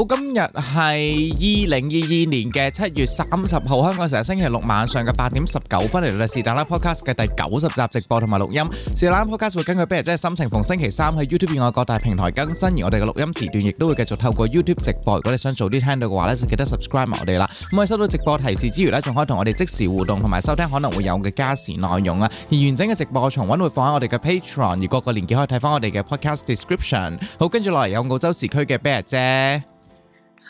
好，今日係二零二二年嘅七月三十號，香港成日星期六晚上嘅八點十九分嚟到是但啦 podcast 嘅第九十集直播同埋錄音。是但啦 podcast 會根據 bear 姐嘅心情逢星期三喺 YouTube 以外各大平台更新，而我哋嘅錄音時段亦都會繼續透過 YouTube 直播。如果你想早啲聽到嘅話咧，就記得 subscribe 埋我哋啦。咁喺收到直播提示之餘咧，仲可以同我哋即時互動，同埋收聽可能會有嘅加時內容啊。而完整嘅直播重溫會放喺我哋嘅 Patreon，而各個連結可以睇翻我哋嘅 podcast description。好，跟住落嚟有澳洲時區嘅 bear 姐。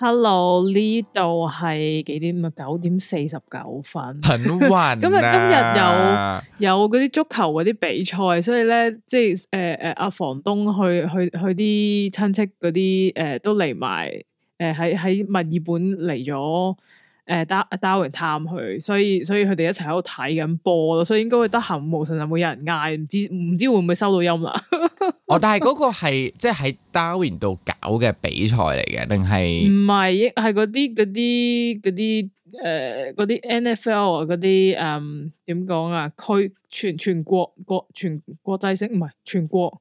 hello，呢度係幾點？啊？九點四十九分。 今日今日有有嗰啲足球嗰啲比賽，所以咧即係誒誒阿房東去去去啲親戚嗰啲誒都嚟埋誒喺喺墨爾本嚟咗。Uh, Darwin 探佢，所以所以佢哋一齊喺度睇緊波咯，所以應該會得閒無神就會有人嗌，唔知唔知會唔會收到音啦。 哦，但係嗰個係即係喺 Darwin 度搞嘅比賽嚟嘅，定係唔係？係嗰啲嗰啲嗰啲誒啲 N F L 嗰啲誒點講啊？區全全國國全國際式，唔係全國，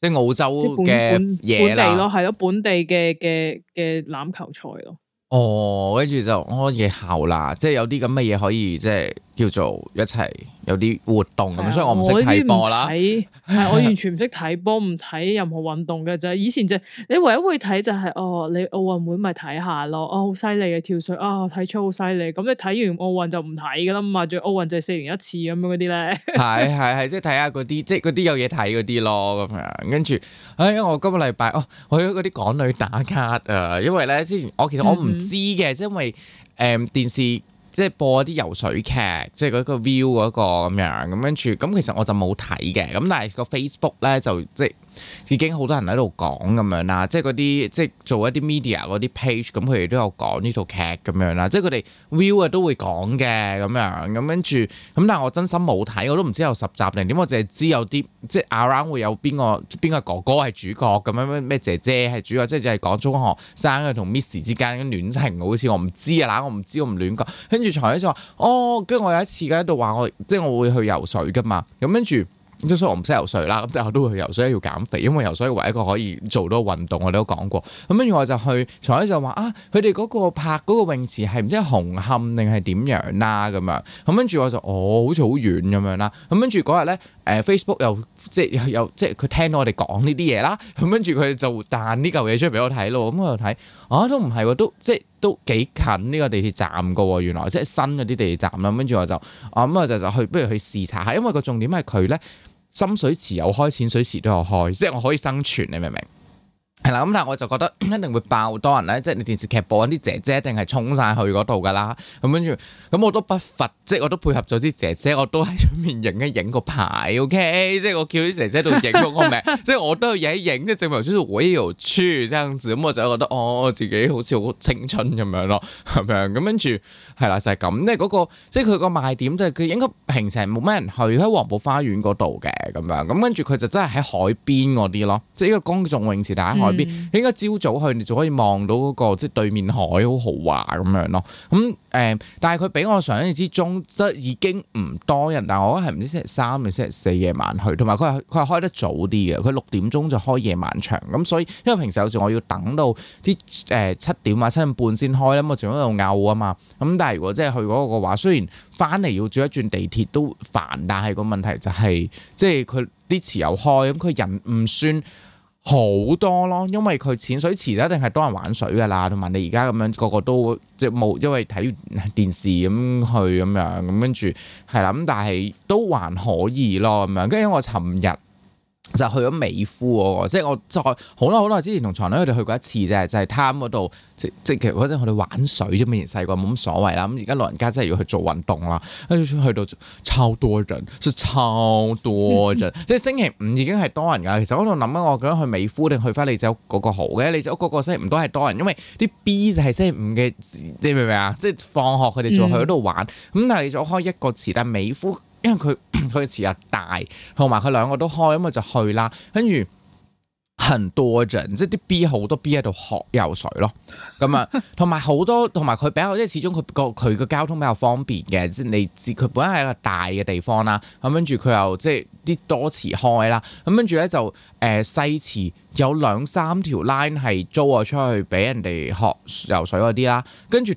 即係澳洲嘅本，本，本，本地咯，係咯、啊、本地嘅嘅嘅籃球賽咯。哦，跟住就、哦、好可以考啦，即係有啲咁嘅嘢可以即係。叫做一齊有啲活動咁，的所以我唔識睇波啦。係我， 我完全唔識睇波，唔睇任何運動嘅啫。以前就你唯一會睇就係、是、哦，你奧運會咪睇下咯。哦，好犀利嘅跳水啊，睇出好犀利。咁你睇完奧運就唔睇噶啦嘛。仲奧運就係四年一次咁樣嗰啲咧。係係係，即係睇下嗰啲，即係嗰啲有嘢睇嗰啲咯。咁樣跟住，哎，我今個禮拜哦，我去嗰啲港女打卡啊。因為咧之前我其實我唔知嘅，即係、嗯、因為誒電視。即係播啲游水劇，即係嗰個 view 嗰個咁樣，咁跟住，咁其實我就冇睇嘅，咁但係個 Facebook 咧就即係。已經好多人喺度講咁樣啦，即係嗰啲即係做一啲 media 嗰啲 page，咁佢哋都有講呢套劇咁樣啦，即係佢哋 viewer 都會講嘅咁樣，咁跟住咁，但係我真心冇睇，我都唔知有十集定點，我淨係知有啲即係 around 會有邊個邊個哥哥係主角咁樣，咩姐姐係主角，即係就係講中學生嘅同 miss 之間嘅戀情，好似我唔知啊，嗱我唔知，我唔亂講，跟住財姐就話哦，跟住我有一次喺度話我即係我會去游水噶嘛，咁跟住。即所以我唔識游水啦，咁但係我都會去游水要減肥，因為游水唯一一個可以做到運動，我哋都講過。咁跟住我就去，仲有就話啊，佢哋嗰個拍嗰個泳池係唔知紅磡定係點樣啦咁樣。咁跟住我就哦，好似好遠咁樣啦。咁跟住嗰日咧，誒、呃、Facebook 又。即係又即係佢聽到我哋講呢啲嘢啦，咁跟住佢就彈呢嚿嘢出嚟俾我睇咯。咁我就睇啊，都唔係喎，都，都即係都幾近呢個地鐵站㗎喎。原來即係新嗰啲地鐵站啦。跟住我就啊咁啊就就去，不如去視察下。因為個重點係佢咧，深水池有開，淺水池都有開，即係我可以生存。你明唔明？係啦，咁但係我就覺得一定會爆多人咧，即係你電視劇播緊啲姐姐，一定係衝晒去嗰度噶啦。咁跟住，咁我都不乏，即係我都配合咗啲姐姐，我都喺出面影一影個牌，OK，即係我叫啲姐姐度影咗個名， 即係我都有影一影，即係證明出是我也有出，咁咁我就覺得哦，我自己好似好青春咁樣咯，咁、就是、樣咁跟住，係啦就係咁，即係嗰、那個即係佢、那個、個賣點，就係佢應該平時冇咩人去喺黃埔花園嗰度嘅，咁樣咁跟住佢就真係喺海邊嗰啲咯，即係呢個公眾泳池大海。嗯應該朝早去，你就可以望到嗰個即係對面海，好豪華咁樣咯。咁、嗯、誒，但係佢比我想像之中即係已經唔多人。但係我覺得係唔知星期三定星期四夜晚去，同埋佢係佢係開得早啲嘅。佢六點鐘就開夜晚場，咁、嗯、所以因為平時有時我要等到啲誒七點啊七點半先開啊嘛，我仲喺度拗啊嘛。咁但係如果即係去嗰個嘅話，雖然翻嚟要轉一轉地鐵都煩，但係個問題就係即係佢啲遲又開，咁佢人唔算好多咯，因為佢淺水池就一定係多人玩水噶啦，同埋你而家咁樣個個都即係冇，因為睇電視咁去咁樣，咁跟住係啦，咁但係都還可以咯咁樣，跟住我尋日。就去咗美孚喎、嗰個，即係我再好耐好耐，之前同床女佢哋去過一次啫，就係貪嗰度，即即，即其實嗰陣佢哋玩水啫嘛，而細個冇乜所謂啦。咁而家老人家真係要去做運動啦，去到超多人，真係超多人。 即係星期五已經係多人噶。其實我喺度諗緊，我究竟去美孚定去翻你酒嗰個好嘅？你酒嗰個星期五都係多人，因為啲 B 就係星期五嘅，你明唔明啊？即係放學佢哋仲去嗰度玩。咁、嗯、但係你就開一個池，但美孚。因為佢佢池又大，同埋佢兩個都開，咁我就去啦。跟住行多人，即係啲 B 好多 B 喺度學游水咯，咁、嗯、啊，同埋好多，同埋佢比較，即係始終佢個佢個交通比較方便嘅，即係你佢本身係一個大嘅地方啦。咁跟住佢又即係啲多池開啦。咁跟住咧就誒、呃、西池有兩三條 line 係租啊出去俾人哋學游水嗰啲啦。跟住。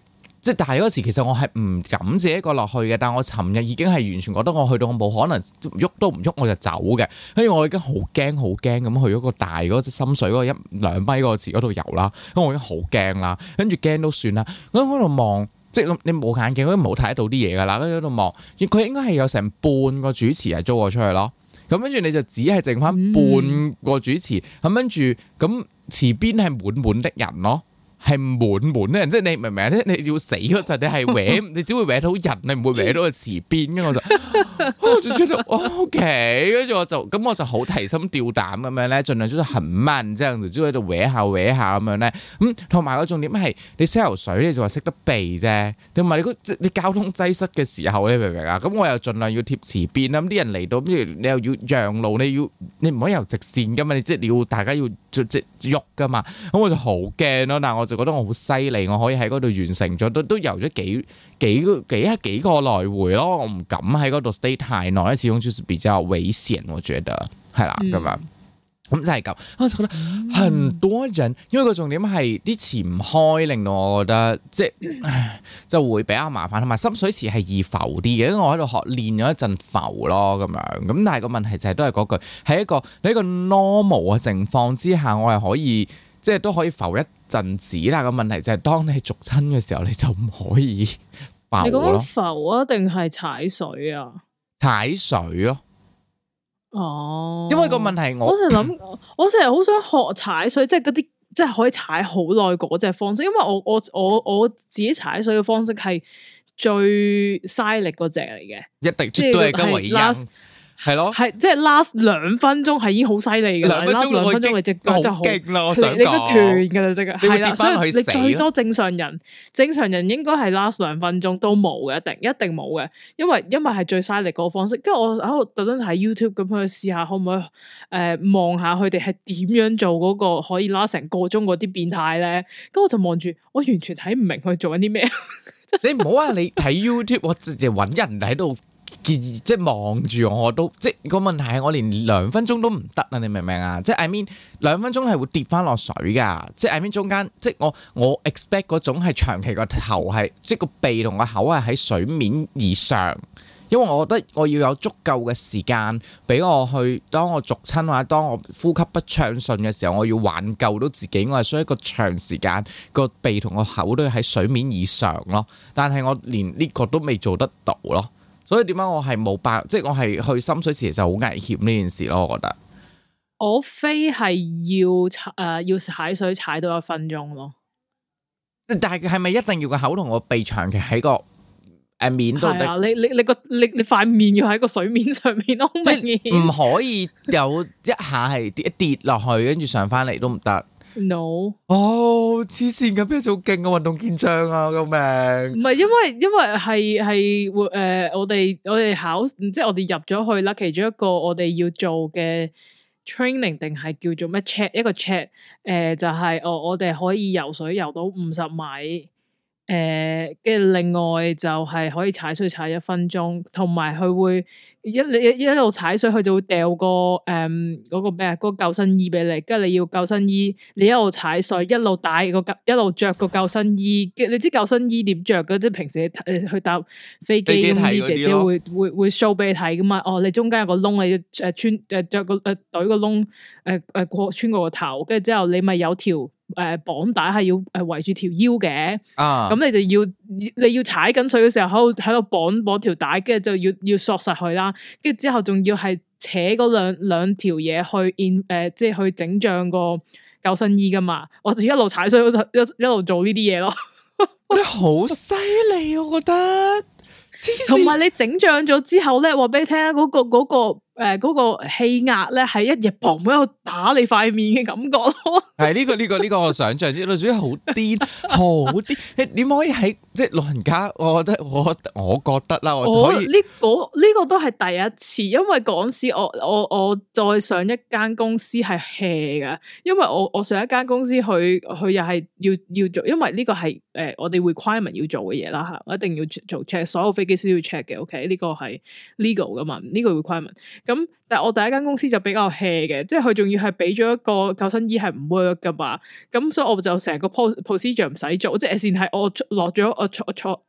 即係大係嗰時其實我係唔敢自己一個落去嘅，但係我尋日已經係完全覺得我去到我冇可能喐都唔喐我就走嘅，跟住我已經好驚好驚咁去咗個大嗰個深水嗰個一兩米嗰個池嗰度游啦，咁我已經好驚啦，跟住驚都算啦，咁喺度望即係你冇眼鏡，嗰啲冇睇得到啲嘢㗎啦，跟住喺度望，佢應該係有成半個主池係租我出去咯，咁跟住你就只係剩翻半個主池，咁跟住咁池邊係滿滿的人咯。係滿滿呢？即係你，你明唔明？即你要死嗰陣，你係揹你只會揹到人，你唔會揹到個池邊咁。就哦就哦、okay，我就，我就覺得哦，OK，跟住我就咁，我就好提心吊膽咁樣咧，儘量即係行慢，即係主要喺度揹下揹下咁樣咧。咁同埋個重點係，你識游水你就話識得避啫。同埋你嗰，你交通擠塞嘅時候咧，你明唔明啊？咁我又儘量要貼池邊咁啲人嚟到，跟住你又要讓路，你要你唔可以由直線噶嘛，即係你要，你要大家要。就即喐噶嘛，咁我就好驚咯。但係我就覺得我好犀利，我可以喺嗰度完成咗，都都游咗幾幾幾幾，幾個來回咯。我唔敢喺嗰度 stay 太耐，始終就是比較危險，我覺得係啦，咁樣。咁真係咁，我就覺得很多人，因為個重點係啲潛唔開，令到我覺得即係就會比較麻煩。同埋深水池係易浮啲嘅，因為我喺度學練咗一陣浮咯咁樣。咁但係個問題就係都係嗰句，喺一個喺一個 normal 嘅情況之下，我係可以即係都可以浮一陣子啦。個問題就係當你逐親嘅時候，你就唔可以浮咯。浮啊，定係踩水啊？踩水咯。哦，因為個問題我我成日諗，我成日好想學踩水，即係嗰啲即係可以踩好耐嗰隻方式，因為我我我我自己踩水嘅方式係最嘥力嗰隻嚟嘅，一定絕對係。是係咯，係即係 last 兩分鐘係已經好犀利嘅，兩分鐘兩分鐘你隻腳就好勁咯，我想講，你個斷噶啦，即係的，係啦，所以你最多正常人，正常人應該係 last 兩分鐘都冇嘅，一定一定冇嘅，因為因為係最犀利嗰個方式。跟住我喺度特登睇 YouTube 咁去試下，可唔可以誒望下佢哋係點樣做嗰、嗰個可以拉成個鐘嗰啲變態咧？咁我就望住，我完全睇唔明佢做緊啲咩。 你唔好啊！你睇 YouTube，我直接搵人喺度。即係望住我，我都即係、個問題係，我連兩分鐘都唔得啦。你明唔明啊？即係 I mean 兩分鐘係會跌翻落水㗎。即係 I mean 中間，即係我我 expect 嗰種係長期個頭係即係個鼻同個口係喺水面以上，因為我覺得我要有足夠嘅時間俾我去，當我逐親話，當我呼吸不暢順嘅時候，我要挽救到自己，我係需要一個長時間個鼻同個口都要喺水面以上咯。但係我連呢個都未做得到咯。所以點解我係冇爆？即、就、係、是、我係去深水池，其實好危險呢件事咯、啊。我覺得我非係要誒、呃、要踩水踩到一分鐘咯。但係佢係咪一定要個口同個鼻長期喺個誒面度？係、啊、你你你個你你塊面要喺個水面上面咯，即係唔可以有一下係跌跌落去，跟住 上翻嚟都唔得。no 哦，黐線嘅咩？做勁嘅運動健將啊，救命！唔係，因為因為係係會誒，我哋我哋考，即係我哋入咗去啦，其中一個我哋要做嘅 training 定係叫做咩 check 一個 check 誒、呃、就係、係、哦、呃、我哋可以游水游到五十米誒，跟住、呃、另外就係可以踩水踩一分鐘，同埋佢會。一你一一路踩水，佢就會掉個誒、嗯，嗰個咩啊？嗰個救生衣俾你，跟住你要救生衣，你一路踩水，一路戴個，一路着個救生衣。你知救生衣點着噶？即係平時誒去搭飛機嗰啲姐姐會會會 show 俾你睇噶嘛？哦，你中間有個窿，你誒穿誒着個誒懟個窿誒誒過穿過個，個頭，跟住之後你咪有條。誒，綁帶係要誒圍住條腰嘅，咁、啊、你就要你要踩緊水嘅時候喺度喺度綁綁條帶，跟住就要要索實佢啦，跟住之後仲要係扯嗰兩兩條嘢去，誒即係去整脹個救生衣噶嘛，我自己一路踩水一一路做呢啲嘢咯， 你好犀利、啊，我覺得，同埋你整脹咗之後咧，話俾你聽嗰個嗰個。嗰個誒，嗰、呃那個氣壓咧係一日砰喺度打你塊面嘅感覺咯、 這個。係、這、呢個呢個呢個我想象之，最主要好癲，好癲。你點可以喺即係老人家？我覺得我我覺得啦，我可以呢？嗰、這、呢個都係、這個、第一次，因為嗰時我我我再上一間公司係 hea 噶，因為我我上一間公司佢佢又係要要做，因為呢個係誒、呃、我哋 requirement 要做嘅嘢啦吓，一定要做 check，所有飛機師要 check 嘅。OK，呢個係 legal 噶嘛？呢、這個 requirement。咁但係我第一間公司就比較 hea 嘅，即係佢仲要係俾咗一個救生衣係唔 work 噶嘛，咁所以我就成個 pro procedure 唔使做，即係先係我落咗我坐坐。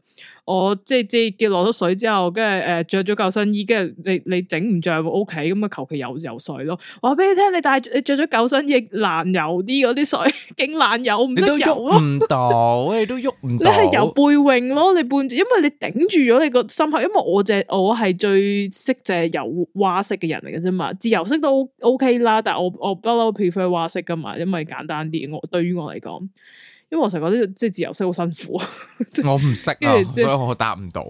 我即係即係跌落咗水之後，跟住誒着咗救生衣，跟住你你整唔着，O K，咁啊求其游游水咯。我話俾你聽，你帶你着咗救生衣難游啲嗰啲水，勁難游，唔識游咯。唔到，你都喐唔到。 你係游背泳咯，你半，因為你頂住咗你個心口。因為我只我係最識就係游蛙式嘅人嚟嘅啫嘛，自由式都 OK 啦。但係我我，我不嬲 prefer 蛙式噶嘛，因為簡單啲。我對於我嚟講。因為我成日覺得即係自由式好辛苦我、啊，我唔識，所以我答唔到。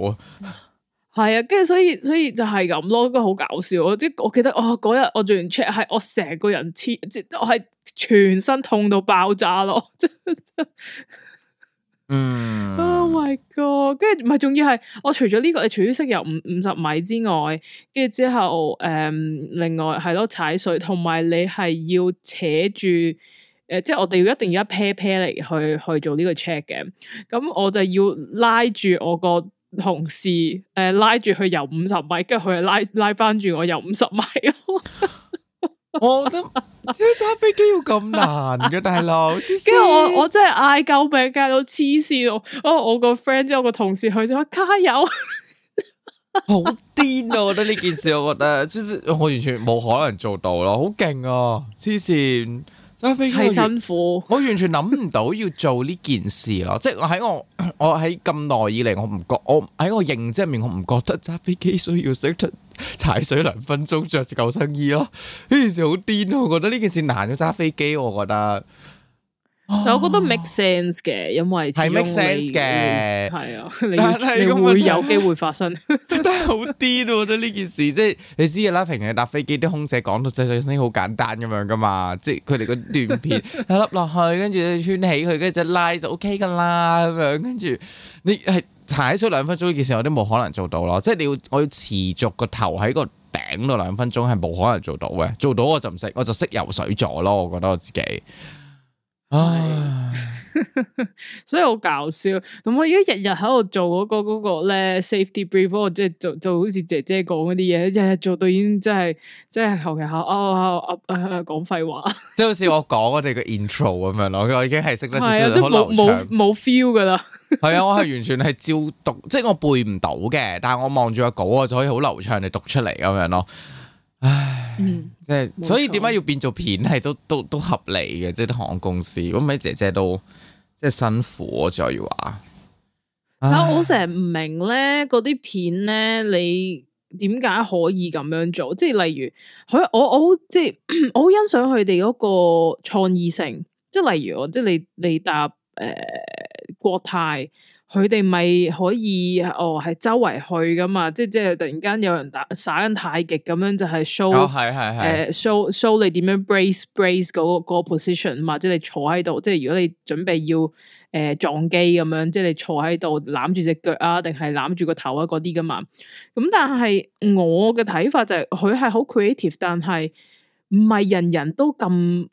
係啊，跟住所以所以就係咁咯，應該好搞笑。我即係我記得，我嗰日我做完 check 係，我成個人千即我係全身痛到爆炸咯。 嗯，Oh my God！跟住唔係，仲要係我除咗呢、這個，你除咗識游五五十米之外，跟住之後誒、嗯，另外係咯踩水，同埋你係要扯住。誒，即係我哋要一定要一 pair pair 嚟，去去做呢個 check 嘅。咁我就要拉住我個同事，誒、呃，拉住佢游五十米，跟住佢拉拉翻住我游五十米咯、 哦。我真，覺得揸飛機要咁難嘅？大佬，黐線！我我真係嗌救命，嗌到黐線！我我個 friend 之後我個同事，佢就話加油，哈哈好癲啊！我覺得呢件事，我覺得，我完全冇可能做到咯，好勁啊，黐線！揸飛機好辛苦，我完全諗唔到要做呢件事咯。 即係我喺我我喺咁耐以嚟，我唔覺得我喺我認知入面，我唔覺得揸飛機需要識得踩水兩分鐘着住救生衣咯。呢件事好癲，我覺得呢件事難到揸飛機，我覺得。但我覺得 make sense 嘅，因為 make sense 嘅係啊，但係你會有機會發生，都係好癲咯！我覺得呢件事、啊，即係 你知啦，平日搭飛機啲空姐講到細細聲好簡單咁樣噶嘛，即係佢哋個段片，一粒落去，跟住圈起佢，跟住拉就 OK 噶啦咁樣，跟住你係踩出兩分鐘呢件事，我都冇可能做到咯。即係你要我要持續個頭喺個頂度兩分鐘，係冇可能做到嘅。做到我就唔識，我就識游水咗咯。我覺得我自己。唉， 所以好搞笑。咁我而家日日喺度做嗰、嗰個、嗰個咧，safety brief，即係做、即係、做好似姐姐講嗰啲嘢，日日做到已經即係即係求其下哦，講、哦啊、廢話。即係好似我講我哋個 intro 咁樣咯，我已經係識得好 流暢，冇 feel 噶啦。係 啊，我係完全係照讀，即係我背唔到嘅，但係我望住個稿我就可以好流暢地讀出嚟咁樣咯。唉，即係所以點解要變做片係都都都合理嘅，即係啲航空公司，咁咪姐姐都即係辛苦啊，我再話。但我成日唔明咧，嗰啲片咧，你點解可以咁樣做？即係例如，佢我我即係 好我欣賞佢哋嗰個創意性，即係例如我即係你你搭誒、呃、國泰。佢哋咪可以哦，係周圍去噶嘛？即係即係突然間有人打耍緊太極咁樣就 show，哦，就係、呃、show 係係係誒 show show 你點樣 br brace brace，嗰、嗰個、嗰個 position 嘛？即係你坐喺度，即係如果你準備要誒、呃、撞機咁樣，即係你坐喺度攬住隻腳啊，定係攬住個頭啊嗰啲噶嘛？咁但係我嘅睇法就係、係、佢係好 creative，但係唔係人人都咁。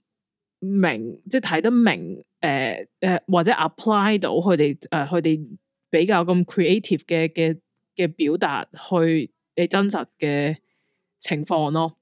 明即睇得明，誒、呃、誒或者 apply 到佢哋誒佢哋比較咁 creative 嘅嘅嘅表達去誒真實嘅情況咯。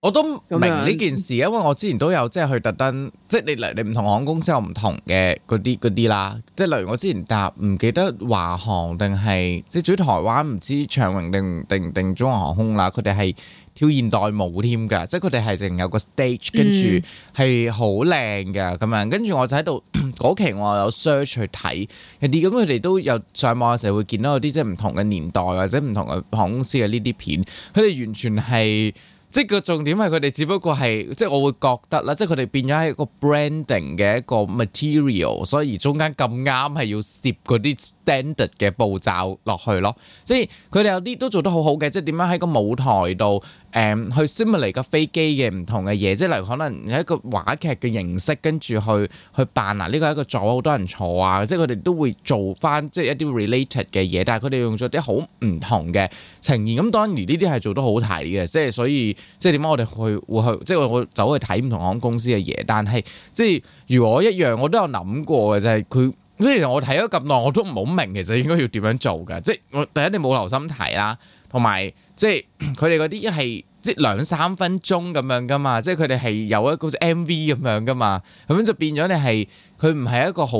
我都明呢件事，因為我之前都有即係去特登，即係你嚟你唔同航空公司有唔同嘅嗰啲嗰啲啦，即係例如我之前答唔記得華航定係即係主台灣唔知長榮定定定中華航空啦，佢哋係。跳現代舞添㗎，即係佢哋係淨有個 stage，跟住係好靚嘅咁樣，跟住我就喺度嗰期我有 search 去睇人哋，咁佢哋都有上網嘅時候會見到有啲即係唔同嘅年代或者唔同嘅航空公司嘅呢啲片，佢哋完全係即係個重點係佢哋只不過係即係我會覺得啦，即係佢哋變咗係一個 branding 嘅一個 material，所以而中間咁啱係要攝嗰啲。standard 嘅步驟落去咯，即係佢哋有啲都做得好好嘅，即係點樣喺個舞台度誒、嗯、去 simulate 個飛機嘅唔同嘅嘢，即係例如可能有一個話劇嘅形式，跟住去去扮啊，呢、這個係一個坐好多人坐啊，即係佢哋都會做翻即係一啲 related 嘅嘢，但係佢哋用咗啲好唔同嘅呈現。咁當然呢啲係做得好睇嘅，即係所以即係點解我哋去會去即係我走去睇唔同航空公司嘅嘢，但係即係如果一樣，我都有諗過嘅就係、是、佢。即係我睇咗咁耐，我都唔好明其實應該要點樣做嘅。即係我第一你冇留心睇啦，同埋即係佢哋嗰啲係即係兩三分鐘咁樣噶嘛。即係佢哋係有一個 MV 咁樣噶嘛，咁就變咗你係佢唔係一個好，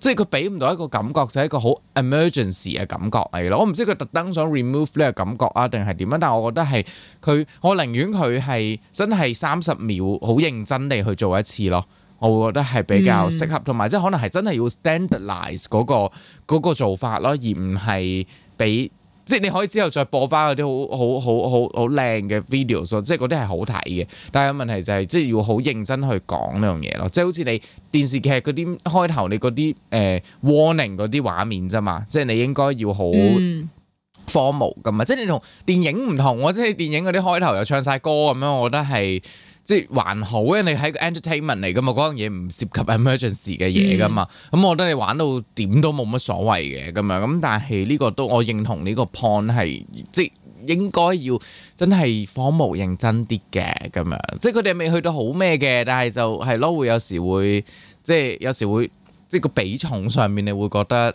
即係佢俾唔到一個感覺就係一個好 emergency 嘅感覺嚟咯。我唔知佢特登想 remove 呢個感覺啊定係點樣啊，但係我覺得係佢，我寧願佢係真係三十秒好認真地去做一次咯。我會覺得係比較適合，同埋即係可能係真係要 standardize 嗰個嗰個做法咯，而唔係俾即係你可以之後再播翻嗰啲好好好好好靚嘅 videos 即係嗰啲係好睇嘅。但係問題就係即係要好認真去講呢樣嘢咯，即係好似你電視劇嗰啲開頭你嗰啲誒 warning 嗰啲畫面啫嘛，即係你應該要好 formal 噶嘛。即係你同電影唔同，我即係電影嗰啲開頭又唱晒歌咁樣，我覺得係。即係還好，因為你係個 entertainment 嚟㗎嘛，嗰樣嘢唔涉及 emergency 嘅嘢㗎嘛。咁、嗯嗯、我覺得你玩到點都冇乜所謂嘅咁樣。咁但係呢個都我認同呢個 point 係，即係應該要真係荒謬認真啲嘅咁樣。即係佢哋未去到好咩嘅，但係就係咯，會有時會即係有時會即係個比重上面，你會覺得。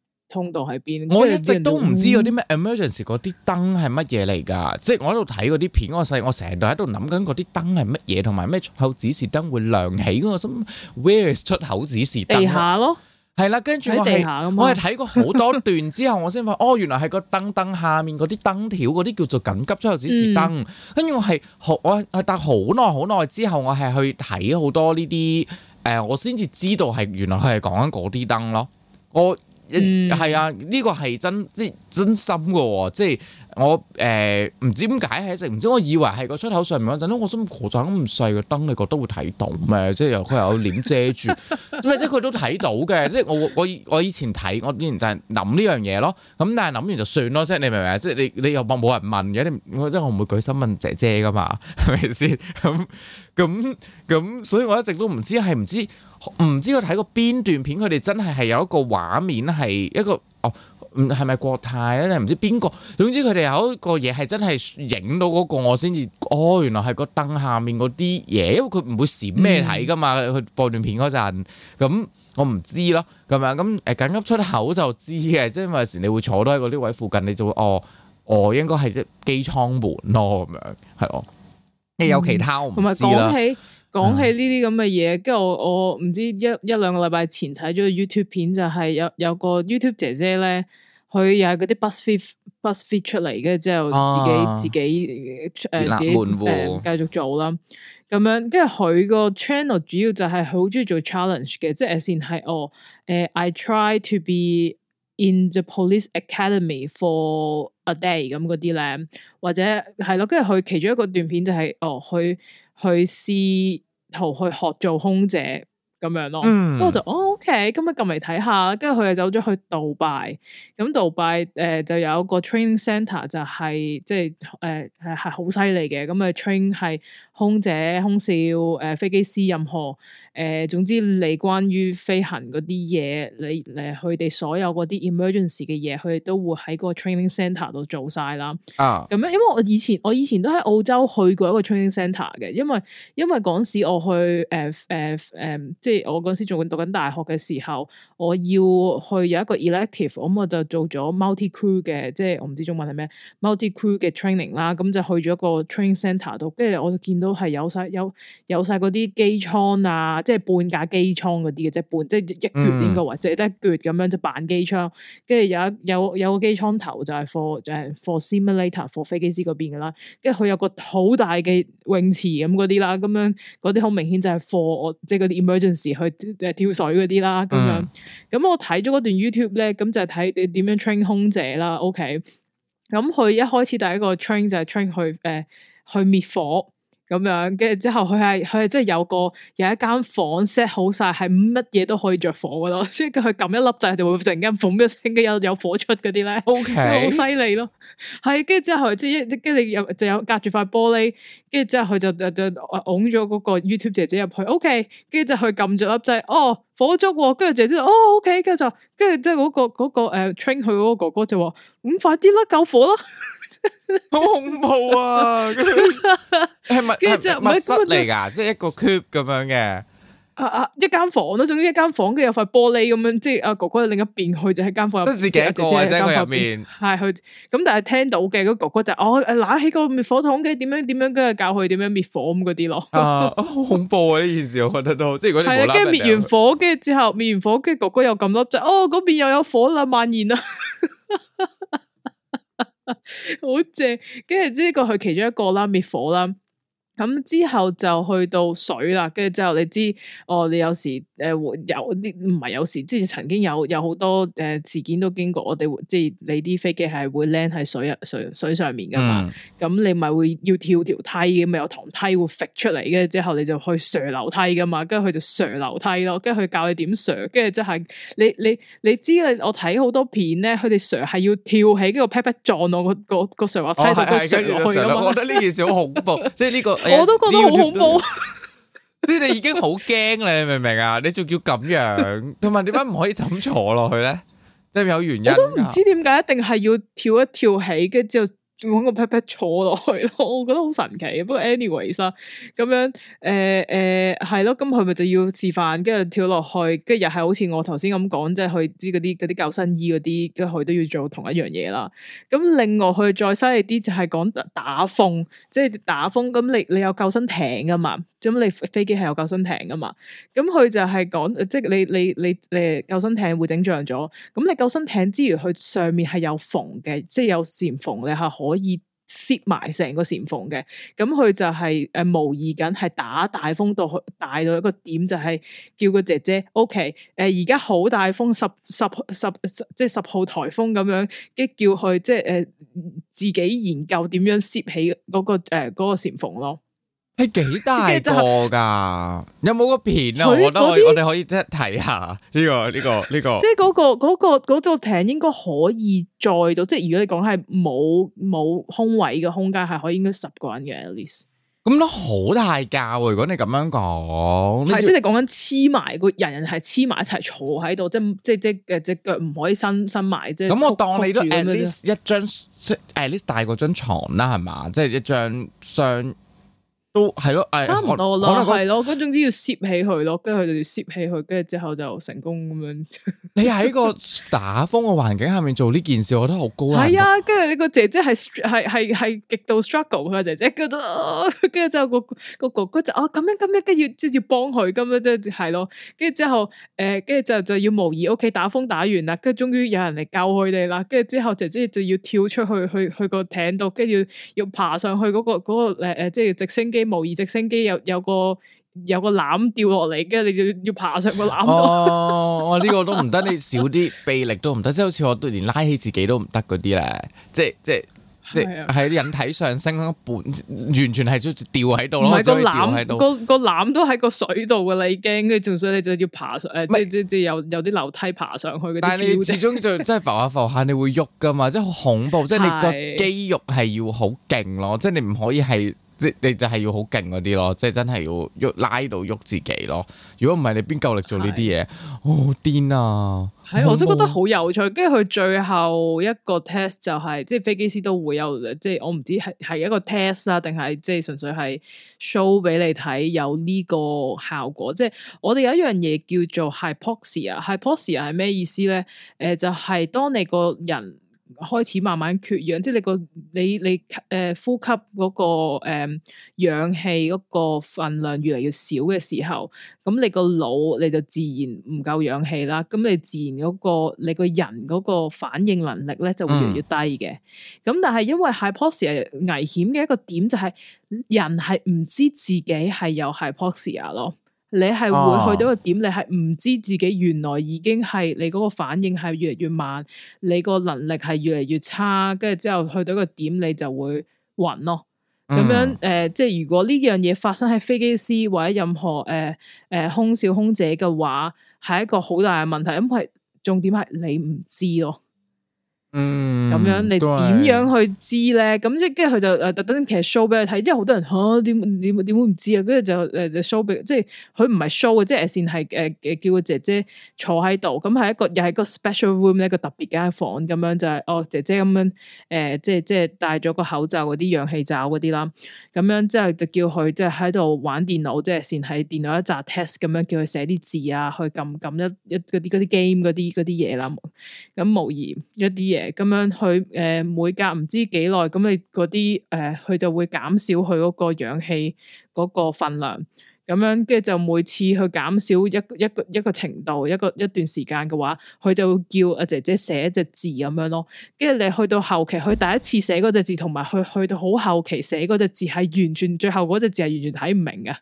通道喺邊？我一直都唔知嗰啲咩 emergency 嗰啲燈係乜嘢嚟噶，即係我喺度睇嗰啲片嗰陣，我成日都喺度諗緊嗰啲燈係乜嘢，同埋咩出口指示燈會亮起。咁我諗，Where is 出口指示燈？地下咯，係啦。跟住我係我係睇過好多段之後， 我先發現哦，原來係個燈燈下面嗰啲燈條嗰啲叫做緊急出口指示燈。跟住、嗯、我係我係等好耐好耐之後，我係去睇好多呢啲誒，我先至知道係原來佢係講緊嗰啲燈咯。我。我嗯，係啊，呢個係真即真心嘅喎，即係我誒唔知點解係一直唔知，我以為係個出口上面嗰陣，我心覺咁細嘅燈，你覺得會睇到咩？即係又佢有臉遮住， 即係佢都睇到嘅。即係我我我以前睇，我以前就係諗呢樣嘢咯。咁但係諗完就算咯。即係你明唔明？即係你你又冇人問嘅，你即係我唔會舉手問姐姐㗎嘛，係咪先？咁咁咁，所以我一直都唔知係唔知。唔知道我睇過邊段片，佢哋真係係有一個畫面係一個哦，唔係咪國泰啊？定唔知邊個？總之佢哋有一個嘢係真係影到嗰、嗰個，我先至哦，原來係個燈下面嗰啲嘢，因為佢唔會閃咩睇㗎嘛。佢、嗯、播段片嗰陣，咁我唔知咯，係咪啊？咁誒緊急出口就知嘅，即係有時你會坐到喺個呢位附近，你就會哦，哦，應該係即機艙門咯咁樣，係咯。你有其他我唔知啦。嗯講起呢啲咁嘅嘢，跟住 Yeah. 我我唔知一一兩個禮拜前睇咗 YouTube 片，就係、是、有有個 YouTube 姐姐咧，佢又係嗰啲 BuzzFeed BuzzFeed 出嚟，嘅，之後自己、oh, 自己誒、呃、自己誒、呃、繼續做啦。咁樣，跟住佢個 channel 主要就係好中意做 challenge 嘅，即係先係我誒，I try to be in the police academy for a day 咁嗰啲咧，或者係咯，跟住佢其中一個段片就係、是、哦，佢。去試圖去學做空姐咁樣咯，咁 我就哦 OK，咁咪撳嚟睇下，跟住佢又走咗去杜拜，咁杜拜誒、呃、就有一個 training centre 就係、是、即係誒係係好犀利嘅，咁啊 train 係空姐、空少、誒、呃、飛機師任何。誒、呃，總之你關於飛行嗰啲嘢，你誒佢哋所有嗰啲 emergency 嘅嘢，佢哋都會喺個 training centre 度做晒啦。啊，咁樣因為我以前我以前都喺澳洲去過一個 training centre 嘅，因為因為嗰時我去誒誒誒，即係我嗰時仲讀緊大學嘅時候，我要去有一個 elective，咁我，我就做咗 multi crew 嘅，即係我唔知中文係咩 multi crew 嘅 training 啦，咁就去咗一個 training centre 度，跟住我就見到係有晒有有晒嗰啲機艙啊～即係半架機艙嗰啲嘅，即、就、係、是、半即係、就是、一橛應該話，即、就、係、是、一橛咁樣就機，即係扮機艙。跟住有有有個機艙頭就係 for 誒 for simulator for 飛機師嗰邊噶啦。跟住佢有個好大嘅泳池咁嗰啲啦，咁樣嗰啲好明顯就係 for 即係嗰啲 emergency 去跳水嗰啲啦。咁樣咁、嗯、我睇咗段 YouTube 咧，咁就係睇點樣 train 空姐啦。OK，咁佢一開始第一個 train 就係 train 去誒、呃、去滅火。咁樣，跟住之後佢係佢係即係有個有一間房 set 好晒，係乜嘢都可以着火噶咯。即係佢撳一粒掣，就會突然間 boom 一聲，有有火出嗰啲咧，OK，好犀利咯。係跟住之後，即係跟住又就有，就有就隔住塊玻璃，跟住之後佢就是、就就拱咗嗰個 YouTube 姐姐入去。OK，跟住就佢撳咗粒掣，哦，火燭、哦，跟住姐姐，哦，OK，跟住就跟住即係嗰個嗰、嗰個誒 train 佢嗰個、呃、哥，哥哥就話，咁、嗯、快啲啦，救火囉！好恐怖啊！係物，跟住就密室嚟噶，即係一個 Cube 咁樣嘅，啊啊，一間房咯，總之一間房，跟住有塊玻璃咁樣，即係阿哥哥另一邊，佢就喺間房，得幾多個啫，喺入面係佢咁，但係聽到嘅嗰哥哥就哦，拿起個滅火筒嘅，點樣點樣跟住教佢點樣滅火咁嗰啲咯。啊，好恐怖啊！呢件事我覺得都即係嗰隻，跟住滅完火嘅之後，滅完火跟住哥哥又撳粒掣，哦，嗰邊又有火啦，蔓延啦。 好正，跟住呢個係其中一個啦，滅火啦。咁之後就去到水啦，跟住之後你知，我、哦、你有時誒會、呃、有啲唔係有時之前曾經有有好多誒事件都經過我，我哋即係你啲飛機係會 land 喺水啊水水上面噶嘛，咁、嗯、你咪會要跳條梯嘅，咪有堂梯會揈出嚟，跟住之後你就去上樓梯噶嘛，跟住佢就上樓梯咯，跟住佢教你點上，跟住即係你你你知你我睇好多片咧，佢哋上係要跳起跟住啪啪撞落、嗰個、嗰個上滑、嗰個嗰個嗰個、梯度落去啊，我、嗯嗰個、覺得呢件事好恐怖，即係呢個。 我都覺得好恐怖，即係 Yes, YouTube 你已經好驚啦，你明唔明啊？你仲要咁樣，同埋點解唔可以就咁坐落去咧？即係有原因，我都唔知點解，一定係要跳一跳起就，跟住。揾個 pat pat 坐落去咯，我覺得好神奇。不過 anyways 啦，咁樣誒誒係咯，咁佢咪就要示範，跟住跳落去，跟住又係好似我頭先咁講，即係去知嗰啲嗰啲救生衣嗰啲，跟住佢都要做同一樣嘢啦。咁另外佢再犀利啲就係講打風，即係打風，咁你你有救生艇噶嘛？咁你飛機係有救生艇㗎嘛？咁佢就係講，即係你你你你救生艇會頂脹咗。咁你救生艇之餘，佢上面係有縫嘅，即係有綫縫，你係可以攝埋成個綫縫嘅。咁佢就係誒模擬緊係打大風到去大到一個點，就係叫個姐姐。OK，誒而家好大風，十十十,十即係十號颱風咁樣，跟叫佢即係誒、呃、自己研究點樣攝起嗰個誒嗰、呃嗰個縫咯。係幾大個噶？ 有冇個片啊？他我覺得我哋可以即係睇下呢個呢個呢個。這個這個，即係嗰，那個嗰，那個嗰、那個那個艇應該可以載到。即係如果你講係冇冇空位嘅空間，係可以應該十個人嘅 at least。咁都好大架，欸，如果你咁樣講，係即係講緊黐埋個，人人係黐埋一齊坐喺度，即係即即嘅隻腳唔可以伸伸埋。啫。咁，我當你都 at least 一張 at least 大過張床啦，係嘛？即係一張雙。都係咯，差唔多咯，係咯，咁總之要攝起佢咯，跟住佢就要攝起佢，跟住之後就成功咁樣。你喺個打風嘅環境下面做呢件事，我覺得好高啊！係啊，跟住呢個姐姐係係係係極度 struggle 嘅姐姐，跟住跟住就個個哥哥就哦咁樣咁樣，跟住即係要幫佢，咁樣即係咯。跟住之後誒，跟住就就要模擬屋企打風打完啦，跟住終於有人嚟救佢哋啦。跟住之後姐姐就要跳出去去去個艇度，跟住要爬上去嗰個嗰個誒誒，即係直升機。模擬直升機有有個有個籃掉落嚟，跟住你就要爬上個籃。哦，我呢個都唔得，你少啲臂力都唔得，即係好似我都連拉起自己都唔得嗰啲咧。即係即係即係喺引體上升，一半，完全係吊喺度咯。個籃個個籃都喺個水度噶啦，已經。跟住仲所以你就要爬上，即係即有有啲樓梯爬上去但係，你始終就真係浮下浮下，你會喐噶嘛？即係好恐怖，即係你個肌肉係要好勁咯，即係你唔可以係。即你就係要好勁嗰啲咯，即係真係要喐拉到喐自己咯。如果唔係，你邊夠力做呢啲嘢？好癲啊！係，我都覺得好有趣。跟住佢最後一個 test 就係，即係飛機師都會有，即係我唔知係係一個 test 啊，定係即係純粹係 show 俾你睇有呢個效果。即係我哋有一樣嘢叫做 hypoxia。hypoxia 係咩意思咧？誒，就係當你個人，開始慢慢缺氧，即係你個你你誒、呃、呼吸嗰、那個誒、呃、氧氣嗰個份量，越嚟越少嘅時候，咁你個腦你就自然唔夠氧氣啦。咁你自然嗰、那個你個人嗰個反應能力咧就會越嚟越低嘅。咁、嗯、但係因為 hypoxia 危險嘅一個點就係人係唔知自己係有 hypoxia 咯。你係會去到一個點，你係唔知自己原來已經係你嗰個反應係越嚟越慢，你個能力係越嚟越差，跟住之後去到一個點，你就會暈咯。咁樣誒、嗯呃，即係如果呢樣嘢發生喺飛機師或者任何誒誒、呃呃、空少空姐嘅話，係一個好大嘅問題。咁係重點係你唔知咯。嗯，咁樣你點樣去知咧？咁即係跟住佢就誒特登，其實 show 俾佢睇，即係好多人吓點點會唔知啊？跟住就誒 show 俾，即係佢唔係 show 嘅，即係先係誒誒叫個姐姐坐喺度，咁係一個又係個 special room 一個特別間房咁樣就係、是、哦姐姐咁樣誒、呃、即係即係戴咗個口罩嗰啲氧氣罩嗰啲啦，咁樣之後就叫佢即係喺度玩電腦，即係先喺電腦一扎 test 咁樣叫佢寫啲字啊，去撳撳一一啲啲 game 嗰啲啲嘢啦，咁無言一啲嘢。咁樣去誒，每隔唔知幾耐，咁你嗰啲誒，佢就會減少佢嗰個氧氣嗰個份量，咁樣跟住就每次去減少一個一個一個程度，一個一段時間嘅話，佢就會叫阿姐姐寫一隻字咁樣咯。跟住你去到後期，佢第一次寫嗰隻字，同埋去去到好後期寫嗰隻字，係完全最後嗰隻字係完全睇唔明嘅。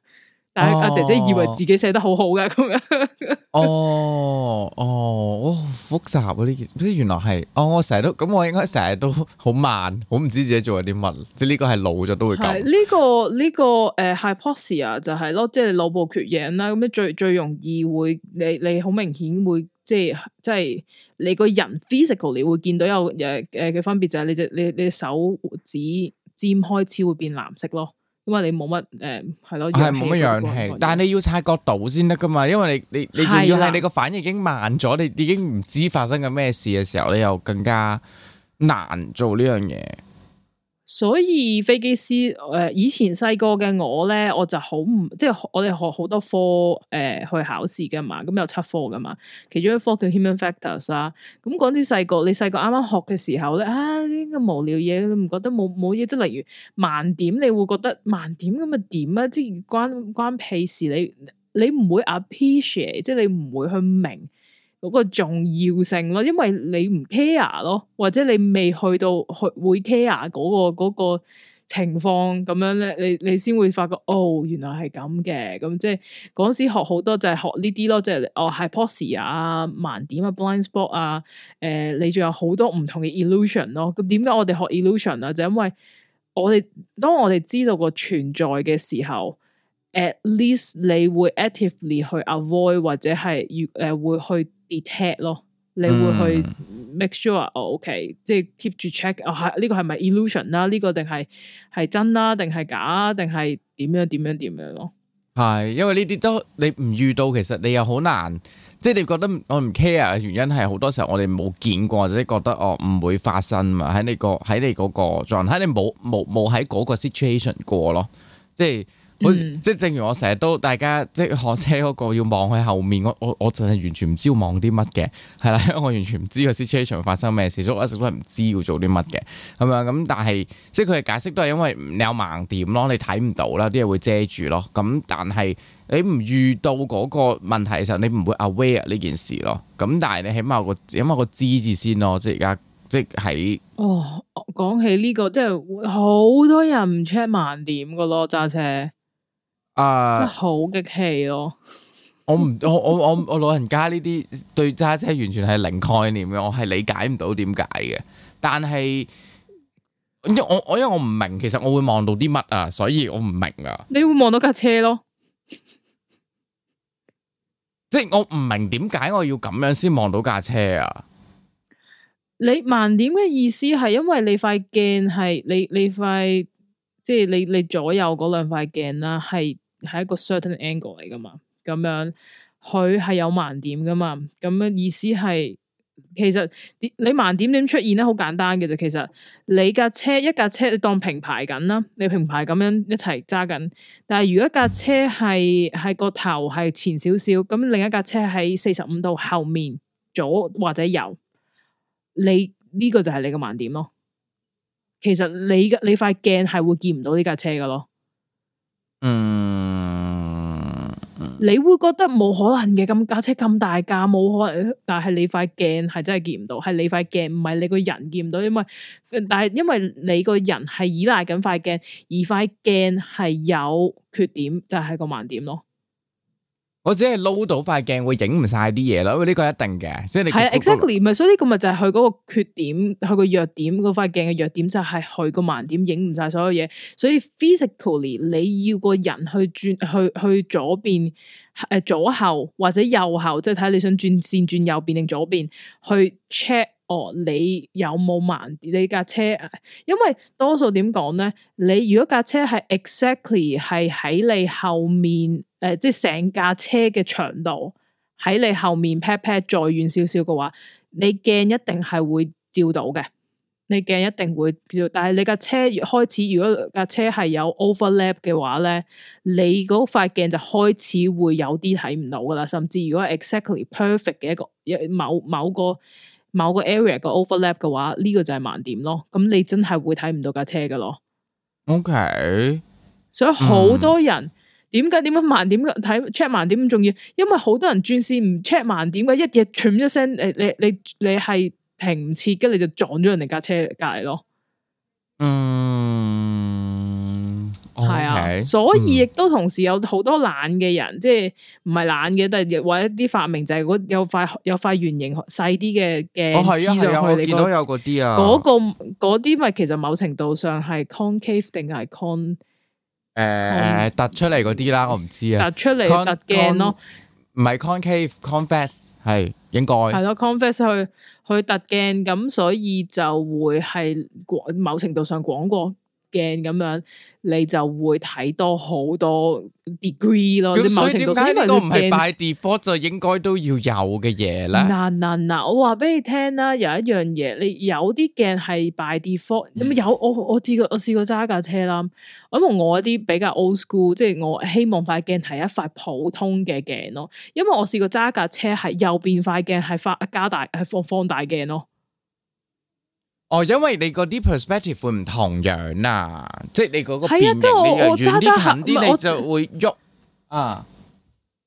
但係阿姐姐以為自己寫得好好嘅咁樣，哦 哦，哦，好複雜啊！呢件，唔知原來係，哦，我成日都咁，我應該成日都好慢，好唔知自己做咗啲乜，即係呢個係老咗都會咁。呢、這個呢、這個誒、呃、，hypoxia 就係、是、咯，即係腦部缺氧啦。咁最最容易會，你你好明顯會，即係即係你個人 physical 你會見到有誒誒嘅分別，就係你隻你你手指尖開始會變藍色咯。因為，你冇乜誒，係咯，係冇乜氧氣，人但係你要察覺到先得噶嘛，因為你你你仲要係你個反應已經慢咗，你是的 你已經唔知發生緊咩事嘅時候，你又更加難做呢樣嘢。所以飛機師誒、呃，以前細個嘅我咧，我就好唔即係我哋學好多科誒、呃、去考試嘅嘛，咁有七科嘅嘛，其中一科叫 Human Factors 啊。咁、嗯、講啲細個，你細個啱啱學嘅時候咧，啊呢、呢個無聊嘢，你唔覺得冇冇嘢？即係例如慢點，你會覺得慢點咁啊點啊？即係關關屁事，你你唔會 appreciate，即係你唔會去明。嗰個重要性咯，因為你唔 care 咯，或者你未去到去會 care 嗰、那個那個情況咁樣咧，你你先會發覺哦，原來係咁嘅。咁、嗯、即係嗰時學好多就係學呢啲咯，即係哦，係 hypoxia 啊、盲點啊、blind spot 啊，誒、呃，你仲有好多唔同嘅 illusion 咯、啊。咁點解我哋學 illusion 啊？就因為我哋當我哋知道個存在嘅時候。at least 你會 actively 去 avoid 或者係遇誒會去 detect 咯，嗯、你會去 make sure 哦，ok 即係 keep 住 check 哦，係、這、呢個係咪 illusion 啦、啊？呢、這個定係係真啦、啊？定係假、啊？定係點樣點樣點樣咯？係因為呢啲都你唔遇到，其實你又好難，即係你覺得我唔 care 嘅原因係好多時候我哋冇見過或者覺得哦唔會發生嘛？喺你個喺你個狀態，喺你冇冇冇喺嗰個 situation 過咯，即係。即係正如我成日都大家即係學車嗰個要望喺後面，我我我就係完全唔知要望啲乜嘅，係啦，我完全唔知個 situation 發生咩事，所以我一直都係唔知要做啲乜嘅，咁樣，但係即係佢嘅解釋都係因為你有盲點咯，你睇唔到啦，啲嘢會遮住咯。咁但係你唔遇到嗰個問題嘅時候，你唔會 aware 呢件事咯。咁但係你起碼有個起碼個知字先咯。即係而家即係哦，講起呢個即係好多人唔 check 盲點嘅咯，揸車。誒，真係好激氣咯！我唔，我我我我老人家呢啲對揸車完全係零概念嘅，我係理解唔到點解嘅。但係因我我因為我唔明，其實我會望到啲乜啊？所以我唔明啊。你會望到架車咯， 即係我唔明點解我要咁樣先望到架車啊？你盲點嘅意思係，因為你塊鏡係你你塊，即係你你左右嗰兩塊鏡啦，係。係一個 certain angle 嚟噶嘛，咁樣佢係有盲點噶嘛，咁樣意思係其實你盲點點出現咧，好簡單嘅啫。其實你架車一架車你當平排緊啦，你平排咁樣一齊揸緊，但係如果一架車係係個頭係前少少，咁另一架車喺四十五度後面左或者右，你呢個就係你嘅盲點咯。其實你嘅你塊鏡係會見唔到呢架車噶咯。嗯， 你會覺得冇可能嘅，咁架車咁大架，冇可能。但係你塊鏡係真係見唔到，係你塊鏡，唔係你個人見唔到，因為但係因為你個人係依賴緊塊鏡，而塊鏡係有缺點，就係、是、個盲點咯。我只係撈到塊鏡會影唔晒啲嘢咯，因為呢個一定嘅，即係係 exactly，咪咕所以呢個咪就係佢嗰個缺點，佢個弱點，嗰塊鏡嘅弱點就係佢個盲點影唔晒所有嘢。所以 physically 你要個人去轉去去左邊誒、呃、左後或者右後，即係睇你想轉線轉右邊定左邊去 check 哦，你有冇盲？你架車因為多數點講咧，你如果架車係 exactly 係喺你後面。誒、呃，即係成架車嘅長度喺你後面 pat pat 再遠少少嘅話，你鏡一定係會照到嘅。你鏡一定會照，但係你架車開始，如果架車係有 overlap 嘅話咧，你嗰塊鏡就開始會有啲睇唔到噶啦。甚至如果 exactly perfect 嘅一個某某個某個 area 個 overlap 嘅話，呢、這個就係盲點咯。咁你真係會睇唔到架車嘅咯。OK，所以好多人、嗯。點解點樣慢？點睇 check 慢點咁重要？因為好多人轉線唔 check 慢點嘅，一日全部一聲你你你你係停唔切嘅，你就撞咗人哋架車隔籬咯。嗯，係、okay，啊，所以亦都、嗯、同時有好多懶嘅人，即係唔係懶嘅，但係為一啲發明就係有塊有塊圓形細啲嘅鏡黐上、哦啊啊、你見、那個、到有嗰啲啊？嗰、那個嗰啲咪其實某程度上係 concave 定係 con。誒凸出嚟嗰啲啦，我唔知啊。突出嚟凸鏡咯，唔係 concave confess 係 con 是應該該，係咯。confess 去去凸鏡，咁，所以就會係廣某程度上廣告。鏡咁樣，你就會睇多好多 degree 咯。咁所以點解呢個唔係 by default 就應該都要有嘅嘢咧？嗱嗱嗱，我話俾你聽啦，有一樣嘢，你有啲鏡係 by default，咁有我我試過我試過揸架車啦。因為我一啲比較 old school，即係我希望塊鏡係一塊普通嘅鏡咯。因為我試過揸架車係右邊塊鏡係發加大係放放大鏡咯。哦，因為你嗰啲 perspective 會唔同樣啊，即係你嗰個變形，我你遠啲近啲點，是你就會喐我啊，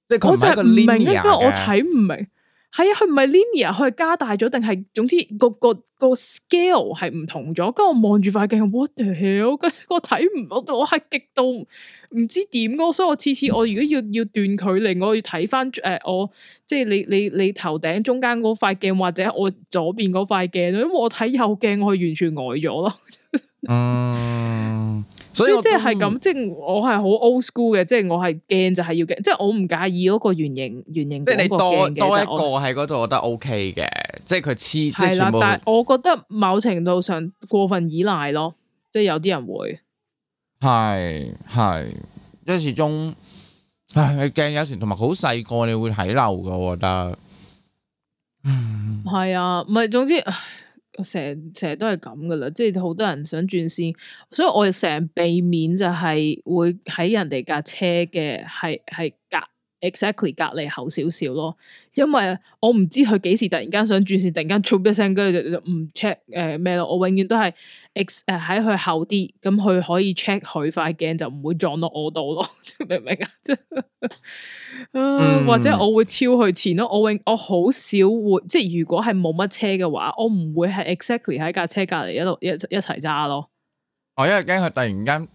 即係佢唔係個 line 啊，因為的我睇唔明。係啊，佢唔係 linear，佢係加大咗，定係總之個個個 scale 係唔同咗。咁我望住塊鏡，what the hell？我睇唔，我我係極度唔知點咯。所以我次次我如果要要斷距離，我要睇翻誒，我即係你你你頭頂中間嗰塊鏡，或者我左邊嗰塊鏡，因為我睇右鏡，我係完全呆咗咯。嗯、 um。所以即係咁，即係我係好 old school 嘅，即係我係驚就係要驚，即係我唔介意嗰個圓形，圓形即係你多我多一個喺嗰度，我覺得 OK 嘅，即係佢黐，了即係全部。但係我覺得某程度上過分依賴咯，即係有啲人會係係，因為始終唉，你鏡有時同埋好細個你會睇漏噶，我覺得嗯係啊，唔係總之。成成日都係咁噶啦，即係好多人想轉線，所以我哋成日避免就係會喺人哋架車嘅係係隔。Exactly 隔籬後少少咯，因為我唔知佢幾時突然間想轉線，突然間嘈一聲，跟住就唔 check 誒咩咯？我永遠都係 ex 誒喺佢後啲，咁佢可以 check 佢塊鏡，就唔會撞到我度咯， 明唔白明嗎 啊？嗯、或者我會超佢前咯，我永我好少會，即係如果係冇乜車嘅話，我唔會係 exactly 喺架車隔籬一路一一齊揸咯。我因為驚佢突然間。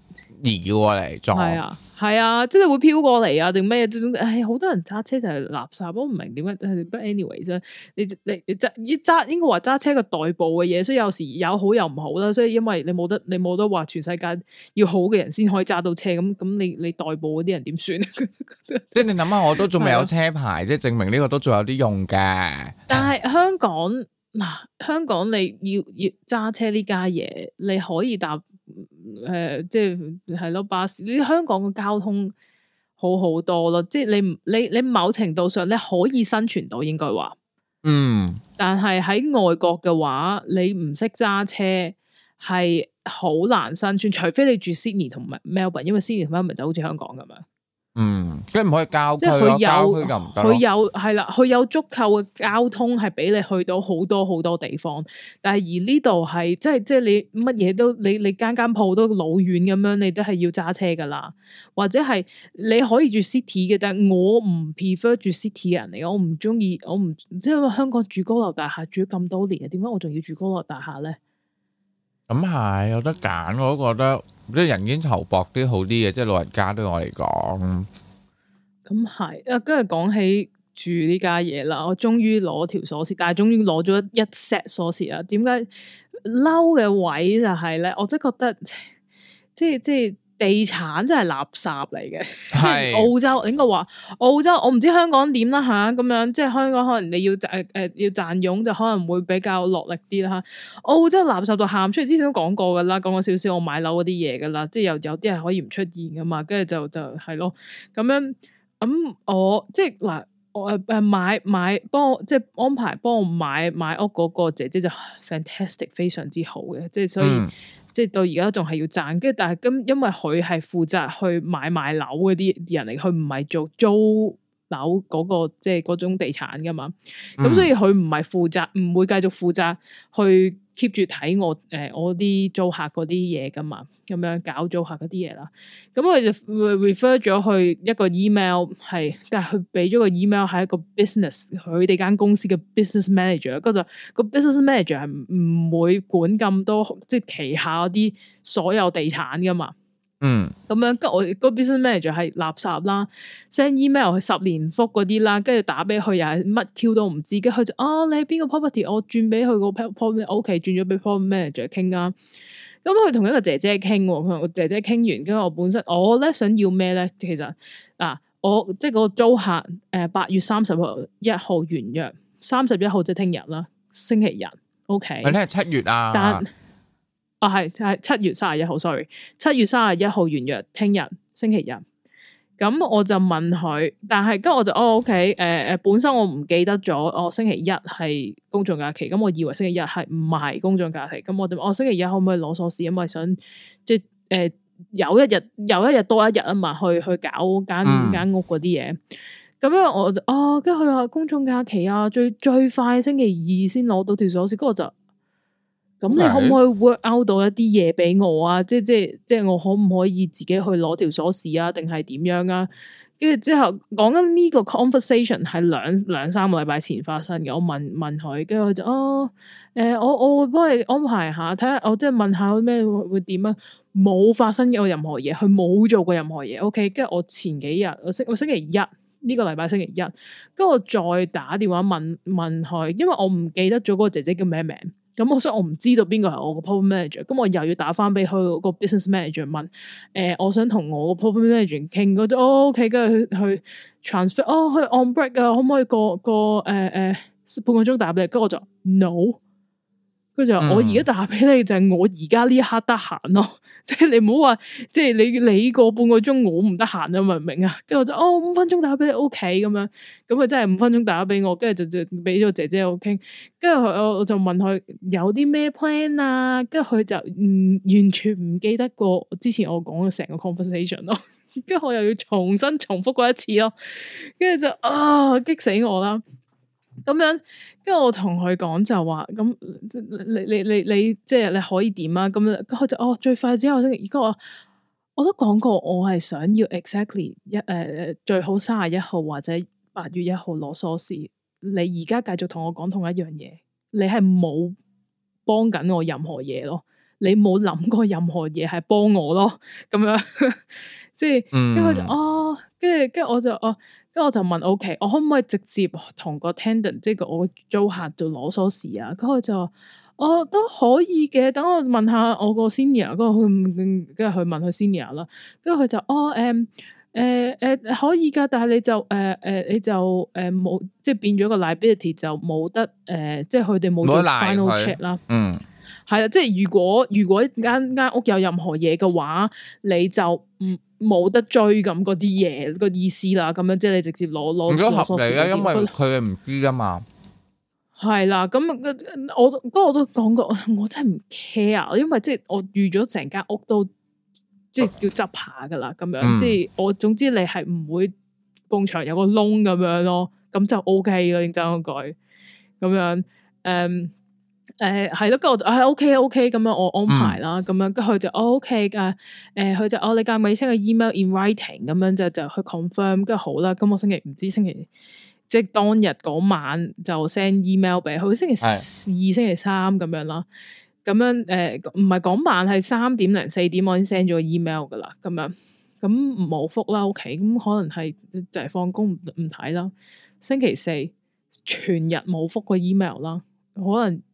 而要我嚟裝係啊，係啊，即係會飄過嚟啊，定咩？誒，好多人揸車就係垃圾，我唔明點解。但 anyway 啫，你你你揸依揸應該話揸車個代步嘅嘢，所以有時有好有唔好啦。所以因為你冇得你冇得話全世界要好嘅人先可以揸到車，咁咁你你代步嗰啲人點算？即係你諗下，我都仲未有車牌，即係證明呢個都仲有啲用嘅。但係香港嗱，香港你要要揸車呢家嘢，你可以搭。誒、呃，即係咯，巴士，你啲香港嘅交通好好多咯，即係你你你某程度上你可以生存到，應該話，嗯。但係喺外國嘅話，你唔識揸車係好難生存，除非你住 Sydney 同埋 Melbourne，因為 Sydney、Melbourne 就好似香港咁樣。嗯，即係唔可以交，即咯，佢有，佢有係啦，佢有足夠嘅交通係俾你去到好多好多地方，但係而呢度係即係即係你乜嘢都你你間間鋪都老遠咁樣，你都係要揸車噶啦，或者係你可以住 city 嘅，但係我唔 prefer 住 city 人嚟，我唔中意，我唔知係香港住高樓大廈住咗咁多年，點解我仲要住高樓大廈咧？咁係有得揀，我都覺得。即係人已經頭薄啲好啲嘅，即係老人家對我嚟講，咁係、嗯。啊，今日講起住呢家嘢啦，我終於攞條鎖匙，但係終於攞咗一 set 鎖匙啊！點解嬲嘅位就係、是、咧？我即係覺得，即係即係。地產真係垃圾嚟嘅，即係澳洲應該話澳洲，澳洲，我唔知香港點啦吓咁樣，即係香港可能你要誒誒、呃、要賺佣就可能會比較落力啲啦吓。澳洲垃圾就喊出嚟，之前都講過噶啦，講過少少我買樓嗰啲嘢噶啦，即係又有啲係可以唔出現噶嘛，跟住就就係咯咁樣。咁我即係嗱，我誒買買幫我即係安排幫我買買屋嗰個姐姐就 fantastic 非常之好嘅，即係所以。嗯即係到而家仲係要賺，跟住但係咁，因為佢係負責去買買樓嗰啲人嚟，佢唔係做租樓嗰個，即係嗰種地產噶嘛，咁、嗯、所以佢唔係負責，唔會繼續負責去。keep 住睇我誒、呃、我啲租客嗰啲嘢噶嘛，咁樣搞租客嗰啲嘢啦。咁佢就 refer 咗去一個 email 係，但係佢俾咗個 email 係一個，個 business，佢哋間公司嘅 business manager。嗰就個 business manager 係唔會管咁多，即係旗下嗰啲所有地產噶嘛。嗯樣，咁樣跟住我個 business manager 係垃圾啦，send email 佢十年福嗰啲啦，跟住打俾佢又係乜 Q 都唔知，嘅。佢就哦你喺邊個 property 我轉俾佢個 prop，我屋企轉咗俾 property manager 傾啊，咁佢同一個姐姐傾，佢同個姐姐傾完，跟住我本身我咧想要咩咧，其實啊我即係個租客誒八、呃、月三十號一號完約，三十一號即係聽日啦，星期日，ok，你係七月啊？但啊係係七月三十一號，sorry，七月三十一號完約，聽日星期日，咁、嗯、我就問佢，但係跟住我就哦，ok，誒、呃、誒，本身我唔記得咗，我、哦、星期一係公眾假期，咁、嗯、我以為星期一係唔係公眾假期，咁、嗯、我哋我、哦、星期一可唔可以攞鎖匙，因為想即係誒、呃、有一日有一日多一日啊嘛，去去搞間、嗯、去搞間，間屋嗰啲嘢，咁樣我就哦跟住佢話公眾假期啊，最最快星期二先攞到條鎖匙，跟住我就。咁你可唔可以 work out 到一啲嘢俾我啊？即係即係即係我可唔可以自己去攞條鎖匙啊？定係點樣啊？跟住之後講緊呢個 conversation 係兩兩三個禮拜前發生嘅。我問問佢，跟住佢就哦，誒、呃，我我會幫你安排下，睇下我即係問下咩會會點啊？冇發生過任何嘢，佢冇做過任何嘢。OK，跟住我前幾日我星我星期一呢個禮拜星期一，跟住我再打電話問問佢，因為我唔記得咗嗰個姐姐叫咩名。咁、嗯、所以我唔知道邊個係我個 property manager，咁我又要打翻俾佢個 business manager 問，誒、呃，我想同我個 property manager 傾，啲。哦，我都 OK，跟住佢去 transfer，哦，去 on break 啊，可唔可以過過誒誒半個鐘打俾你？跟住我就 no，跟住就、嗯、我而家打俾你，就係、是、我而家呢一刻得閒咯。 即係 你唔好話，即係你你個半個鐘我唔得閒啊，明唔明啊？跟住我就哦五分鐘打俾你，OK 咁樣，咁佢真係五分鐘打俾我，跟住就就俾咗姐姐我傾，跟住我我就問佢有啲咩 plan 啊，跟住佢就唔、嗯、完全唔記得過之前我講嘅成個 conversation 咯，跟 住我又要重新重複過一次咯，跟住就啊激死我啦！咁樣，跟住我同佢講就話，咁你你你你，即係你可以點啊？咁佢就哦，最快之後星期一。而家我我都講過，我係想要 exactly 一誒、呃、最好三十一號或者八月一號攞鎖匙。你而家繼續同我講同一樣嘢，你係冇幫緊我任何嘢咯，你冇諗過任何嘢係幫我咯，咁樣即係，跟 佢樣、嗯、就哦，跟住跟住我就哦。跟住我就問 OK，我，我可唔可以直接同個 tenant 即係我租客做攞鎖匙啊？咁我就哦，都可以嘅，等我問下我個 senior sen。咁去跟住去問佢 senior 啦。跟住佢就哦，誒誒誒可以噶，但係你就誒誒你就誒冇，即係變咗個 liability 就冇得誒，即係佢哋冇 final check 啦。嗯，係啦，即係如果如果間間屋有任何嘢嘅話，你就唔。嗯冇得追咁嗰啲嘢個意思啦，咁樣即係你直接攞攞，唔該合你啊，因為佢唔知啊嘛。係啦，咁我嗰我都講過，我真係唔 care，因為即係我預咗成間屋都即係要執下噶啦，咁樣、嗯、即係我總之你係唔會埲牆有個窿咁樣咯，咁就 O K 啦，認真一句，咁樣誒。Um, 誒，係咯、嗯，跟住、嗯、我係 O K O K 咁樣，我安排啦，咁樣跟佢就 O K 噶。誒，佢就哦，你架咪先嘅 email in writing 咁樣就就去 confirm。跟住好啦，今個星期唔知星期即係當日嗰晚就 send email 俾佢。星期二、星期三咁樣啦，咁樣誒，唔係嗰晚係三點零四點，我已經 send 咗個 email 噶啦，咁樣咁冇覆啦。O K，咁可能係就係放工唔唔睇啦。星期四全日冇覆個 email 啦，可能。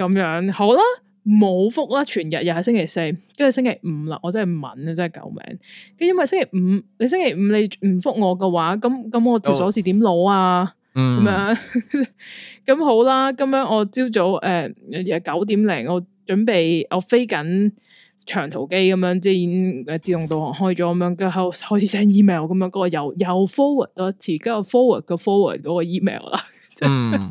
咁樣好啦，冇覆啦，全日又係星期四，跟住星期五啦，我真係唔問啊，真係救命！因為星期五，你星期五你唔覆我嘅話，咁咁我條鎖匙點攞啊？咁、嗯、樣咁 好啦，咁樣我朝早誒，日、呃、九點零我準備我飛緊長途機咁樣，即係已經自動導航開咗咁樣，跟住開始 send email 咁樣，嗰個又又 forward 多次，跟住 forward, forward 個 forward 嗰個 email 啦。 嗯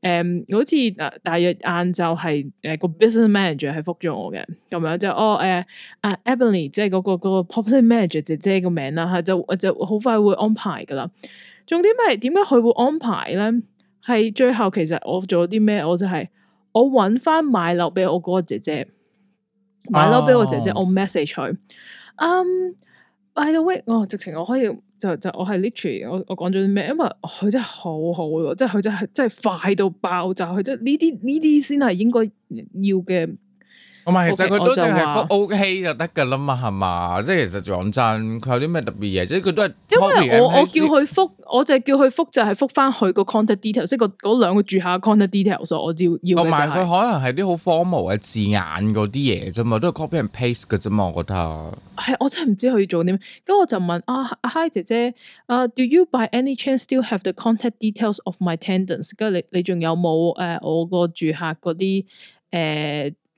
誒，好似、um, like, uh, 大約晏晝係誒個 business manager 係覆咗我嘅，咁樣就哦誒阿 Ebony 即係嗰個嗰、嗰個 property manager 姐姐個名啦吓，就就好快會安排噶啦。重點係點解佢會安排咧？係最後其實我做咗啲咩？我就係、是、我揾翻買樓俾我嗰個姐姐，買樓俾我姐姐，我、oh. message 佢，嗯。By the way，我直情我可以就就我係 literally 我我講咗啲咩？因為佢、哦、真係好好咯，即係佢真係真係快到爆炸，佢即係呢啲呢啲先係應該要嘅。我咪其實佢都淨係覆 OK 就得㗎啦嘛，係嘛？即係其實講真，佢有啲咩特別嘢，即係佢都係因為我我叫佢覆，我就係叫佢覆就係覆返佢個 contact details，即係個嗰兩個住客 contact details，我要要。同埋佢可能係啲好 formal 嘅字眼嗰啲嘢啫嘛，都係 copy and paste 嘅啫嘛，我覺得。係，我真係唔知佢要做啲咩，咁我就問啊阿 Hi 姐姐啊，Do you by any chance still have the contact details of my tenants？咁你你仲有冇誒我個住客嗰啲誒？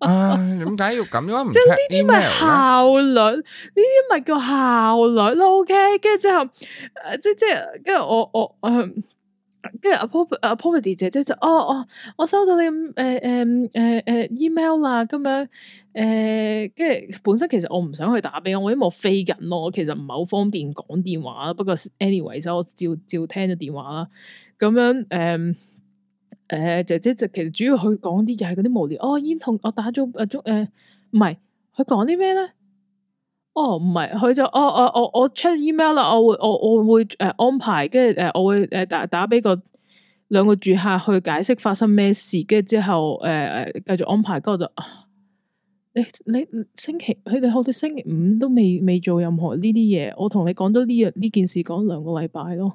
唉，點解、啊、要咁樣？即係呢啲咪效率，呢啲咪叫效率咯。OK，跟住之後，誒，即係即係，跟住我我誒，跟住阿 pology 姐姐就，哦哦，我收到你誒誒誒誒 email 啦，咁樣誒，跟住本身其實我唔想去打俾我，因為我飛緊咯，我其實唔係好方便講電話，不過 anyway，就我照照聽咗電話啦，咁樣誒。Uh, 誒，uh, 姐姐就其實主要佢講啲就係嗰啲無聊。哦，煙筒，我打咗誒，唔係佢講啲咩咧？哦，唔係佢就，哦哦哦，我 check email 啦，我會我我會誒、啊、安排，跟住誒我會誒打打俾個兩個住客去解釋發生咩事，跟住之後誒、呃、繼續安排。跟住就，你你星期佢哋去到星期五都未未做任何呢啲嘢，我同你講咗呢樣呢件事，講兩個禮拜咯。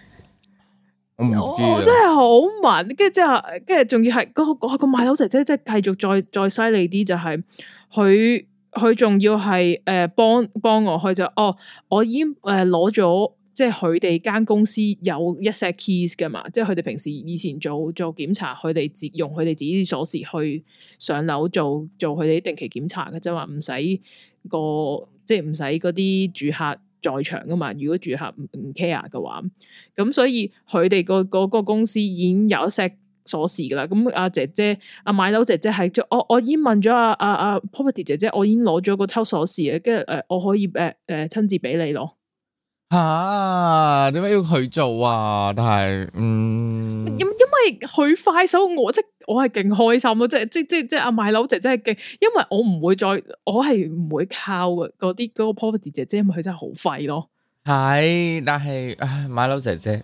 哦，oh，真係好文，跟住即係，跟住仲要係嗰、那個、那個那個賣樓姐姐，即係繼續再再犀利啲，就係佢佢仲要係誒、呃、幫幫我，去。就哦，我已經誒攞咗，即係佢哋間公司有一 set keys 噶嘛，即係佢哋平時以前做做檢查，佢哋自用佢哋自己啲鎖匙去上樓做做佢哋定期檢查嘅啫嘛，話唔使個即係唔使嗰啲住客。在場噶嘛？如果住客唔 care 嘅話，咁所以佢哋個嗰個公司已經有一隻鎖匙噶啦。咁阿姐姐阿買樓姐姐係，我我已經問咗阿阿阿 property 姐姐，姐姐我，我已經攞咗個抽鎖匙嘅，跟住誒，我可以誒誒、呃、親自俾你咯。吓、啊？點解要佢做啊？但係，嗯，因因為佢快手我，我即。我係勁開心咯，即係即係即係即係阿買樓姐姐，勁，因為我唔會再，我係唔會靠嗰啲嗰個 property 姐姐，因為佢真係好廢咯。係，但係唉，買樓姐姐。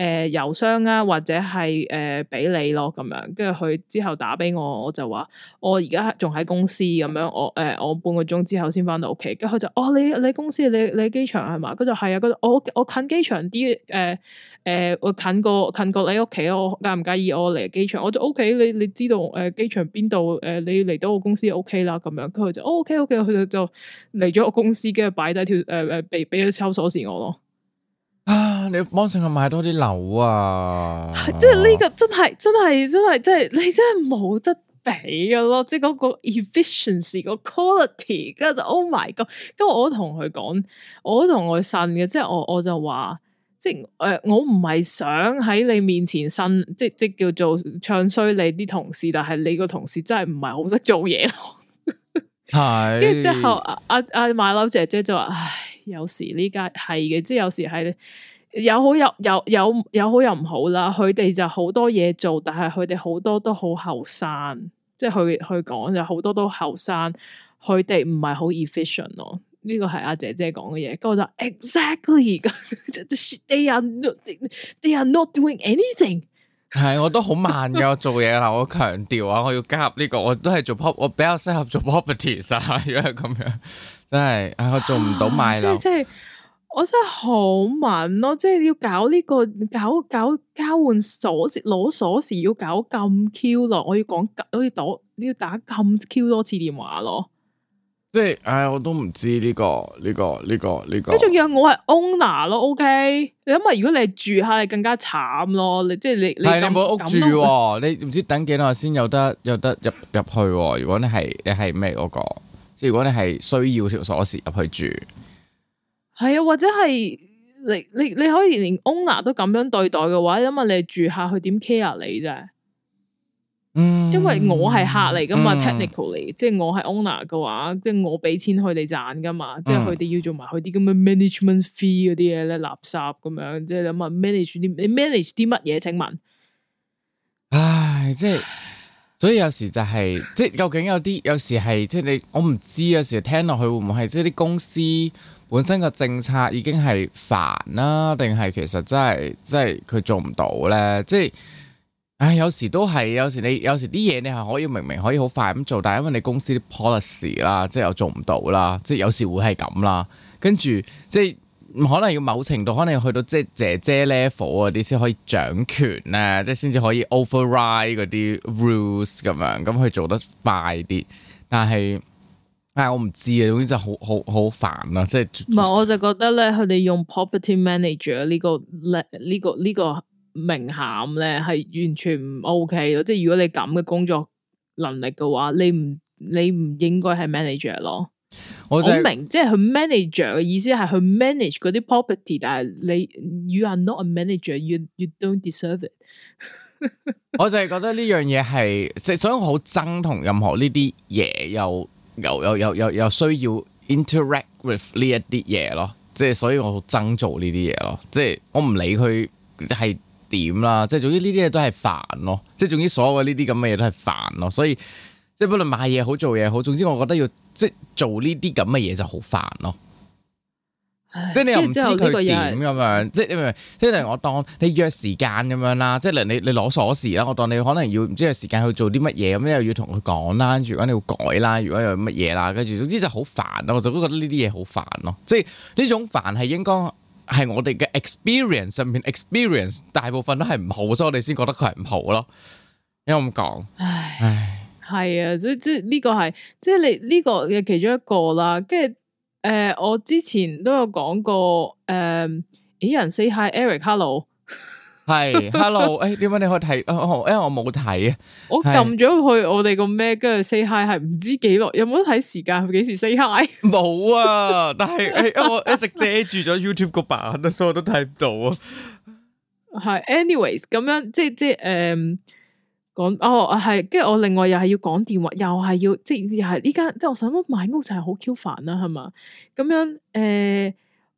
誒，郵箱啊，或者係誒俾你咯，咁樣，跟住佢之後打俾我，我就話我而家仲喺公司咁樣，我誒我半個鐘之後先翻到屋企，跟佢就，哦你你公司你你喺機場係嘛？跟住係啊，我我近機場啲，誒誒我近過近過你屋企，我介唔介意我嚟機場，我就 O K，你你知道誒機場邊度誒你嚟到我公司 O K 啦，咁樣，跟佢就 O K O K，佢就就嚟咗我公司，跟住擺低條誒誒俾俾咗抽鎖匙我咯。啊！你幫成日買多啲樓啊！即係呢個真係真係真係真係，你真係冇得比噶咯！即係嗰個 efficiency 個 quality，跟住就 Oh my God！跟住我同佢講，我同佢呻嘅，即係我我,我,我就話，即係誒，我唔係想喺你面前呻，即即叫做唱衰你啲同事，但係你個同事真係唔係好識做嘢咯。係 是，跟住之後阿阿買樓姐姐就話，唉。有時呢家係嘅，即係有時係有好有有有有好有唔好啦。佢哋就好多嘢做，但係佢哋好多都好後生，即係佢佢講就好多都後生。佢哋唔係好 efficient 咯，呢個係阿姐姐講嘅嘢。咁我就 exactly，they are not，they are not doing anything。係， 我都好慢㗎我做嘢啦。我強調啊，我要加入呢個，我都係做 prop，我比較適合做 properties 啊，如果係咁樣。真係，唉，我做唔到買咯。即係，我真係好慢咯。即係要搞呢、這個，搞搞交換鎖匙，攞鎖匙要搞咁 Q 咯。我要講，我要打，要打咁 Q 多次電話咯。即係，唉，我都唔知呢、這個，呢、這個，呢、這個，呢、這個。Okay? 你仲要，我係 owner 咯，OK。你諗下，如果你住下，你更加慘咯。你即係你，但係你冇屋住、啊，麼你唔知等幾耐先有得，有得入入，入去、哦。如果你係你係咩嗰個？如果你係需要條鎖匙入去住，係啊，或者係你你你可以連 owner 都咁樣對待嘅話，咁啊你哋住客佢點 care 你啫？嗯，因為我係客嚟噶嘛、嗯、，technically，即係我係 owner 嘅話，即係、嗯、我俾錢佢哋賺噶嘛，即係佢哋要做埋佢啲咁嘅 management fee 嗰啲嘢咧，垃圾咁樣，即係諗下 manage 啲，你 manage 啲乜嘢，請問？唉，即係。所以有時就係，即係究竟有啲有時係，即係你我唔知有時聽落去會唔會係，即係啲公司本身個政策已經係煩啦，定係其實真係，即係佢做唔到咧，即係，唉，有時都係，有時你有時啲嘢你係可以明明可以好快咁做，但係因為你公司啲 policy 啦，即係又做唔到啦，即係有時會係咁啦，跟住即係。可能要某程度，可能要去到即係姐姐 level 嗰啲，先可以掌權啊，即係先至可以 override 嗰啲 rules 咁樣，咁佢做得快啲。但係，但係我唔知啊，總之就好好好煩啦，即係。唔係，我就覺得咧，佢哋用 property manager 呢個呢個呢個名銜咧，係完全唔 OK 咯。即係如果你咁嘅工作能力嘅話，你唔你唔應該係 manager 咯。我，就是，我明即係佢 manager 嘅意思係去 manage 嗰啲 property，但係你 you are not a manager，you you, you don't deserve it 我就係覺得呢樣嘢係即係，所以好憎同任何呢啲嘢，又又又又又又需要 interact with 呢一啲嘢咯。即係所以，我好憎做呢啲嘢咯。即係我唔理佢係點啦。即係總之呢啲嘢都係煩咯。即係總之所有嘅呢啲咁嘅嘢都係煩咯。所以即係不論買嘢好做嘢好，總之我覺得要。即係做呢啲咁嘅嘢就好煩咯，唉即係你又唔知佢點咁樣，即係你明唔明？即係我當你約時間咁樣啦，即係你你攞鎖匙啦，我當你可能要唔知有時間去做啲乜嘢，咁你又要同佢講啦，如果你要改啦，如果又乜嘢啦，跟住總之就好煩咯，我就覺得呢啲嘢好煩咯，即係呢種煩係應該係我哋嘅 experience 上面 I mean experience 大部分都係唔好，所以我哋先覺得佢係唔好咯。啱唔啱？講唉。唉係啊，所以即係呢個係，即係你呢個嘅其中一個啦。跟住誒，我之前都有講過誒，有、呃、人 say hi Eric，hello，係 hello，誒，點 解、哎、你可以睇、哦？因為我冇睇啊，我撳咗去是我哋個咩，跟住 say hi 係唔知幾耐，有冇睇時間？幾時 say hi？冇 啊，但係、哎、我一直遮住咗 YouTube 個版，所以我都睇唔到啊。係 ，anyways，咁樣即係即係誒。呃講哦係，跟住我另外又係要講電話，又係要即係又係呢間，即係我想講買屋就係好 Q 煩啦，係嘛，咁樣誒、呃，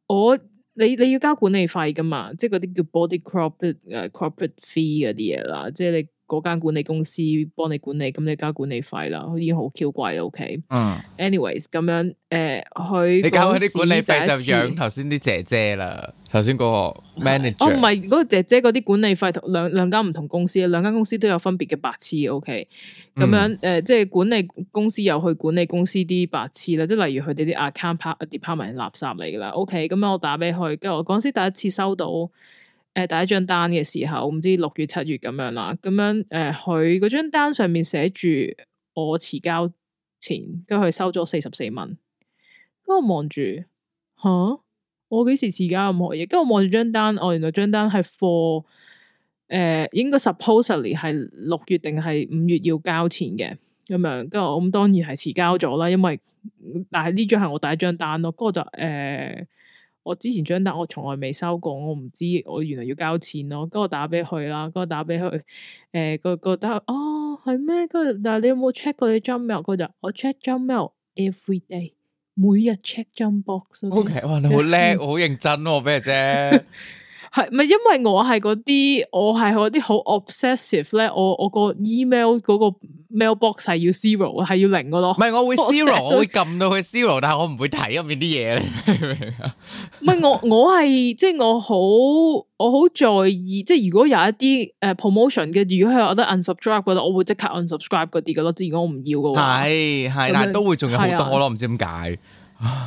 我你你要交管理費噶嘛，即係嗰啲叫 body corporate corporate fee 嗰啲嘢啦，即係你。嗰間管理公司幫你管理，咁你交管理費啦，已經好 Q 貴啦。OK，anyways，嗯，咁樣，誒、呃，佢你交嗰啲管理費就養頭先啲姐姐啦。頭先嗰個 manager，哦唔係，嗰個姐姐嗰啲管理費同兩兩間唔同公司，兩間公司都有分別嘅白痴。OK，咁樣，誒、呃，即係管理公司又去管理公司啲白痴啦，即係例如佢哋啲 account part department 垃圾嚟噶啦。OK，咁樣我打俾佢，跟住我嗰時第一次收到。誒、呃，第一張單嘅時候，唔知六月七月咁樣啦，咁樣誒，佢、呃、嗰張單上面寫住我遲交錢，跟住佢收咗四十四蚊。跟住我望住，吓，我幾時遲交任何嘢？跟住我望住張單，哦，原來張單係貨，誒，應該 supposedly 係六月定係五月要交錢嘅，咁樣。跟住我咁當然係遲交咗啦，因為但係呢張係我第一張單咯，嗰個就誒。呃我之前張單我從來未收過，我唔知我原來要交錢咯，咁我打俾佢啦，咁我打俾佢，誒，個個得，哦、喔，係咩？嗰但你有冇 check 過啲 junk mail 佢就我 check junk mail every day，每日 check junk box。O、OK? K，、okay, 哇，你好叻，好認真喎，肥、啊、姐。 係咪因為我係嗰啲我係嗰啲好 obsessive 咧？我我個 email 嗰個 mailbox 係要 zero，係要零噶咯。唔係我會 zero，0, 我會撳到佢 zero， 但係我唔會睇入面啲嘢。唔係我我係即係我好我好在意，即係如果有一啲誒 promotion 嘅，如果係有得 unsubscribe 嘅，我會即刻 unsubscribe 嗰啲噶咯。即如果我唔要嘅話，係係但係都會仲有好多，啊、 我都唔知點解。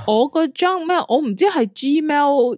我個張咩？我唔知係 gmail。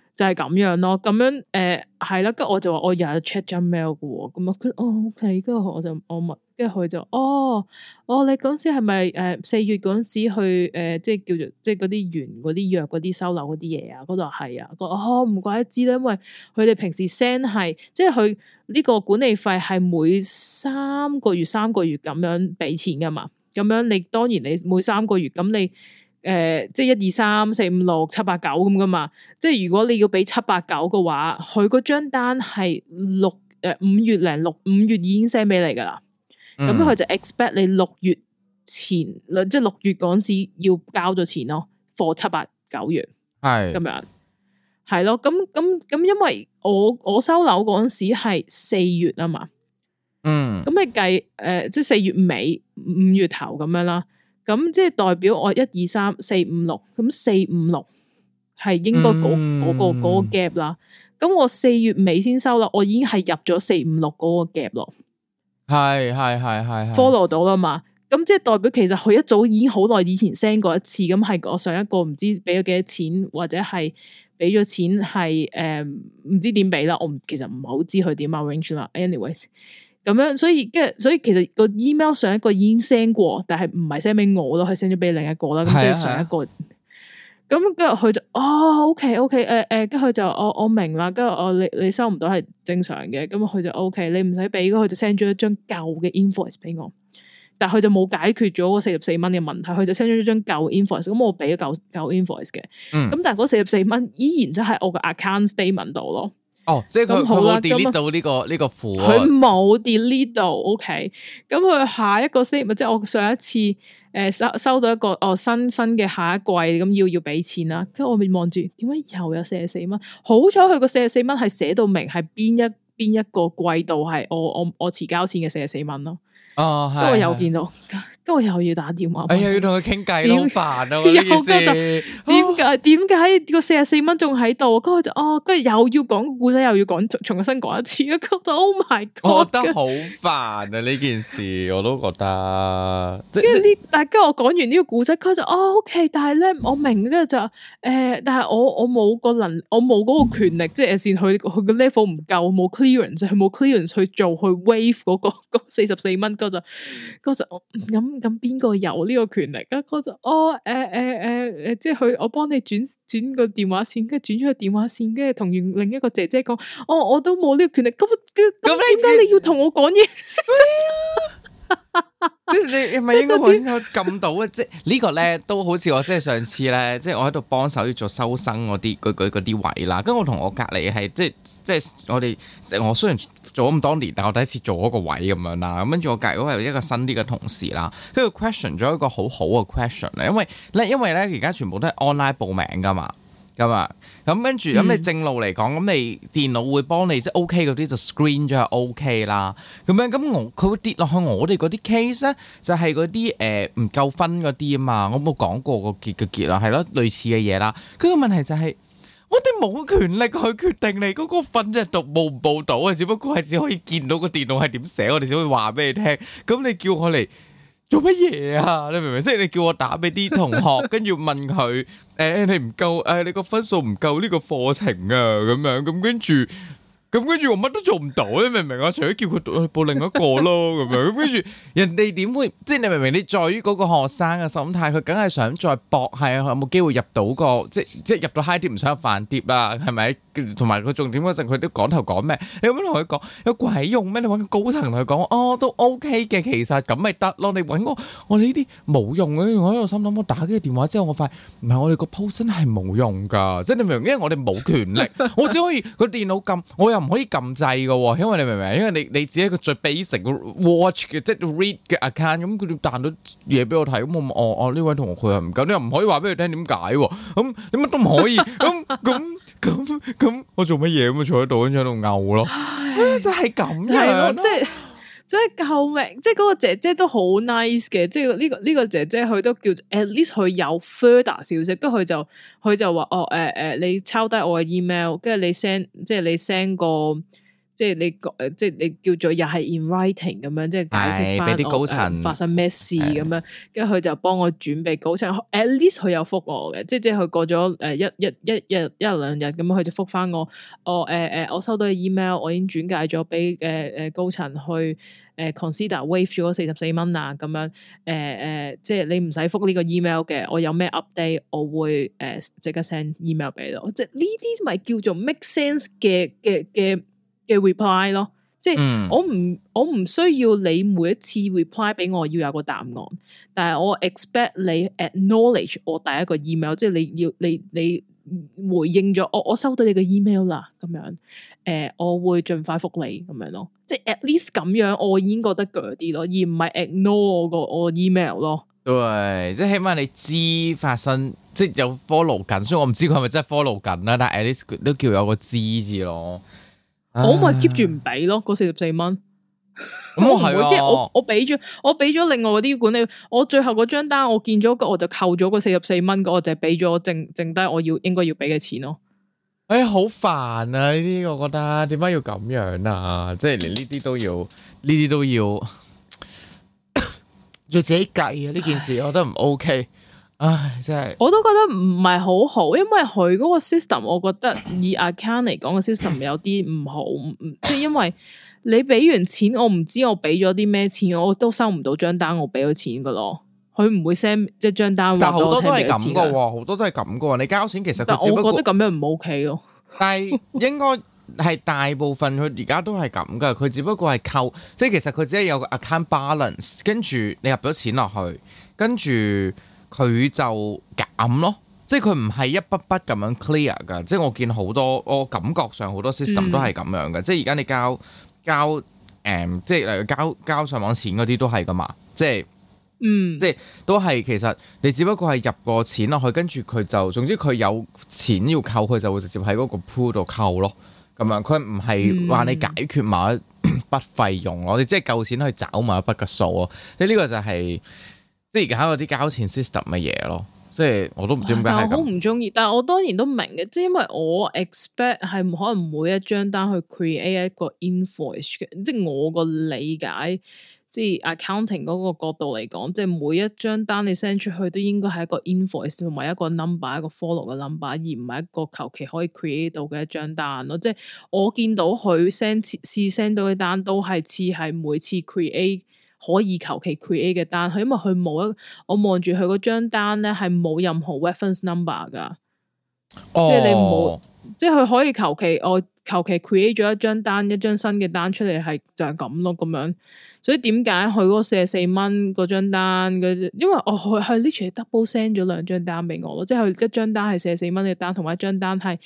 就係咁樣咯，咁樣誒係啦，跟住、呃、我就話我又係 check 張 mail 嘅，咁啊佢哦 OK，跟住我就我問，跟住佢就哦，哦你嗰時係咪誒四月嗰時去誒、呃，即係叫做即係嗰啲原嗰啲藥嗰啲收樓嗰啲嘢啊，嗰度係啊，哦唔怪得知啦，因為佢哋平時 send 係即係佢呢個管理費係每三個月三個月咁樣俾錢噶嘛，咁樣你當然你每三個月咁你。誒、呃，即係一二三四五六七八九咁噶嘛？即係如果你要俾七八九嘅話，佢嗰張單係六誒五月零六五月已經 send 俾你噶啦，咁佢、嗯、就 expect 你六月前，即係六月嗰陣時要交咗錢咯 for 七八九月係咁樣，係咯，咁咁咁，因為我我收樓嗰陣時係四月啊嘛，嗯，咁你計誒、呃，即係四月尾五月頭咁樣啦。咁即係代表我一二三四五六，咁四五六係應該嗰嗰個嗰個 gap 啦。咁我四月尾先收啦，我已經係入咗四五六嗰個 gap 咯。係係係係 follow 到啦嘛。咁即係代表其實佢一早已經好耐以前 send 過一次，咁係我上一個唔知俾咗幾多錢，或者係俾咗錢係誒唔知點俾啦。我其實唔係好知佢點 arrange 啦，anyways。咁樣，所以跟住，所以其實個 email 上一個已經 send 過，但係唔係 send 俾我咯，佢 send 咗俾另一個啦。咁即係上一個。係是啊。咁跟住佢就哦，OK OK，誒、uh, 誒、uh,，跟佢就我我明啦，跟住我你你收唔到係正常嘅，咁佢就 OK，你唔使俾，佢就 send 咗一張舊嘅 invoice 俾我。但係佢就冇解決咗嗰四十四蚊嘅問題，佢就 send 咗一張舊 invoice，咁我俾咗舊舊 invoice 嘅，咁、嗯、但係嗰四十四蚊依然就喺我個 account statement 度咯。哦，即係佢佢冇跌到呢、這個呢、嗯、個負啊！佢冇跌呢度，OK、嗯。咁佢下一個先，期，即係我上一次誒、呃、收收到一個哦新新嘅下一季，咁、嗯、要要俾錢啦。跟住我咪望住，點解又有四十四蚊？好彩佢個四十四蚊係寫到明，係邊一邊一個季度係我我我遲交錢嘅四十四蚊咯。哦，係，因為我又見到。跟我又要打電話，又要同佢傾偈，好煩啊！呢件事點解點解個四十四蚊仲喺度？跟住就哦，跟住又要講個故仔，又要講重新講一次。咁就 Oh my God，我覺得好煩啊！呢件事我都覺得，即係呢，但係，跟我講完呢個故仔，佢就哦 OK，但係咧我明咧就誒，但係我我冇個能，我冇嗰個權力，即係先佢佢嘅 level 唔夠，冇 clearance，佢冇 clearance 去做去 wave 嗰個四十四蚊，咁就咁就。咁邊個有呢個權力啊、哦呃呃？我就哦誒誒誒誒，即係佢我幫你轉轉個電話線，跟住轉咗個電話線，跟住同完另一個姐姐講，哦，我都冇呢個權力，咁咁點解你要同我講嘢？ 即係你是是，係咪應該揾去撳到啊？即係呢個咧，都好似我即係上次咧，即係我喺度幫手要做收生嗰啲、嗰、嗰啲位啦。咁我同我隔籬係即係即係我哋，我雖然我做咗咁多年，但我第一次做嗰個位咁樣啦。咁跟住我隔籬係一個新啲嘅同事啦。跟住 question 咗一個好好嘅 question 啊，因為咧，因為咧，而家全部都係 online 報名噶嘛。咁啊，咁跟住咁你正路嚟講，咁你電腦會幫你即係 OK 嗰啲就 screen 咗係 OK 啦，咁樣咁我佢會跌落去我哋嗰啲 case 咧，就係嗰啲誒唔夠分嗰啲啊嘛，我冇講過、個結個結論係咯，類似嘅嘢啦。佢嘅問題就係、是、 我哋冇權力去決定你嗰、個分係讀報唔報到啊，只不過係只可以見到個電腦係點寫，我哋只可以話俾你聽。咁你叫我嚟做乜嘢啊？你明唔明？即係你叫我打俾啲同學，跟住問佢，誒，你唔夠，誒，你個分數唔夠呢個課程啊，咁樣，咁跟住，咁跟住我乜都做唔到，你明唔明啊？除咗叫佢去報另一個咯，咁樣，咁跟住，人哋點會？即係你明唔明？你在於嗰個學生嘅心態，佢梗係想再搏，係佢有冇機會入到個，即係即係入到 high 碟，唔想入飯碟啊，係咪？同埋佢重點嗰陣，佢都講頭講咩？你有冇同佢講有鬼用咩？你揾高層同佢講哦，都 OK 嘅，其實咁咪得咯。你揾我、這個，我哋呢啲冇用嘅。我喺度心諗，我打呢個電話之後，我發唔係我哋個 post 係冇用噶，即係你明？因為我哋冇權力，我只可以個電腦撳，我又唔可以撳掣嘅喎。因為你明唔明？因為你你自己一個最 basic 嘅 watch 嘅，即 read 嘅 account，咁佢彈到嘢俾我睇。咁我我呢、哦啊、位同學佢又唔夠，你又唔可以話俾佢聽點解喎？咁點乜都唔可以咁咁。 咁咁我做乜嘢咁咪坐喺度，跟住喺度嘔咯，唉，真係咁樣，啊，即係即係救命！即係嗰個姐姐都好 nice 嘅，即係呢個呢、這個姐姐佢都叫，at least 佢有 further 消息，跟住佢就佢就話哦誒誒、呃呃，你抄低我嘅 email，跟住你 send 即係你 send 個。即係你，誒，即係你叫做又係 in writing 咁樣，即係解釋翻我發生咩事咁樣，跟住佢就幫我準備高層。at least 佢有覆我嘅，即係即係佢過咗誒，一、一、一日、一兩日咁樣，佢就覆翻我，我，誒，誒，我收到嘅 email，我已經轉介咗俾，誒，誒，高層去 ider,，誒，consider waive 咗四十四蚊啊，咁樣，誒，誒，即係你唔使覆呢個 email 嘅，我有咩 update，我會，誒、呃，即刻 send email 俾你，即係呢啲咪叫做 make sense 嘅，嘅，嘅，嘅 reply 咯，即係、嗯、我唔我唔需要你每一次 reply 俾我要有個答案，但係我 expect 你 acknowledge 我第一個 email，即係你要你你回應咗我，我收到你嘅 email 啦，咁樣誒、呃，我會盡快覆你咁樣咯，即係 at least 咁樣，我已經覺得 good 啲咯，而唔係 ignore 個我，我 email 咯。對，即係起碼你知發生，即係有 follow 緊，所以我唔知佢係咪真係 follow 緊啦，但係 at least 都叫有個知字咯。啊、我咪 keep 住唔俾咯，嗰四十四蚊，咁 唔、嗯、 會，即係我我俾咗，我俾咗另外嗰啲管理，我最後嗰張單我見咗個我就扣咗嗰四十四蚊，嗰我就俾咗剩剩低我要應該要俾嘅錢咯。哎，好煩啊！呢啲我覺得點解要咁樣啊？即係連呢啲都要，呢啲 都要 要自己計啊！呢唉件事我覺得唔 OK。唉，真係我都覺得唔係好好，因為佢嗰個 system，我覺得以 account 嚟講嘅 system 有啲唔好，即係 因為你俾完錢，我唔知我俾咗啲咩錢，我都收唔到張單我俾咗錢噶咯，佢唔會 send 即係張單，單。但好多都係咁噶，好多都係咁噶，你交錢其實佢只不過我覺得咁樣唔 OK 咯。 但係應該係大部分佢而家都係咁噶，佢只不過係扣， 即係其實佢只係有個 account balance，跟住你入咗錢落去，跟住。佢就減咯，即係佢唔係一筆筆咁樣 clear 噶，即係我見好多，我感覺上好多 system 都係咁樣嘅、嗯呃，即係而家你交交誒，即係例如交交上網錢嗰啲都係噶嘛，即係嗯，即係都係其實你只不過係入個錢落去，跟住佢就總之佢有錢要扣，佢就會直接喺嗰個 pool 度扣咯，咁樣，佢唔係話你解決某一筆費用咯，你即係夠錢去找某一筆嘅數咯，即係呢個就係、是。即係而家嗰啲交錢 system 乜嘢咯，即係我都唔知點解我咁。我好唔中意，但係我，我當然都明嘅，即係因為我 expect 係可能每一張單去 create 一個 invoice 嘅，即係我個理解，即係 accounting 嗰個角度嚟講，即係每一張單你 send 出去都應該係一個 invoice 同埋一個 number，一個 follow 嘅 number，而唔係一個求其可以 create 到嘅一張單咯。即係我見到佢 send 次 send 到嘅單都係似係每次 create。可以求其 create 嘅單，佢因為佢冇一，我望住佢嗰張單咧係冇任何 reference number 噶、oh.，即係你冇，即係佢可以求其我求其 create 咗一張單，一張新嘅單出嚟係就係咁咯咁樣。所以點解佢嗰四十四蚊嗰張單，因為我佢佢呢處 double send 咗兩張單俾我咯，即係佢一張單係四十四蚊嘅單，同埋一張單係。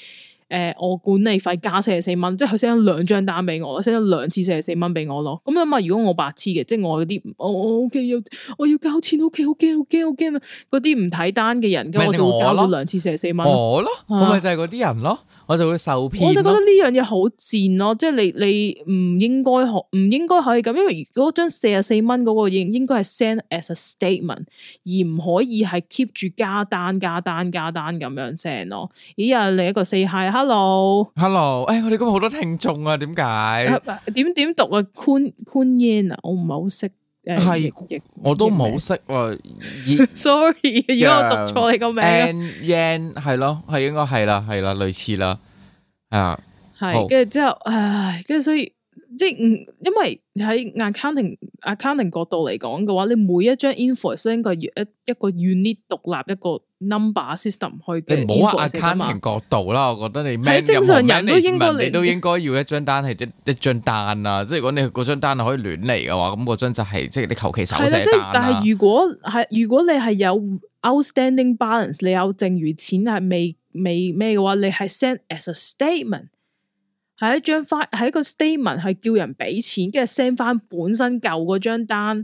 誒、呃，我管理費加四十四蚊，即係佢 send 兩張單俾我咯，send 兩次四十四蚊俾我咯。咁諗下，如果我白痴嘅，即係我嗰啲，我、oh, 我 OK 要，我要交錢，OK，好、okay, 驚、okay，好驚，好驚啊！嗰啲唔睇單嘅人，咁我就交咗兩次四十四蚊。我咯，我咪就係嗰啲人咯。我就會受騙，我就覺得呢樣嘢好賤咯，即係你你唔應該學，唔應該可以咁，因為如果將四十四蚊嗰個應應該係 send as a statement，而唔可以係 keep 住加單加單加單咁樣 send 咯。咦呀，另、啊、一個 say hi hello hello，誒我哋今日好多聽眾啊，點解？點點、啊、讀啊 coin coinian 啊，我唔係好識。係，是 我都冇識。 sorry，yeah, 如果我讀錯你個名，yen 係咯，係應該係啦，係啦，類似啦，係啊，係是，跟住之後，唉、啊，跟住所以。即係嗯，因為喺 accounting accounting 角度嚟講嘅話，你每一張 invoice 應該要一一個 unique 獨立一個 number system 去 ice。你唔好話 accounting 角度啦，我覺得你咩正常人 agement，都應該，你都應該要一張單係一一張單啊！即係如果你嗰張單可以亂嚟嘅話，咁嗰張就係、是、即係啲求其手寫、啊即。但係如果係如果你係有 outstanding balance，你有剩餘錢係未未咩嘅話，你係 sent as a statement。係一張翻，係個 statement，係叫人俾錢，跟住 send 翻本身舊嗰張單，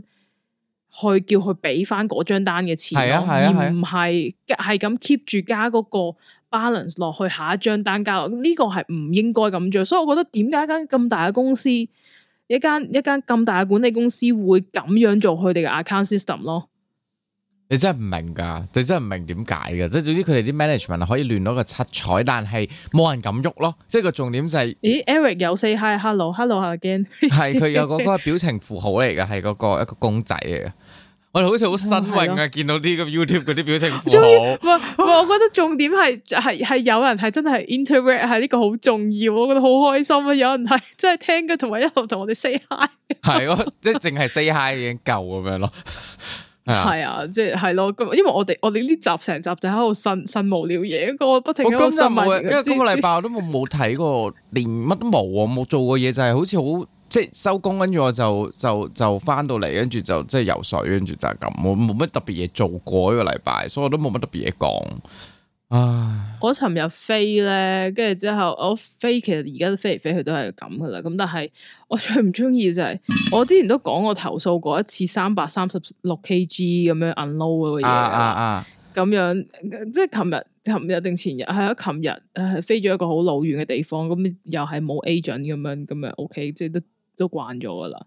去叫佢俾翻嗰張單嘅錢咯，啊啊啊啊、而唔係係咁 keep 住加嗰個 balance 落去下一張單交。呢、呢個係唔應該咁做，所以我覺得點解一間咁大嘅公司，一間一間咁大嘅管理公司會咁樣做佢哋嘅 account system 咯。你真係唔明噶，你真係唔明點解噶，即係總之佢哋啲 management 可以亂攞個七彩，但係冇人敢喐咯。即係個重點就係，咦，Eric 有 say hi，hello，hello again，係 佢有個嗰個表情符號嚟噶，係嗰、嗰個一個公仔嚟噶。我哋好似好新穎啊，嗯、見到啲咁 YouTube 嗰啲表情符號。唔係，唔係，我覺得重點係係係有人係真係 interact，係呢個好重要。我覺得好開心啊，有人係真係聽嘅，同埋一路同我哋 say hi，係咯，即係淨係 say hi 已經夠咁樣咯。 係啊，即係係咯，咁因為我哋我哋呢集成集就喺度呻呻無聊嘢個不停。我今日因為今個禮拜我都冇冇睇過， 連乜都冇啊，冇做過嘢就係好似好即係收工，跟住我就就就翻到嚟，跟住就即係游水，跟住就係咁，我冇乜特別嘢做過呢個禮拜，所以我都冇乜特別嘢講。唉，我尋日飛咧，跟住之後我飛，其實而家飛嚟飛去都係咁噶啦。咁但係我最唔中意就係、是，我之前都講我投訴過一次三百三十六 kg 咁樣 unload 嗰個嘢啦，咁、啊啊啊、樣即係尋日、尋日定前日係啊，尋日誒、呃、飛咗一個好老遠嘅地方，咁又係冇 agent 咁樣咁樣 OK，即係都都慣咗噶啦。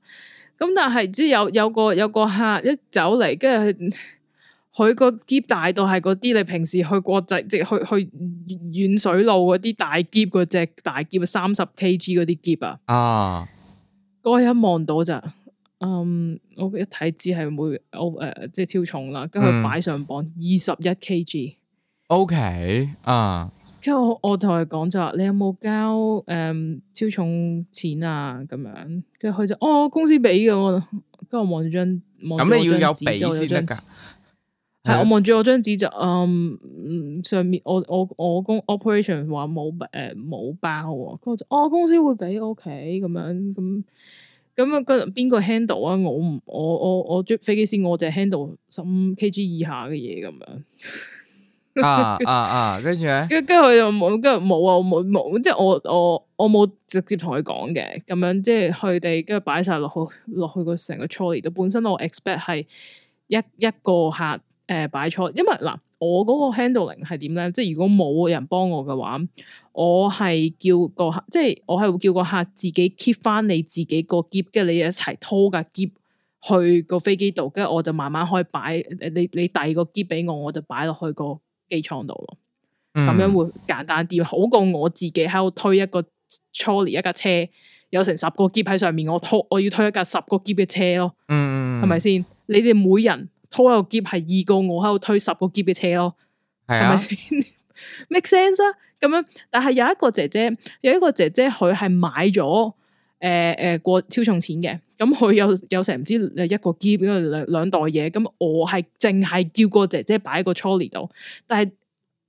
咁但係即係有有個有個客一走嚟，跟住。 佢個喼大到係嗰啲你平時去國際即係去去，去遠水路嗰啲大喼嗰隻大喼三十 kg 嗰啲喼啊！啊，我一望到咋？嗯，我一睇知係會，誒、嗯呃，即係超重啦。跟佢擺上磅，二十一 kg。O K 啊，跟住我同佢講就話：你有冇交誒、呃、超重錢啊？咁樣跟住佢就哦公司俾嘅，我跟住我望住張，咁後你，你要有俾先得㗎。係，我望住我張紙就，嗯，上面我我我公 operation 話冇誒冇包，咁我就，哦公司會俾屋企，咁、okay, 樣，咁，咁啊跟邊個 handle 啊？我唔，我我我做飛機師，我就 handle 十五 kg 以下嘅嘢，咁樣。啊啊跟住咧，跟跟佢又冇，跟住冇啊，冇、啊、冇，即係我我我冇直接同佢講嘅，咁樣即係佢哋跟住擺晒落去落去個成個 trolley 度，本身我 expect 係一一個客。誒，擺錯，呃，因為嗱，我嗰個 handling 係點咧？即係如果冇人幫我嘅話，我係叫個客即係我係會叫個客自己 keep 翻你自己個 gear 跟住你一齊拖一架 gear 去個飛機度，跟住我就慢慢可以擺。你你遞個 gear 俾我，我就擺落去個機艙度咯。咁、嗯、樣會簡單啲，好過我自己喺度推一個 trolley 一架車，有成十個 gear 喺上面，我拖我要推一架十個 gear 嘅車咯。嗯，係咪先？你哋每人。拖又篋係二個我喺度推十個篋嘅車咯，係咪先 make sense 啊？咁樣，但係有一個姐姐，有一個姐姐佢係買咗誒誒過超重錢嘅，咁佢有有成唔知一個篋兩兩袋嘢，咁我係淨係叫個姐姐擺個 trolley 度，但係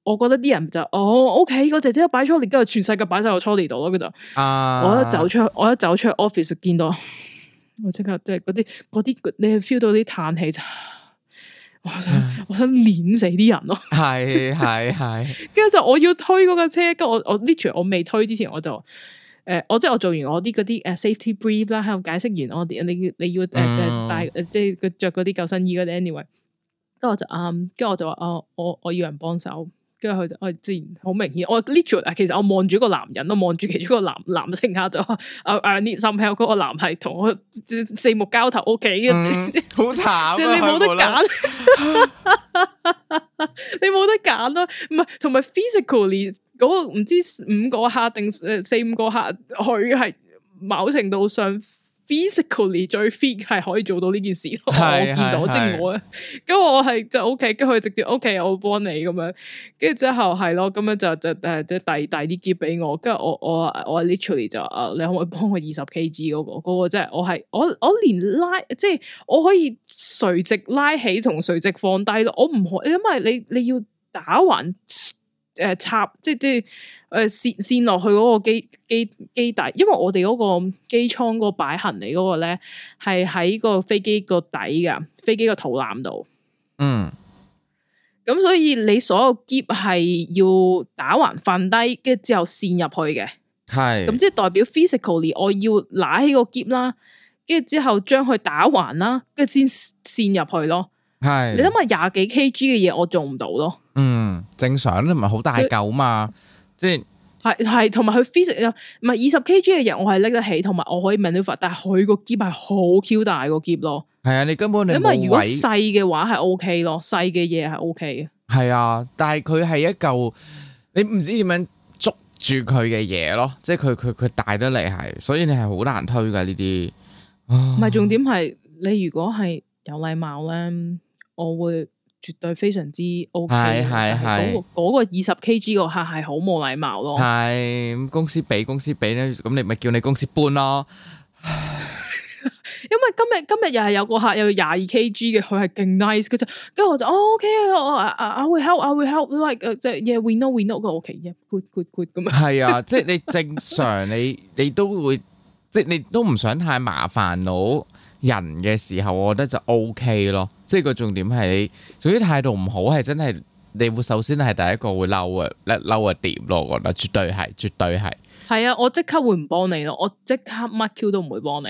我覺得啲人就哦，OK，個姐姐擺 trolley，跟住全世界擺晒喺 trolley 度咯，佢就、uh、我一走出去，我一走出 office 見到，我即刻即係嗰啲啲，你係 feel 到啲嘆氣。我想我想碾死啲人咯， 係係係，跟住 就我要推嗰架車，跟住我我 literally, 我未推之前我就誒、呃，我即係我做完我啲嗰啲誒 safety brief 啦，喺度解釋完我啲，你你要誒誒帶即係佢着嗰啲救生衣嗰啲 anyway，跟住我就嗯，跟住我就話哦，我我要人幫手。跟住佢就，我自然好明顯，我 literal 住啊。 其實我望住一個男人咯，望住其中一個男男性客就，啊啊，need some help、嗰個男係同我四目交頭，O K 嘅，好慘、嗯、 啊！ 你冇得揀，你冇得揀咯。唔係，同埋 physically 嗰個唔知五個客定誒四五個客，佢係某程度上。Physically 最 fit 係可以做到呢件事咯， 我見到即係 我，咁我係就 OK，跟佢直接 OK，我幫你咁樣，跟住之後係、就、咯、是，咁樣就是、就誒、是，即遞遞啲 gear 俾我，跟住我我我 literally 就誒、啊，你可唔可以幫我二十 kg 嗰、那個？嗰、那個即、就、係、是、我係我我連拉即係、就是、我可以垂直拉起同垂直放低咯，我唔可因為你你要打橫。誒、呃，插即係即係，誒、呃，線線落去嗰個機機機底，因為我哋嗰個機艙嗰個擺行李嗰個咧，係喺個飛機個底噶，飛機個肚腩度。嗯，咁所以你所有喼係要打橫瞓低，跟住之後線入去嘅。係，咁即係代表 physically 我要拉起個喼啦，跟住之後將佢打橫啦，跟住先線入去咯。係是你諗下廿幾 kg 嘅嘢，我做唔到咯。嗯，正常，你唔係好大嚿啊嘛，以即係係係同埋佢 physic 唔係二十 kg 嘅嘢，ic，我係拎得起，同埋我可以 maneuver，但係佢個 gap 係好 Q 大個 gap 咯。係啊，你根本你諗下如果細嘅話係 OK 咯，細嘅嘢係 OK 嘅。係啊，但係佢係一嚿你唔知點樣捉住佢嘅嘢咯，即係佢佢佢大得嚟係，所以你係好難推噶呢啲。唔係 重點係你如果係有禮貌咧我會絕對非常之 OK，係係係嗰個二十 kg 個客係好冇禮貌咯。係咁公司俾公司俾咧，咁你咪叫你公司搬咯。 因為今日今日又係有個客有廿二 kg 嘅，佢係勁 nice，佢就跟住我就 OK，我我我會 help，我會 help，like 即係 yeah，we know，we know 個 OK，yeah，good，good，good 咁樣。係、okay, yeah, 啊，即係你正常 你你都會，即係你都唔想太麻煩到人嘅時候，我覺得就 OK 咯。即係個重點係，你總之態度唔好係真係，你會首先係第一個會嬲嘅，一嬲就跌咯，我覺得絕對係，絕對係。係啊，我即刻會唔幫你咯，我即刻乜 Q 都唔會幫你。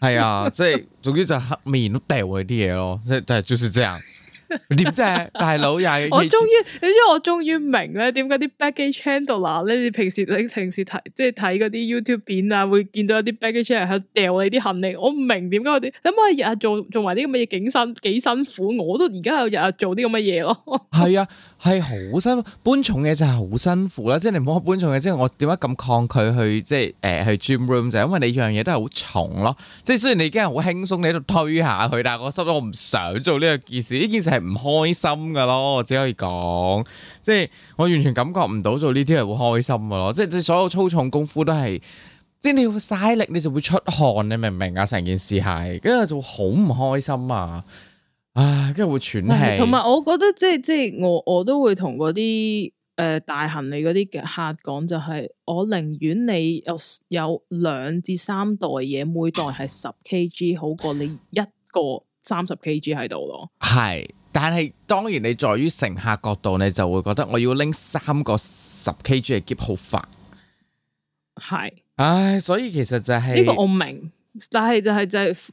係 啊，即係，總之就黑面都掉嗰啲嘢咯，即係就係就是這樣。 點啫，大佬又廿，我終於，你知我終於明咧，點解啲 baggage handler 嗱咧，你平時你平時睇即係睇嗰啲 YouTube 片啊，會見到有啲 baggage 人喺度掉你啲行李。我唔明點解我哋有冇日日做做埋啲咁嘅嘢，幾辛幾辛苦，我都而家有日日做啲咁嘅嘢咯，係啊。係好辛苦，搬重嘢就係好辛苦啦，即係你唔好話搬重嘢，即係我點解咁抗拒去即係誒、呃、去 gym room 就係因為你樣嘢都係好重咯，即係雖然你已經係好輕鬆，你喺度推下佢，但係我覺得我唔想做呢個件事，呢件事係唔開心噶咯，我只可以講，即係我完全感覺唔到做呢啲係會開心噶咯，即係你所有粗重功夫都係，即係你要嘥力你就會出汗，你明唔明啊？成件事係，跟住就好唔開心啊！啊，跟住會喘氣。同埋，我覺得即係即係，我我都會同嗰啲誒大行李嗰啲客講，就是，就係我寧願你有有兩至三袋嘢，每袋係十 K G 好過你一個三十 K G 喺度咯。係，但係當然你在於乘客角度，你就會覺得我要拎三個十 K G 嘅喼好煩。係是，唉，所以其實就係、是、呢個我明，但係就係、是、就係、是。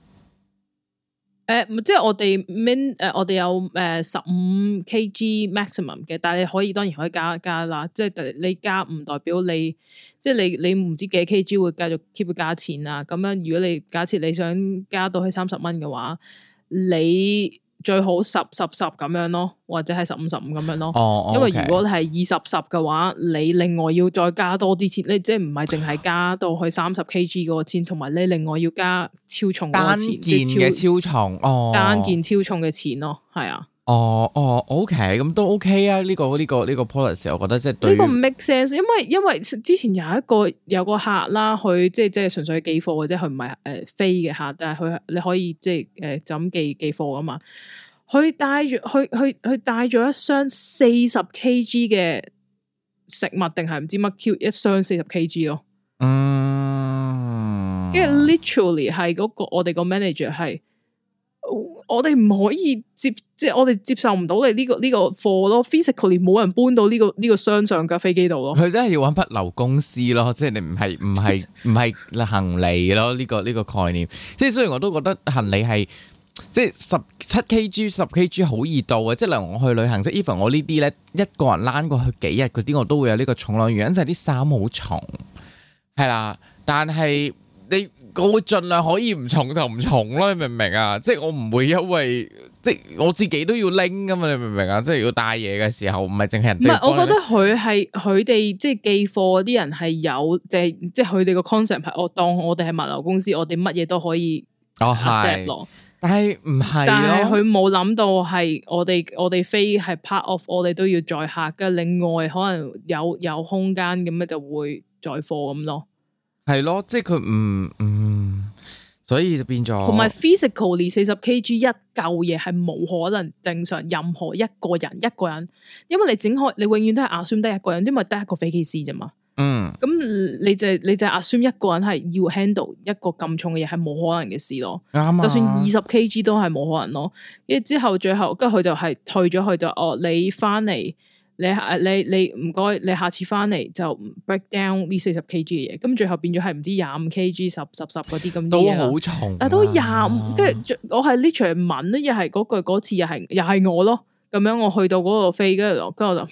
誒、呃，即係我哋 min，誒、呃、我哋有誒十、呃、五 kg maximum 嘅，但係你可以當然可以加一加啦。即係你加唔代表你，即係你你唔知幾 kg 會繼續 keep 個價錢啊。咁樣如果你假設你想加到去三十蚊嘅話，你。最好十十十咁樣咯，或者係十五十五咁樣咯。哦，oh, okay. 因為如果係二十十嘅話，你另外要再加多啲錢，你即係唔係淨係加到去三十 Kg 嗰個錢，同埋你另外要加超重錢單件嘅超重，即超超重哦，單件超重嘅錢咯，係啊。哦哦、oh，OK，咁都 OK 啊！呢個呢個呢個 policy，我覺得即係對呢個 make sense，因為因為之前有一個有一個客啦，佢即係即係純粹寄貨或者佢唔係誒飛嘅客，但係佢你可以即係誒、呃、就咁寄寄貨啊嘛。佢帶住去去去帶咗一箱四十 kg 嘅食物，定係唔知乜 Q 一箱四十 kg 咯。嗯、um，因為 literally 係嗰、那個我哋個 manager 係。我哋唔可以接即係我哋接受唔到你呢個呢個貨咯，physically, 冇人搬到呢個呢個箱上架飛機度咯。佢真係要揾物流公司咯，即係你唔係唔係唔係行李咯，呢個呢個概念。即係雖然我都覺得行李係即係十七 K G 十 K G 好易到啊！即係例如我去旅行即係 even 我呢啲咧一個人攋過去幾日嗰啲我都會有呢個重量，原因就係啲衫好重係啦，但係你。我會盡量可以唔重就唔重咯，你明唔明啊？即係我唔會因為即係我自己都要拎噶嘛，你明唔明啊？即係果帶嘢嘅時候，唔係淨係人。唔係，我覺得佢係佢哋即係寄貨啲人係有，即係即係佢哋個 concept 係我當我哋係物流公司，我哋乜嘢都可以 a c e t 咯。但係唔係，但係佢冇諗到係我哋我哋飛係 part of，f 我哋都要載客，跟另外可能有有空間咁樣就會載貨咁咯。係咯，即係佢唔唔，所以就變咗。同埋 physically 四十 kg 一舊嘢係冇可能正常，任何一個人一個人，因為你整開你永遠都係 assume 得一個人，因為得一個飛機師啫嘛。嗯，咁你就你就 assume 一個人係要 handle 一個咁重嘅嘢係冇可能嘅事咯。啱對吧 就算二十 kg 都係冇可能咯。跟住之後最後，跟住佢就係退咗去就是、哦，你翻嚟。你下你你唔該，你下次翻嚟就 break down 呢四十 kg 嘅嘢，咁最後變咗係唔知廿五 kg 十十十嗰啲咁，都好重，啊，但都廿五，跟住我係呢 literally 問又係嗰句嗰次，又係、那個、又係我咯，咁樣我去到嗰個飛，跟住落，跟住我就，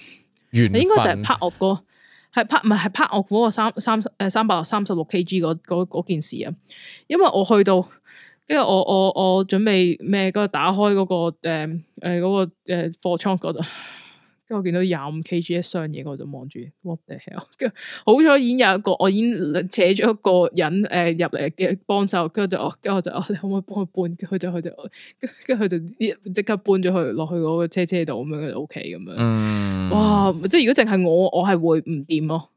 你緣分 應該就係 part of 係、那個、part 唔係係 part of 嗰個三三誒三百三十六 kg 嗰件事啊，因為我去到，跟住我我我準備咩嗰個打開嗰、那個誒誒嗰個誒貨倉嗰度。我見到廿五 K G 一箱嘢，我就望住 what the hell？跟好彩已經有一個，我已經扯咗一個人誒入嚟嘅幫手，跟、呃、住就，跟住我就你可唔可以幫佢搬？佢就佢就跟跟佢就即刻搬咗去落去嗰個車車度咁樣，就 O K 咁樣。嗯，哇！即係如果淨係我，我係會唔掂咯，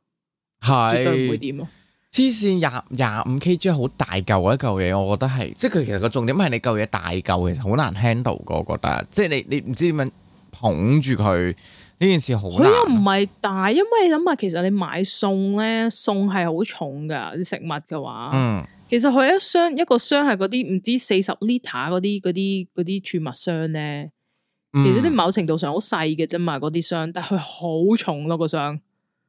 係是，唔會掂咯。黐線廿廿五 K G 好大嚿一嚿嘢，我覺得係，即係佢其實個重點係你嚿嘢大嚿，其實好難 handle。㗎我覺得，即係你你唔知點樣捧住佢。呢件事好難，佢又唔係大，因為諗下其實你買餸咧，餸係好重噶，啲食物嘅話，嗯、其實佢一箱一個箱係嗰啲唔知四十 liter 嗰啲嗰啲嗰啲儲物箱咧，嗯、其實啲某程度上好細嘅啫嘛，嗰啲箱，但係佢好重咯個箱，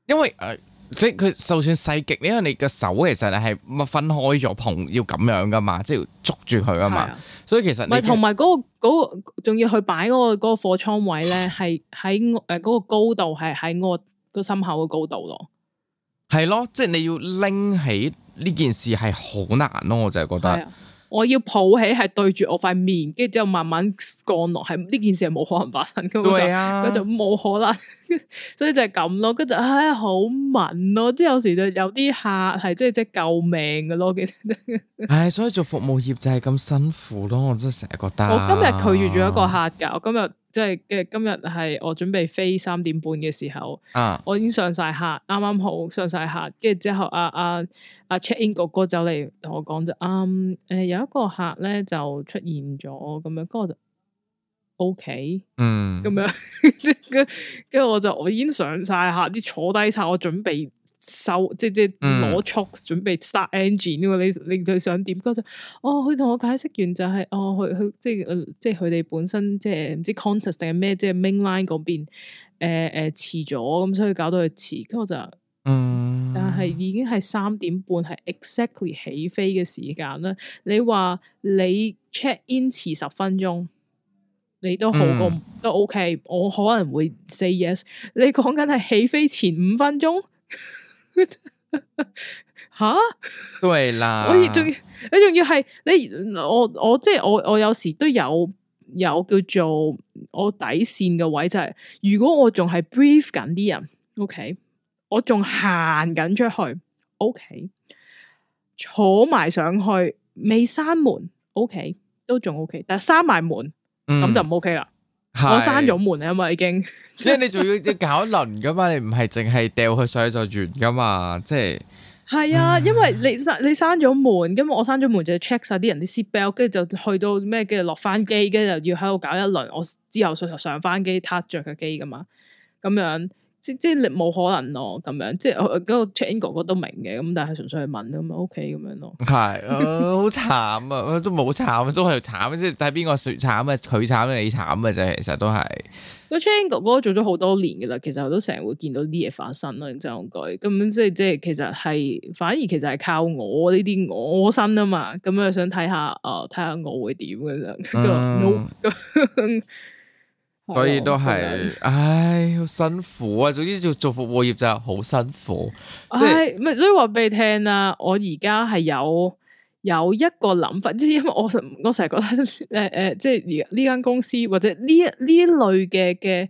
因為誒。呃即係佢就算細極，因為你個手其實你係咪分開咗碰，要咁樣噶嘛，即係要捉住佢噶嘛，啊、所以其實唔係同埋嗰個、嗰個仲要去擺嗰個嗰個貨倉位咧，係喺誒嗰個高度係喺我個心口嘅高度咯，係咯，即係你要拎起呢件事係好難咯，我就係覺得。我要抱起係對住我塊面，跟住之後慢慢降落，係呢件事係冇可能發生。對啊，佢就冇可能呵呵，所以就係咁咯。跟住唉，好悶，咯、哦，即係有時就有啲客係即係即係救命嘅咯。其實唉，所以做服務業就係咁辛苦咯。我真係成日覺得。我今日拒絕咗一個客噶，我今日即係今日係我準備飛三點半嘅時候，啊、我已經上晒客，啱啱好上晒客，跟住之後啊啊。啊 check in 哥哥走嚟同我講就啱，誒、嗯呃、有一個客咧就出現咗咁樣，跟、嗯、 我就 OK，嗯，咁樣跟跟，我就我已經上晒客，啲坐低晒。我準備收，即即攞 chokes 準備 start engine 喎，你你再想點？跟住，哦，佢同我解釋完就係、是，哦，佢佢即、呃、即佢哋本身即唔知 contest 定係咩，即 main line 嗰邊誒誒遲咗，咁、呃呃、所以搞到佢遲，跟我就嗯。係已經係三點半，係 exactly 起飛嘅時間啦。你話你 check in 遲十分鐘，你都好過、嗯、都 OK。我可能會 say yes。你講緊係起飛前五分鐘，吓、 啊？對啦了，我仲要你仲要係你我我即係我我有時都有有叫做我底線嘅位、就是，就係如果我仲係 brief 緊啲人，OK。我仲行緊出去，OK，坐埋上去，未閂門，OK，都仲 OK，但係閂埋門，咁、OK OK 嗯、就唔 OK 啦。是我閂咗門啊嘛，因為已經。即係你仲要要搞一輪噶嘛？你唔係淨係掉去上去就完噶嘛？即係。係啊，嗯、因為你你閂咗門，咁我閂咗門就 check 晒啲人啲 seat belt，跟住就去到咩，跟住落翻機，跟住就要喺度搞一輪。我之後上上翻機撻着個機噶嘛，咁樣。即即你冇可能咯，咁樣即我嗰、嗰個 Chen 哥哥都明嘅，咁但係純粹係問咁啊，OK 咁樣咯。係的，好慘 啊，啊，都冇慘，都係慘先。睇邊個說慘啊，佢慘你慘嘅啫，其實都係。個 Chen 哥哥做咗好多年噶啦，其實我都成日會見到啲嘢發生咯，認真唔該。咁即即，即其實係反而其實係靠我呢啲我，我身啊嘛，咁啊想睇下啊睇下我會點嘅啫。樣，嗯。 所以都係，唉，好辛苦啊！總之做做服務業就係好辛苦，即唔係、哎？所以話俾你聽啦，我而家係有有一個諗法，即係因為我成我成日覺得，誒、呃、誒、呃，即係而呢間公司或者呢呢類嘅嘅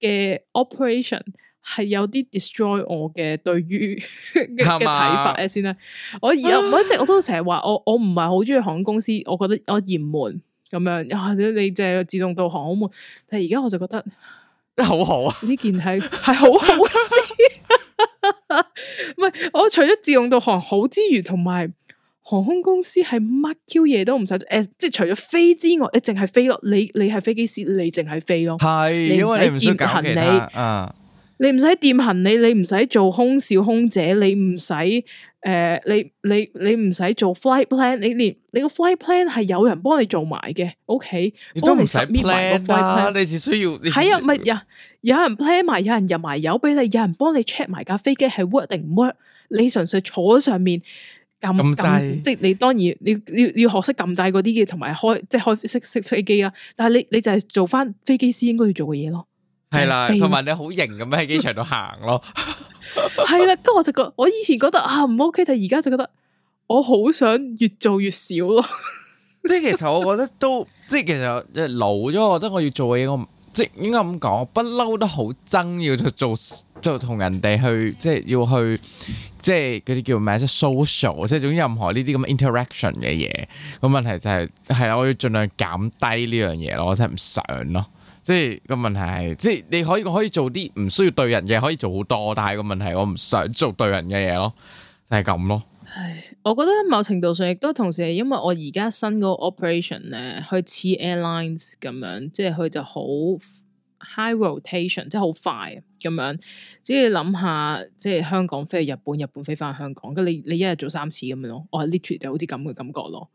嘅 operation 係有啲 destroy 我嘅對於嘅睇法咧先啦。我而、啊、我一直我都成日話我我唔係好中意航空公司，我覺得我嫌悶。咁樣啊！你你淨係自動導航好悶，但係而家我就覺得好好啊是！呢件係係好好，唔係 我除咗自動導航好之馀同埋航空公司係乜 Q 嘢都唔使誒，即係除咗飛之外，你淨係飛落你你係飛機師，你淨係飛咯，係是你唔不使行李，啊，你唔使掂行李，你唔使做空少空姐，你唔使。誒、呃，你你你唔使做 flight plan，你連你，flight 你，okay？你個 flight plan 係有人幫你做埋嘅，OK，幫你 plan 你只需要係啊，咪呀，有人 plan 埋，有人入埋油俾你，有人幫你 check 埋架飛機係 work 定唔 work，你純粹坐上面撳掣，即係你當然要要要學識撳掣嗰啲嘅，同埋開即係開識識飛機、啊、啦。但係你你就係做翻飛機師應該要做嘅嘢咯，係啦，同埋你好型咁喺機場度行咯。係啦，咁 我就覺，我以前覺得啊唔 OK，但而家就覺得我好想越做越少咯。即係其實我覺得都，即係其實即係老咗，我覺得我要做嘢，我即係應該咁講，我不嬲都好憎要去做，就同人哋去，即係要去，即係嗰啲叫咩，即係 social，即係總之任何呢啲咁 interaction 嘅嘢。咁問題就係，係啦，我要盡量減低呢樣嘢咯，我真係唔想咯。即係個問題係，即係你可以可以做啲唔需要對人嘅，可以做好多。但係個問題，我唔想做對人嘅嘢咯，就係咁咯。係，我覺得某程度上亦都同時係因為我而家新個 operation 咧，去似 airlines 咁樣，即係佢就好 high rotation，即係好快咁樣。即係你諗下，即係香港飛去日本，日本飛翻香港，跟住你你一日做三次咁樣咯。我係 literally 就好似咁嘅感覺咯。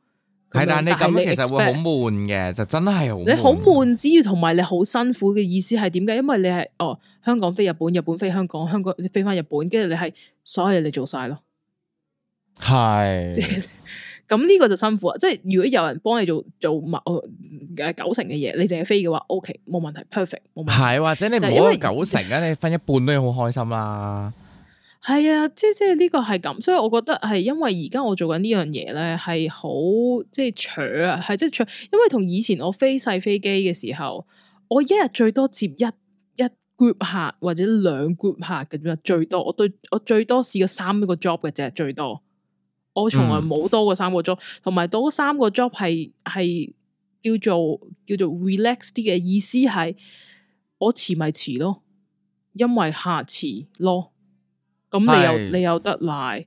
係，但係你咁咧，其實會好悶嘅，就真係好悶。你好悶之餘，同埋你好辛苦嘅意思係點解？因為你係哦，香港飛日本，日本飛香港，香港飛翻日本，跟住你係所有嘢你做晒咯。係。咁呢個就辛苦啊！即係如果有人幫你做做哦九成嘅嘢，你淨係飛嘅話，OK，冇問題，perfect 冇問題。係或者你唔好九成啊，你分一半都要好開心啦。係啊，即係即係呢個係咁，所以我覺得係因為而家我做緊呢樣嘢咧，係好即係 short 啊，係即係 short 因為同以前我飛細飛機嘅時候，我一日最多接一一 group 客或者兩 group 客嘅啫，最多我對我最多試過三個 job 嘅啫，最多我從來冇多過三個 job，同埋多三個 job 係係叫做叫做 relax 啲嘅意思係我遲咪遲咯，因為下次咯。咁你又是你，你有得賴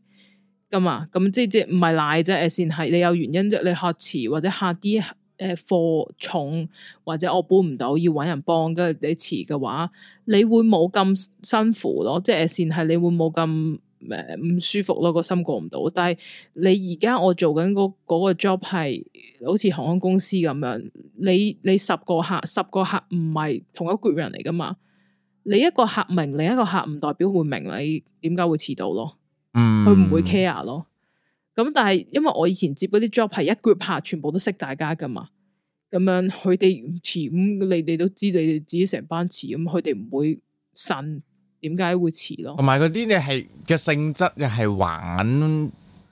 噶嘛？咁即即唔係賴啫，誒，先係你有原因啫。你客遲或者客啲誒貨重或者我搬唔到，要搵人幫。跟住你遲嘅話，你會冇咁辛苦咯，即係先係你會冇咁誒唔舒服咯，個心過唔到。但係你而家我做緊嗰嗰個 job 係好似航空公司咁樣，你你十個客十個客唔係同一 group 人嚟噶嘛？你一個客明，另一個客唔代表會明你點解會遲到咯，佢唔、嗯、會 care 咯。咁但係因為我以前接嗰啲 job 係一 group 拍，全部都識大家㗎嘛，咁樣佢哋遲咁，你哋都知你，都知你自己成班遲咁，佢哋唔會信點解會遲咯。同埋嗰啲你係嘅性質又係玩。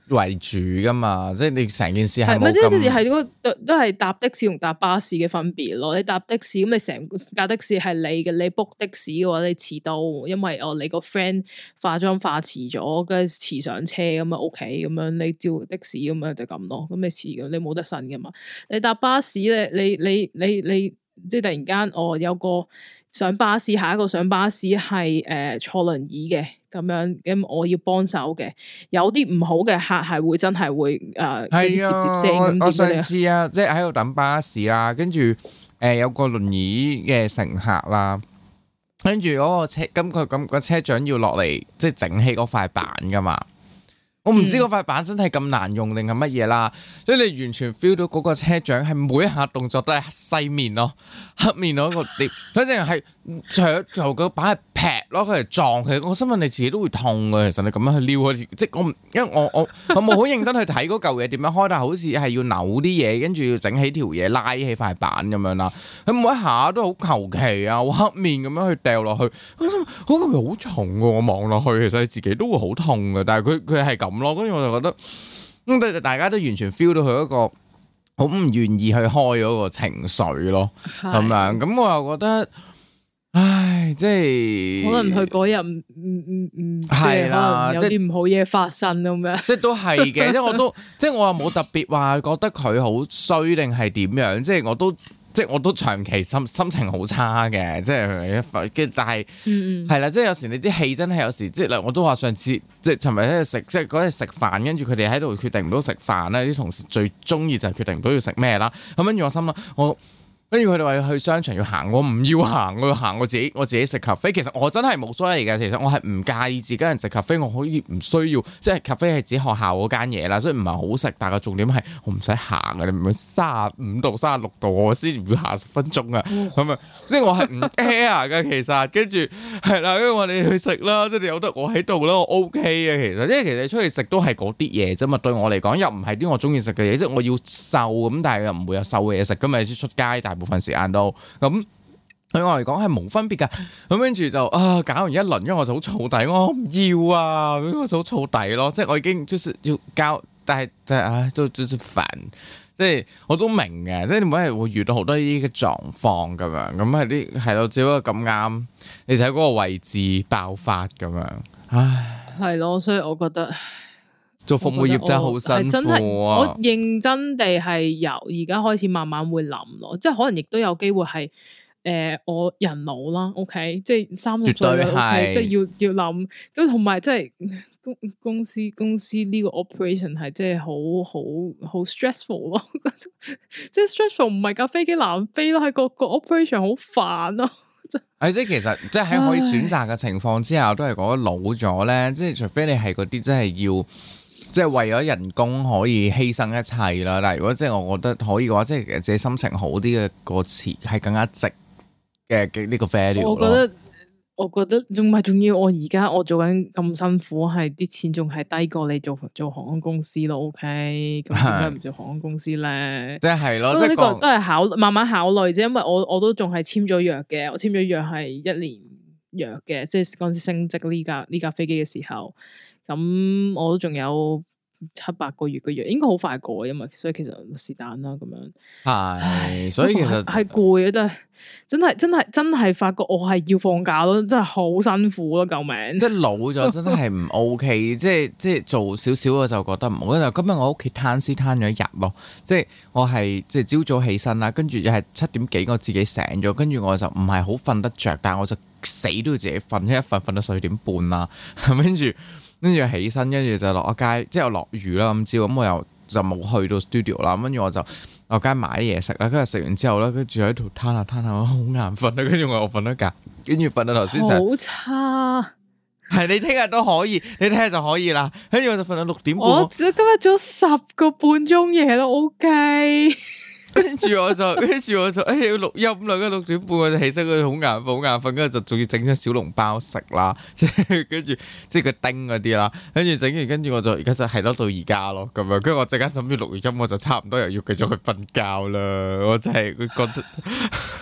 圍住噶嘛，即係你成件事係冇咁。係咪即係，係嗰都係搭的士同搭巴士嘅分別咯？你搭的士咁，你成架的士係你嘅。你 book 的士嘅話，你遲到，因為哦，你個 friend 化妝化遲咗，跟住遲上車咁啊、嗯、，OK，咁樣你照的士咁樣就咁咯。咁你遲嘅，你冇得呻噶嘛？你搭巴士咧，你你你你，你，你即係突然間哦，有個。上巴士下一個上巴士係誒、呃、坐輪椅嘅咁樣，咁我要幫手嘅，有啲唔好嘅客係會真係會誒係、呃、啊、呃、接着我我上次啊即係喺度等巴士啦，跟住誒有個輪椅嘅乘客啦，跟住嗰個車咁佢，咁個車長要落嚟即係整起嗰塊板㗎嘛。我唔知嗰塊板真係咁難用定係乜嘢啦，所以、嗯、你完全 feel 到嗰個車長係每一下動作都係黑晒面咯、哦，黑面嗰個碟，反正係長頭個板。劈咯，佢係撞佢。我心諗你，你自己都會痛嘅。其實你咁樣去撩佢，即係我，因為我我我冇好認真去睇嗰嚿嘢點樣開，但好似係要扭啲嘢，跟住要整起條嘢，拉起塊板咁樣啦。佢每一下都好求其啊，好黑面咁樣去掉落去。我心，好重喎，我望落去，其實自己都會好痛嘅。但係佢佢係咁咯，所以我就覺得咁，大家都完全 feel 到佢一個好唔願意去開嗰個情緒咯。咁樣，咁我又覺得。唉，即係可能佢嗰日唔唔唔唔係啦，有啲唔好嘢發生咁 樣。即係都係嘅，即係我都即係我又冇特別話覺得佢好衰定係點樣，即係我都即係我都長期心心情好差嘅，即係一跟但係，嗯嗯，係啦，即係有時你啲氣真係有時即係，我都話上次即係尋日喺度食，即係嗰日食飯，跟住佢哋喺度決定唔到食飯啦，啲同事最中意就係決定唔到要食咩啦，咁跟住我心諗我。我我我跟住佢哋話要去商場要行，我唔要行，我要行我自己，我自己食咖啡。其實我真係冇所謂㗎，其實我係唔介意自己人食咖啡，我可以唔需要，即係咖啡係指學校嗰間嘢啦，所以唔係好食。但係重點係我唔使行啊！你唔會三十五度、三十六度，我先唔會行十分鐘啊！咁啊，即係我係唔 care 㗎。其實跟住係啦，因為我哋去食啦，即係你有得我喺度啦，我 OK 嘅。其實即係其實出去食都係嗰啲嘢啫嘛，對我嚟講又唔係啲我中意食嘅嘢，即係我要瘦咁，但係又唔會有瘦嘅嘢食咁啊！先出街部分時間都咁對我嚟講係冇分別噶，咁跟住就啊搞完一輪，因為我就好燥底，我唔要啊，我好燥底咯，即係我已經即係要交，但係即係唉都即煩、啊就是，即係我都明嘅，即係你每係會遇到好多呢啲嘅狀況咁樣，咁係啲係咯，只不過咁啱，你就喺嗰個位置爆發咁樣，唉，係咯，所以我覺得。做服務業真係好辛苦啊我我真！我認真地係由而家開始慢慢會諗咯，即係可能亦都有機會係誒、呃、我人老啦，OK？即係三十歲啦、OK？即係要要諗咁同埋即係公公司公司呢個 operation 係即係好好好 stressful 咯，即係 stressful 唔係架飛機難飛咯，係個個 operation 好煩咯。係即係其實即係喺可以選擇嘅情況之下，唉都係覺得老咗咧。即係除非你係嗰啲真係要。即係為咗人工可以犧牲一切啦，但係如果即係我覺得可以嘅話，即係自己心情好啲嘅個錢係更加值嘅呢個 value 咯。我覺得，咯我覺得仲唔係仲要我而家我做緊咁辛苦，係啲錢仲係低過你做做航空公司咯。O K，咁點解唔做航空公司咧？即係咯，呢個都係考慢慢考慮啫。因為我我都仲係簽咗約嘅，我簽咗約係一年約嘅，即係嗰陣時升職呢架呢架飛機嘅時候。咁我都仲有七八個月嘅月，應該好快過因為，所以其實是但啦咁樣。係是，唉所以其實係攰啊，真係真係真係發覺我係要放假咯，真係好辛苦咯，救命！即係老咗，真係唔 OK， 即係即係做少少我就覺得唔好。因為今日我屋企攤屍攤咗一日咯，即係我係即係朝早起身啦，跟住又係七點幾我自己醒咗，跟住我就唔係好瞓得着，但係我就死都要自己瞓，一瞓瞓到十二點半啦，跟住。跟住起身，跟住就落街，之後落雨啦咁之，咁我又就冇去到 studio 啦。跟住我就落街買嘢食啦。跟住食完之後咧，跟住喺度攤下攤下，好難瞓啊。跟住我，我瞓得覺，跟住瞓到頭先就。好差。係你聽日都可以，你聽日就可以啦。跟住我就瞓到六點半。我今日做十個半鐘嘢咯，OK。 跟住我就跟住我就哎要錄音咁啦，跟六點半我就起身，佢好眼瞓好眼瞓，跟住就仲要整張小籠包食啦， 即係跟住即係個叮嗰啲啦，跟住整完，跟住我就而家就係咯，到而家咯咁樣，跟住我陣間諗住錄完音，我就差唔多又要繼續去瞓覺啦，我真係覺得，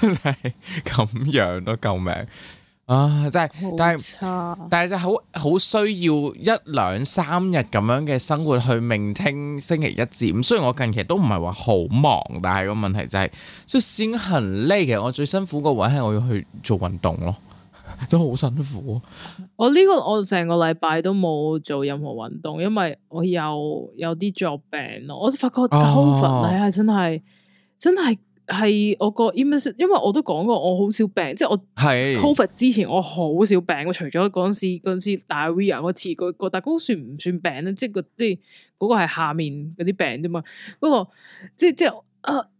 真係咁樣都救命。啊，真係差，但係，但係就好好需要一兩三日咁樣嘅生活去聆聽星期一至五。雖然我近期都唔係話好忙，但係個問題就係、是，即係先行呢，其實我最辛苦個位係我要去做運動咯，真係好辛苦，啊我這個。我呢個我成個禮拜都冇做任何運動，因為我有有啲作病咯。我發覺高粉你係真係、哦、真係。係我個，因為我都講過我好少病，即係我 covid 之前我好少病，除我除咗嗰陣時嗰陣時戴 VR 嗰次個大哥算唔算病咧？即係、嗰個即係嗰個係下面嗰啲病啫嘛、呃呃。不過即係即係，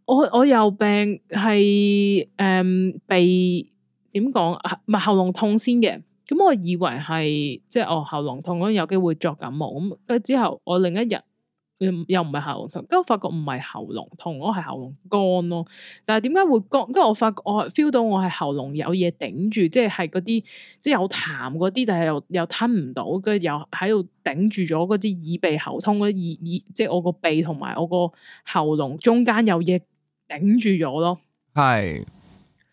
我我又病係誒，被點講？唔係喉嚨痛先嘅，咁我以為係即係我、哦、喉嚨痛，咁有機會作感冒。咁跟住之後，我另一日。又唔係喉嚨痛，跟住我發覺唔係喉嚨痛，我係喉嚨乾咯。但係點解會乾？跟住我發覺我係 feel 到我係喉嚨有嘢頂住，即係係嗰啲即係有痰嗰啲，但係又又吞唔到，跟住又喺度頂住咗嗰啲耳鼻喉痛嗰耳耳，即係我個鼻同埋我個喉嚨中間有嘢頂住咗咯，係。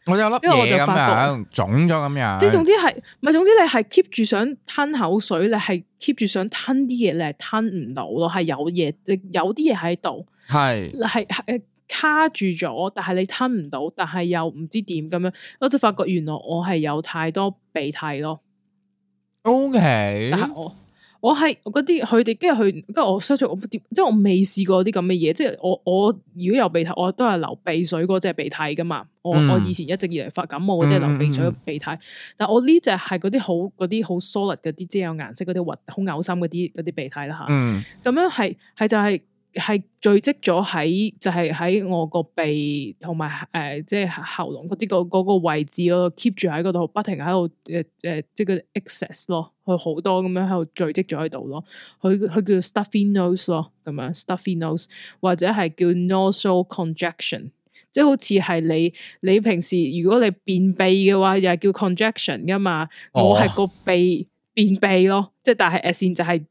我有粒嘢咁樣腫咗咁樣，即係總之係唔係總之你係 keep 住想吞口水，你係 keep 住想吞啲嘢，你係吞唔到咯，係有嘢，有啲嘢喺度，係係誒卡住咗，但係你吞唔到，但係又唔知點咁樣，我就發覺原來我係有太多鼻涕咯。OK。但係我我係我嗰啲佢哋跟住佢，跟住我 search 咗我點，即係我未試過啲咁嘅嘢，即係我我如果有鼻涕，我都係流鼻水嗰隻鼻涕噶嘛，嗯、我我以前一直以嚟發感冒嗰啲流鼻水鼻涕，嗯嗯、但係我呢隻係嗰啲好嗰啲好 solid 嗰啲，即係有顏色嗰啲渾，好嘔心嗰啲啲鼻涕啦吓，咁、嗯、樣係係就係、是。係聚集咗喺就係、是、喺我個鼻同埋誒，即係喉嚨嗰啲個個位置嗰 keep 住喺嗰度，不停喺度誒誒，即係 excess 咯，佢好多咁樣喺度聚集咗喺度咯，佢佢叫 stuffy nose 咯，咁樣 stuffy nose 或者係叫 nasal c o n g e c t i o n 即係好似係你你平時如果你便秘嘅話，又叫 c o n j e c t i o n 噶嘛，我係個鼻便秘咯，即係但係誒先就係。啊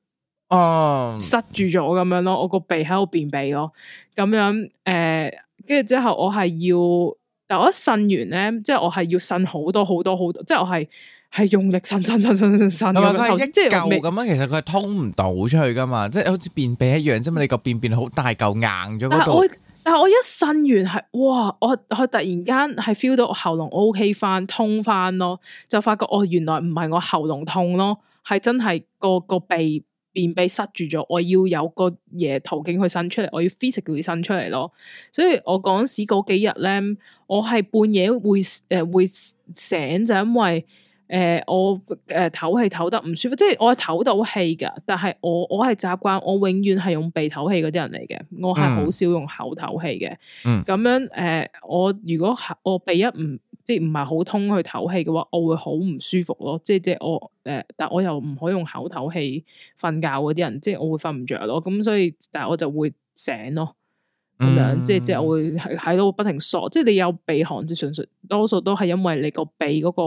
哦，嗯、塞住咗咁樣咯，我個鼻喺度便秘咯，咁樣誒，跟住之後我係要，但我一呻完咧，即係我係要呻好多好多好多，即係我係係用力呻呻呻呻呻呻，咁樣即係舊咁樣，其實佢係通唔到出去噶嘛，即係好似便秘一樣啫嘛，你個便便好大嚿硬咗。但係我但係我一呻完係哇，我佢突然間係 feel 到我喉嚨 OK 翻，通翻咯，就發覺我、哦、原來唔係我喉嚨痛咯，係真係個個、個鼻。便被塞住咗，我要有個嘢途徑去伸出嚟，我要 physically 伸出嚟咯。所以我講時嗰幾日咧，我係半夜會誒、呃、會醒，就因為誒、呃、我誒唞氣唞得唔舒服，即係我係唞到氣噶，但係我我係習慣我永遠係用鼻唞氣嗰啲人嚟嘅，我係好少用口唞氣嘅。咁、嗯、樣誒、呃，我如果我鼻一唔～即唔係好通去唞氣嘅話，我會好唔舒服咯。即係即我誒、呃，但我又唔可以用口唞氣瞓覺嗰啲人，即係我會瞓唔着咯。咁所以，但我就會醒咯。咁樣、嗯，即係即係我會喺度不停索，即係你有鼻鼾，即純粹多數都係因為你個鼻嗰個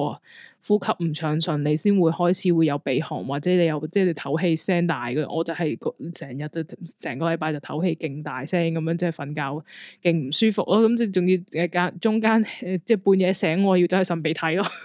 呼吸唔暢順，你先會開始會有鼻鼾，或者你有即係唞氣聲大嘅。我就係成日都，成個禮拜就唞氣勁大聲咁樣，即係瞓覺勁唔舒服咯。咁即係仲要誒間中間即係半夜醒，我要走去擤鼻涕咯。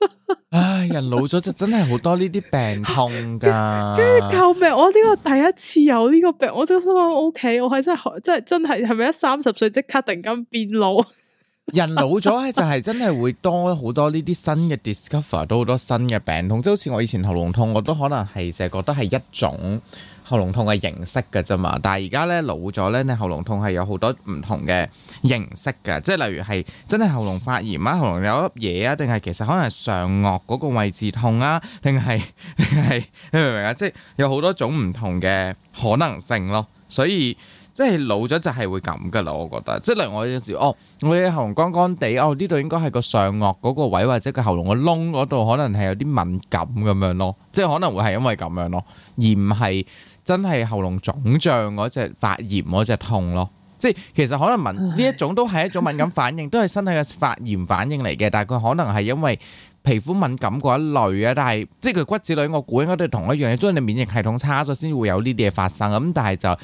唉，人老咗就真係好多呢啲病痛噶。跟住 救命，我呢個第一次有呢個病，我，OK，我真心話，O K，我係真係真係真係，係咪一三十歲即刻突然間變老？ 人老咗咧就係真係會多好多呢啲新嘅 discover，都好多新嘅病痛，即好似我以前喉嚨痛，我都可能係成日覺得係一種喉嚨痛嘅形式噶啫嘛。但係而家咧老咗咧，你喉嚨痛係有好多唔同嘅。形式嘅，即係例如係真係喉嚨發炎啊，喉嚨有一粒嘢啊，定係其實可能係上顎嗰個位置痛啊，定係定係你明唔明啊？即係有好多種唔同嘅可能性咯，所以即係老咗就係會咁噶啦。我覺得即係例如我有時哦，我嘅喉嚨乾乾地，哦呢度應該係個上顎嗰個位或者個喉嚨個窿嗰度可能係有啲敏感咁樣咯，即係可能會係因為咁樣咯，而唔係真係喉嚨腫脹嗰隻發炎嗰隻痛咯。即係其實可能敏呢一種都係一種敏感反應，都係身體嘅發炎反應嚟嘅。但係佢可能係因為皮膚敏感嗰一類啊，但係即係佢骨子裡我估應該都係同一樣嘢，即係你免疫系統差咗先會有呢啲嘢發生。咁但係就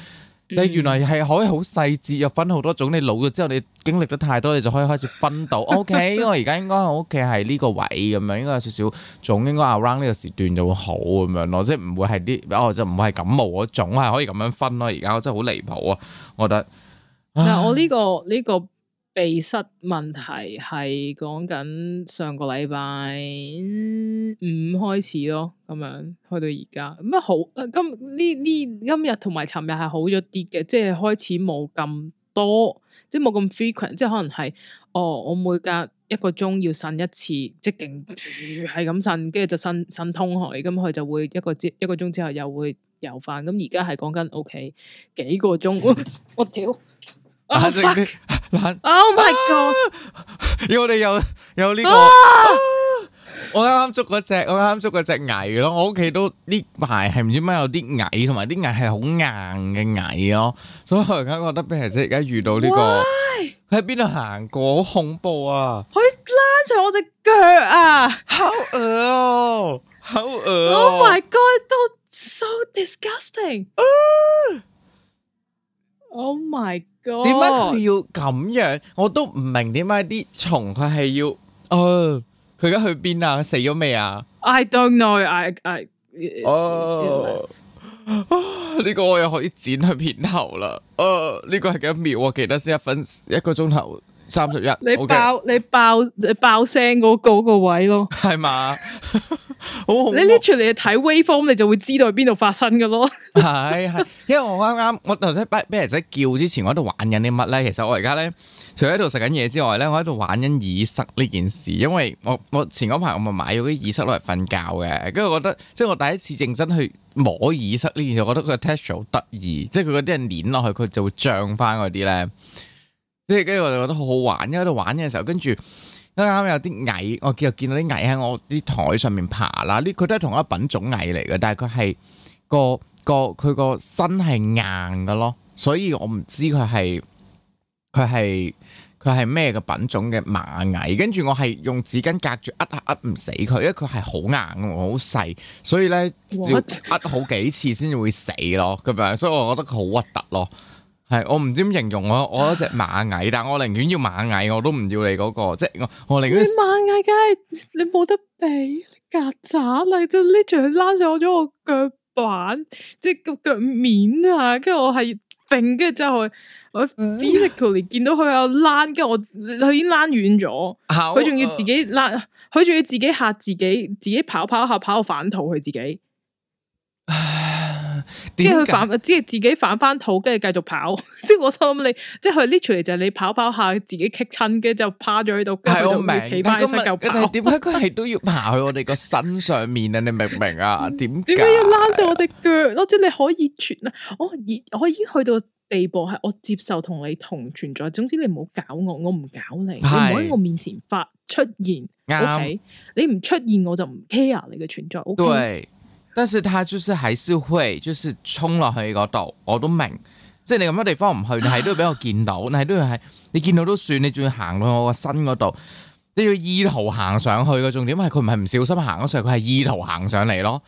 你原來係可以好細緻，又分好多種。你老咗之後，你經歷得太多，你就可以開始分到。OK，我而家應該我屋企係呢個位咁樣，應該有少少仲應該 around 呢個時段就會好咁樣咯。即係唔會係啲哦，就唔會係感冒嗰種，係可以咁樣分咯。而家我真係好離譜啊，我覺得。嗱，我呢、呢個呢、呢個鼻塞問題係講緊上個禮拜五開始咯，咁樣去到而家。咁啊好，今呢呢今，今，今，今日同埋尋日係好咗啲嘅，即係開始冇咁多，即係冇咁 frequent，即係可能係哦，我每隔一個鐘要呻一次，即勁係咁呻，跟住就呻呻通佢，咁佢就會一個接一個鐘之後又會又翻。咁而家係講緊，OK，幾個鐘，我、哦、屌！ 反正難。Oh my god！因為我哋有有呢個，我啱啱捉嗰隻，我啱啱捉嗰隻蟻咯。我屋企都呢排係唔知乜有啲蟻，同埋啲蟻係好硬嘅蟻咯。所以而家覺得，譬如即係而家遇到呢個，佢喺邊度行過，好恐怖啊！佢拉住我隻腳啊！好惡哦，好惡！Oh my god！咁 so disgusting！Oh my god！點解佢要咁樣？我都唔明點解啲蟲佢係要啊？佢而家去邊啊？死咗未啊？I don't know. I I 哦呢 個我又可以剪去片頭啦。啊、哦！呢、這個係幾多秒？我記得先一分一個鐘頭。三十一，你爆你爆你爆聲嗰嗰個位咯，係嘛是嗎？好 怖， 你拎出嚟睇 waveform 你就會知道喺邊度發生噶咯。係 係，因為我啱啱我頭先不俾人仔叫之前，我喺度玩緊啲乜咧？其實我而家咧，除咗喺度食緊嘢之外咧，我喺度玩緊耳塞呢件事。因為我我前嗰排我咪買咗啲耳塞攞嚟瞓覺嘅，跟住我覺得即係我第一次認真去摸耳塞呢件事，我覺得個 test 好得意，即係佢嗰啲人捏落去佢就會脹翻嗰啲咧。即係跟住我就覺得好好玩，因為喺度玩嘅時候，跟住啱啱有啲蟻，我又見到啲蟻喺我啲台上面爬啦。呢佢都係同一品種蟻嚟嘅，但係佢係個個佢個身係硬㗎咯，所以我唔知佢係佢係佢係咩嘅品種嘅螞蟻。跟住我係用紙巾隔住，扼下扼唔死佢，因為佢係好硬，好細，所以咧要扼好幾次先至會死咯。咁樣，所以我覺得佢好核突咯。係，我唔知點形容我，我有一隻螞蟻，但我寧願要螞蟻，我都唔要你嗰個，即係我寧願。螞蟻梗係你冇得畀，曱甴你就拎住佢躝上咗我腳板，即係個腳面啊，跟住我係頂，跟住之後我 physically 見到佢有躝，跟住我佢已經躝遠咗，佢仲要自己佢仲要自己嚇自己，自己跑跑下，跑到反肚佢自己。.即係佢反，即係自己反翻肚，跟住繼續跑。即 係我心諗你，即係佢 literally 就係你跑跑下，自己棘親，跟住就趴咗喺度。係我明。今但係點解佢係都要爬去我哋個身上面啊？ 你明唔明啊？點點解要拉上我隻腳？我知你可以存啊，我已，我已經去到地步係我接受同你同存在。總之你唔好搞我，我唔搞你，是你唔好喺我面前發出現。O K，你唔出現我就唔 care 你嘅存在。Okay。對。但是他就是還是會，就是衝落去嗰度，我都明。即係你咁多地方唔去，你係都要俾我見到， 你係都要係，你見到都算，你仲要行到我個身嗰度，都要意圖行上去嘅重點係佢唔係唔小心行咗上去，佢係意圖行上嚟咯。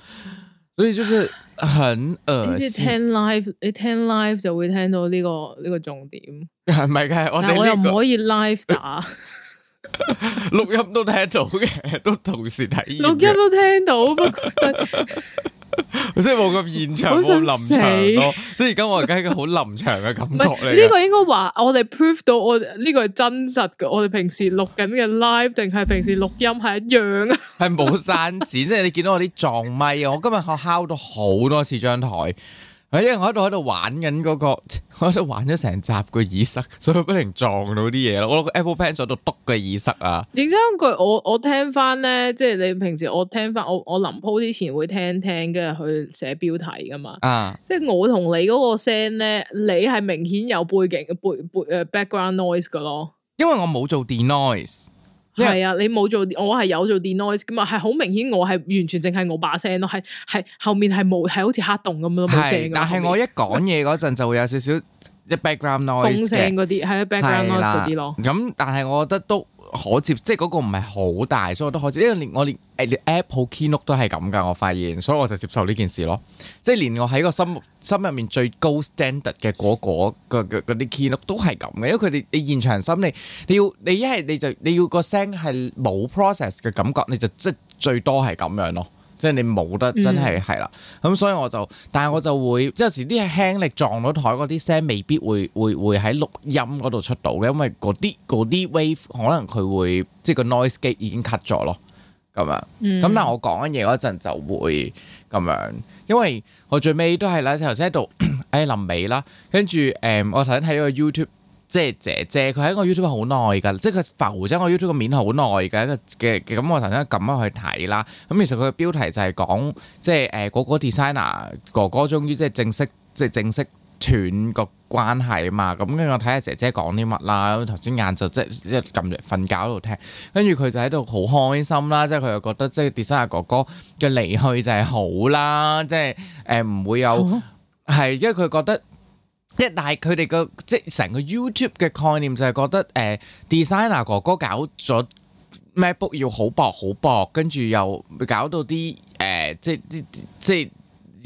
所以就是很誒。你聽 live, 你聽 live，你聽 live 就會聽到呢個呢個重點。唔係 我我又唔可以 live 打。 錄 音都聽到嘅，都同時睇。錄音都聽到，不過即係冇咁現場，冇臨場咯。即係而家我而家係一個好臨場嘅感覺咧。呢個應該話我哋 prove 到我呢個係真實嘅，我哋平時錄緊嘅 live 定係平時錄音係一樣啊？係冇刪剪，即係你見到我啲撞咪啊。我今日我敲到好多次張台。哎呀！因為我喺度喺度玩緊、那、嗰個，我喺度玩咗成集個耳塞，所以不停撞到啲嘢咯。我個 Apple Pen 喺度篤個耳塞啊。認真句，我我聽翻咧，即係你平時我聽翻，我我臨鋪之前會聽聽，跟住去寫標題噶嘛。啊！即係我同你嗰個聲咧，你係明顯有背景背誒 background noise 噶咯。因為我冇做 de noise。係啊，你冇做，我係有做啲 noise 咁啊，係好明顯我係完全淨係我把聲咯，係係後面係冇係好似黑洞咁樣，冇聲。但係 我一講嘢嗰陣就會有少少一點點 background noise 風，風聲嗰啲，係啊，background noise 嗰啲咯。咁但係我覺得都。可接，即係嗰個唔係好大，所以我都可接。因為連我連 Apple Keynote 都係咁噶我發現，所以我就接受呢件事咯。即係連我喺個心心入面最高 standard 嘅嗰、嗰個嗰啲、嗰個嗰個嗰個、Keynote 都係咁嘅，因為佢哋你現場心理，你要你一係你，你就你要個聲係冇 process 嘅感覺，你就即係最多係咁樣咯。即係你冇得真係係啦，咁、嗯嗯、所以我就，但係我就會，即有時啲輕力撞到台嗰啲聲未必會會會喺錄音嗰度出到嘅，因為嗰啲嗰啲 wave 可能佢會，即係個 noise gate 已經 cut 咗咯，咁樣。咁但係我講緊嘢嗰陣就會咁樣，因為我最尾都係啦，頭先喺度，哎臨尾啦，跟住誒我頭先睇咗個 YouTube。即係姐姐，佢喺我 YouTube 好耐㗎，即係佢浮咗我 YouTube 個面好耐㗎嘅。咁我頭先撳返去睇啦。咁其實佢嘅標題就係講，即係誒、呃、個 designer 哥哥終於即係正式即係正式斷個關係啊嘛。咁跟住我睇下姐姐講啲乜啦。頭先晏晝即係一撳住瞓覺喺度聽，跟住佢就喺度好開心啦。即係佢又覺得即係 designer 哥哥嘅離去就係好啦，即係誒唔會有係，嗯、因為佢覺得。但即但係佢哋個即係成個 YouTube 嘅概念就係覺得誒、呃、designer 哥哥搞咗 MacBook 要好薄好薄，跟住又搞到啲誒、呃，即係啲即係。即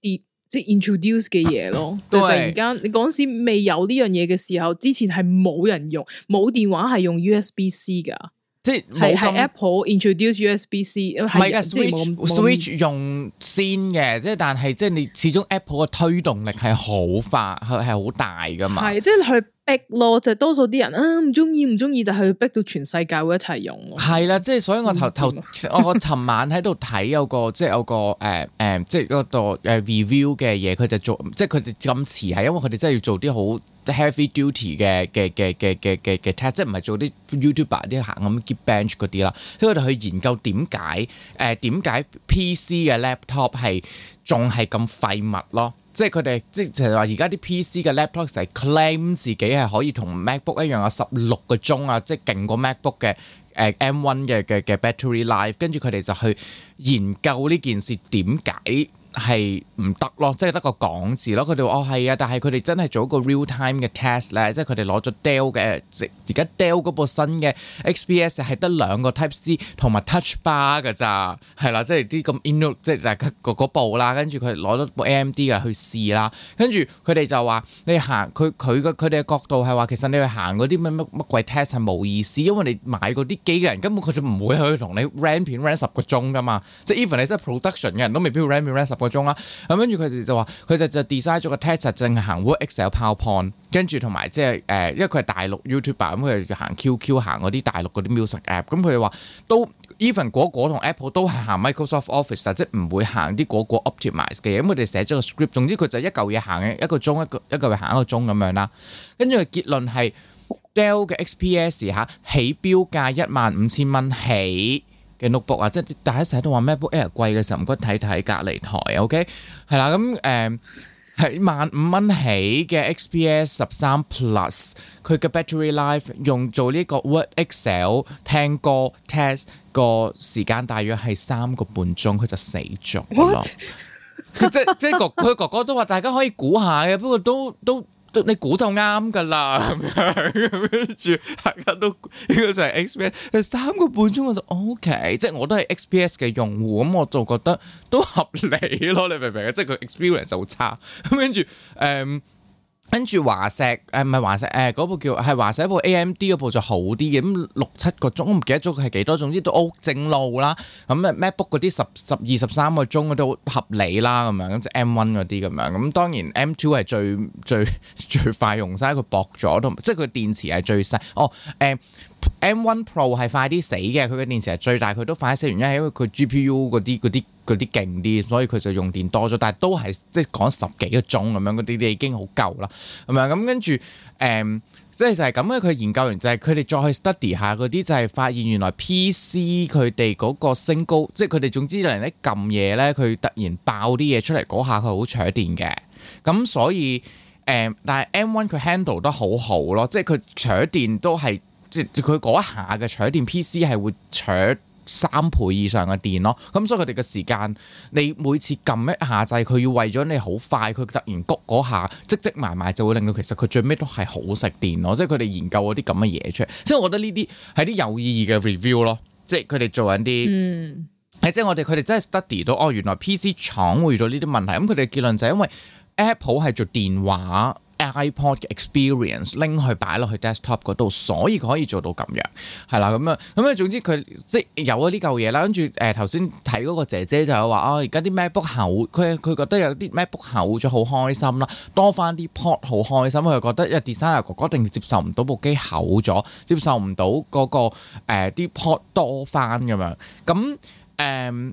啲即係 introduce 嘅嘢咯，都是 就突然間你嗰時未有呢樣嘢嘅時候，之前係冇人用，冇電話係用 USB C 噶，即係係 Apple introduce USB C，唔係 Switch Switch 用先嘅，即係但係即係你始終 Apple 嘅推動力係好快，係係好大噶嘛，係即係佢。逼咯，就係，多數啲人啊唔中意唔中意，就係逼到全世界會一齊用。係啦，即係所以我頭 頭我我尋晚喺度睇有個即係有個誒誒，即係嗰度誒 review 嘅嘢，佢就做即係佢哋咁遲係因為佢哋真係要做啲好 heavy duty 嘅嘅嘅嘅嘅嘅嘅 test，即係唔係做啲 YouTuber 啲行咁、就是、keep bench 嗰啲啦，即係我哋去研究點解誒點解 PC 嘅 laptop 係仲係咁廢物咯。即係佢哋即係其實話而家啲 PC 嘅 laptop 成日 claim 自己係可以同 MacBook 一樣啊，十六個鐘啊，即係勁過 MacBook 嘅誒 M1 嘅嘅嘅 battery life，跟住佢哋就去研究呢件事點解？係唔得咯，即係得個講字咯。佢哋話哦係啊，但係佢哋真係做一個 real time 嘅 test 咧，即係佢哋攞咗 Dell 嘅而家 Dell 嗰部新嘅 XPS 係得兩個 Type C 同埋 touch bar 㗎咋，係啦，即係啲咁 inno 即係大家嗰嗰部啦。跟住佢攞咗部 AMD 嘅去試啦，跟住佢哋就話你行佢佢嘅佢哋嘅角度係話其實你去行嗰啲乜乜乜鬼 test 係冇意思，因為你買嗰啲機嘅人根本佢就唔會去同你 run 片 run 十個鐘㗎嘛。即係 even 你真係 production 嘅人都未必 run 片 run 十。個鐘啦，咁跟住佢哋就話，佢就就 design 咗個 test，正行 Word Excel PowerPoint，跟住同埋即係誒，因為佢係大陸 YouTuber，咁佢哋行 QQ 行嗰啲大陸嗰啲 music app，咁佢哋話都 even 果果同 Apple 都係行 Microsoft Office，即係唔會行啲果果 optimize 嘅嘢，咁佢哋寫咗個 script，總之佢就一嚿嘢行一個鐘一個一個行一個鐘咁樣啦。跟住結論係 Dell 嘅 XPS 吓，起標價一萬五千蚊起。嘅 notebook 啊，book, 即係大家成日都話 MacBook Air 貴嘅時候，唔該睇睇隔籬台 OK 係啦，咁、okay? 誒，係萬五蚊起嘅 XPS 十三 Plus，佢嘅 battery life 用做呢個 Word、Excel、聽歌 test 個時間大約係三個半鐘，佢就死咗咯 What? 即係即係哥，佢哥哥都話大家可以估下嘅，不過都都。你估就啱噶啦，咁跟住，大家都應該、這個、就係 XPS。三個半鐘我就 OK，即係我都係 XPS 嘅用戶，咁、嗯、我就覺得都合理咯。你明唔明啊？即係佢 experience 好差，咁跟住誒。嗯跟住華碩，誒唔係華碩，誒嗰部叫係華碩部 AMD 嗰部就好啲嘅，咁六七個鐘我唔記得咗佢係幾多，總之都好正路啦。咁、嗯、誒 MacBook 嗰啲十十二十三個鐘都合理啦，咁樣咁即係 M1 嗰啲咁樣。咁、嗯、當然 M2 係最最最，最快用晒，佢薄咗，同即係佢電池係最細。哦誒。嗯 M One Pro 係快啲死嘅，佢嘅電池係最大，佢都快死原因係因為佢 GPU 嗰啲嗰啲啲勁啲，所以佢就用電多咗。但係都係即係講十幾個鐘咁樣嗰啲，已經好夠啦，係咪？咁跟住誒，即、嗯、係就係咁咧。佢研究完就係佢哋再去 study 下嗰啲，就係發現原來 PC 佢哋嗰個升高，即係佢哋總之嚟咧撳嘢咧，佢突然爆啲嘢出嚟嗰下搶，佢好扯電嘅。咁所以誒、嗯，但係 M One 佢 handle 得好好咯，即係佢扯電都係。即佢嗰一下嘅搶電 PC 係會搶三倍以上嘅電咯，咁、嗯、所以佢哋嘅時間，你每次撳一下掣，佢要為咗你好快，佢突然谷嗰下積積埋埋就會令到其實佢最尾都係好食電咯，即係佢哋研究嗰啲咁嘅嘢出嚟。即係我覺得呢啲係啲有意義嘅 review 咯，嗯、即係佢哋做緊啲，係即係我哋佢哋真係 study 到哦，原來 PC 廠會遇到呢啲問題，咁佢哋結論就係因為 Apple 係做電話。iPod 嘅 experience 拎去擺落去 desktop 嗰度，所以佢可以做到咁樣，係啦，咁啊，咁啊，總之佢即係有咗呢嚿嘢啦。跟住誒頭先睇嗰個姐姐就有話哦，而家啲 MacBook 厚，佢佢覺得有啲 MacBook 厚咗好開心啦，多翻啲 port 好開心，佢就覺得一 designer 哥哥一定接受唔到部機厚咗，接受唔到嗰個啲、呃、port 多翻咁樣，咁誒。呃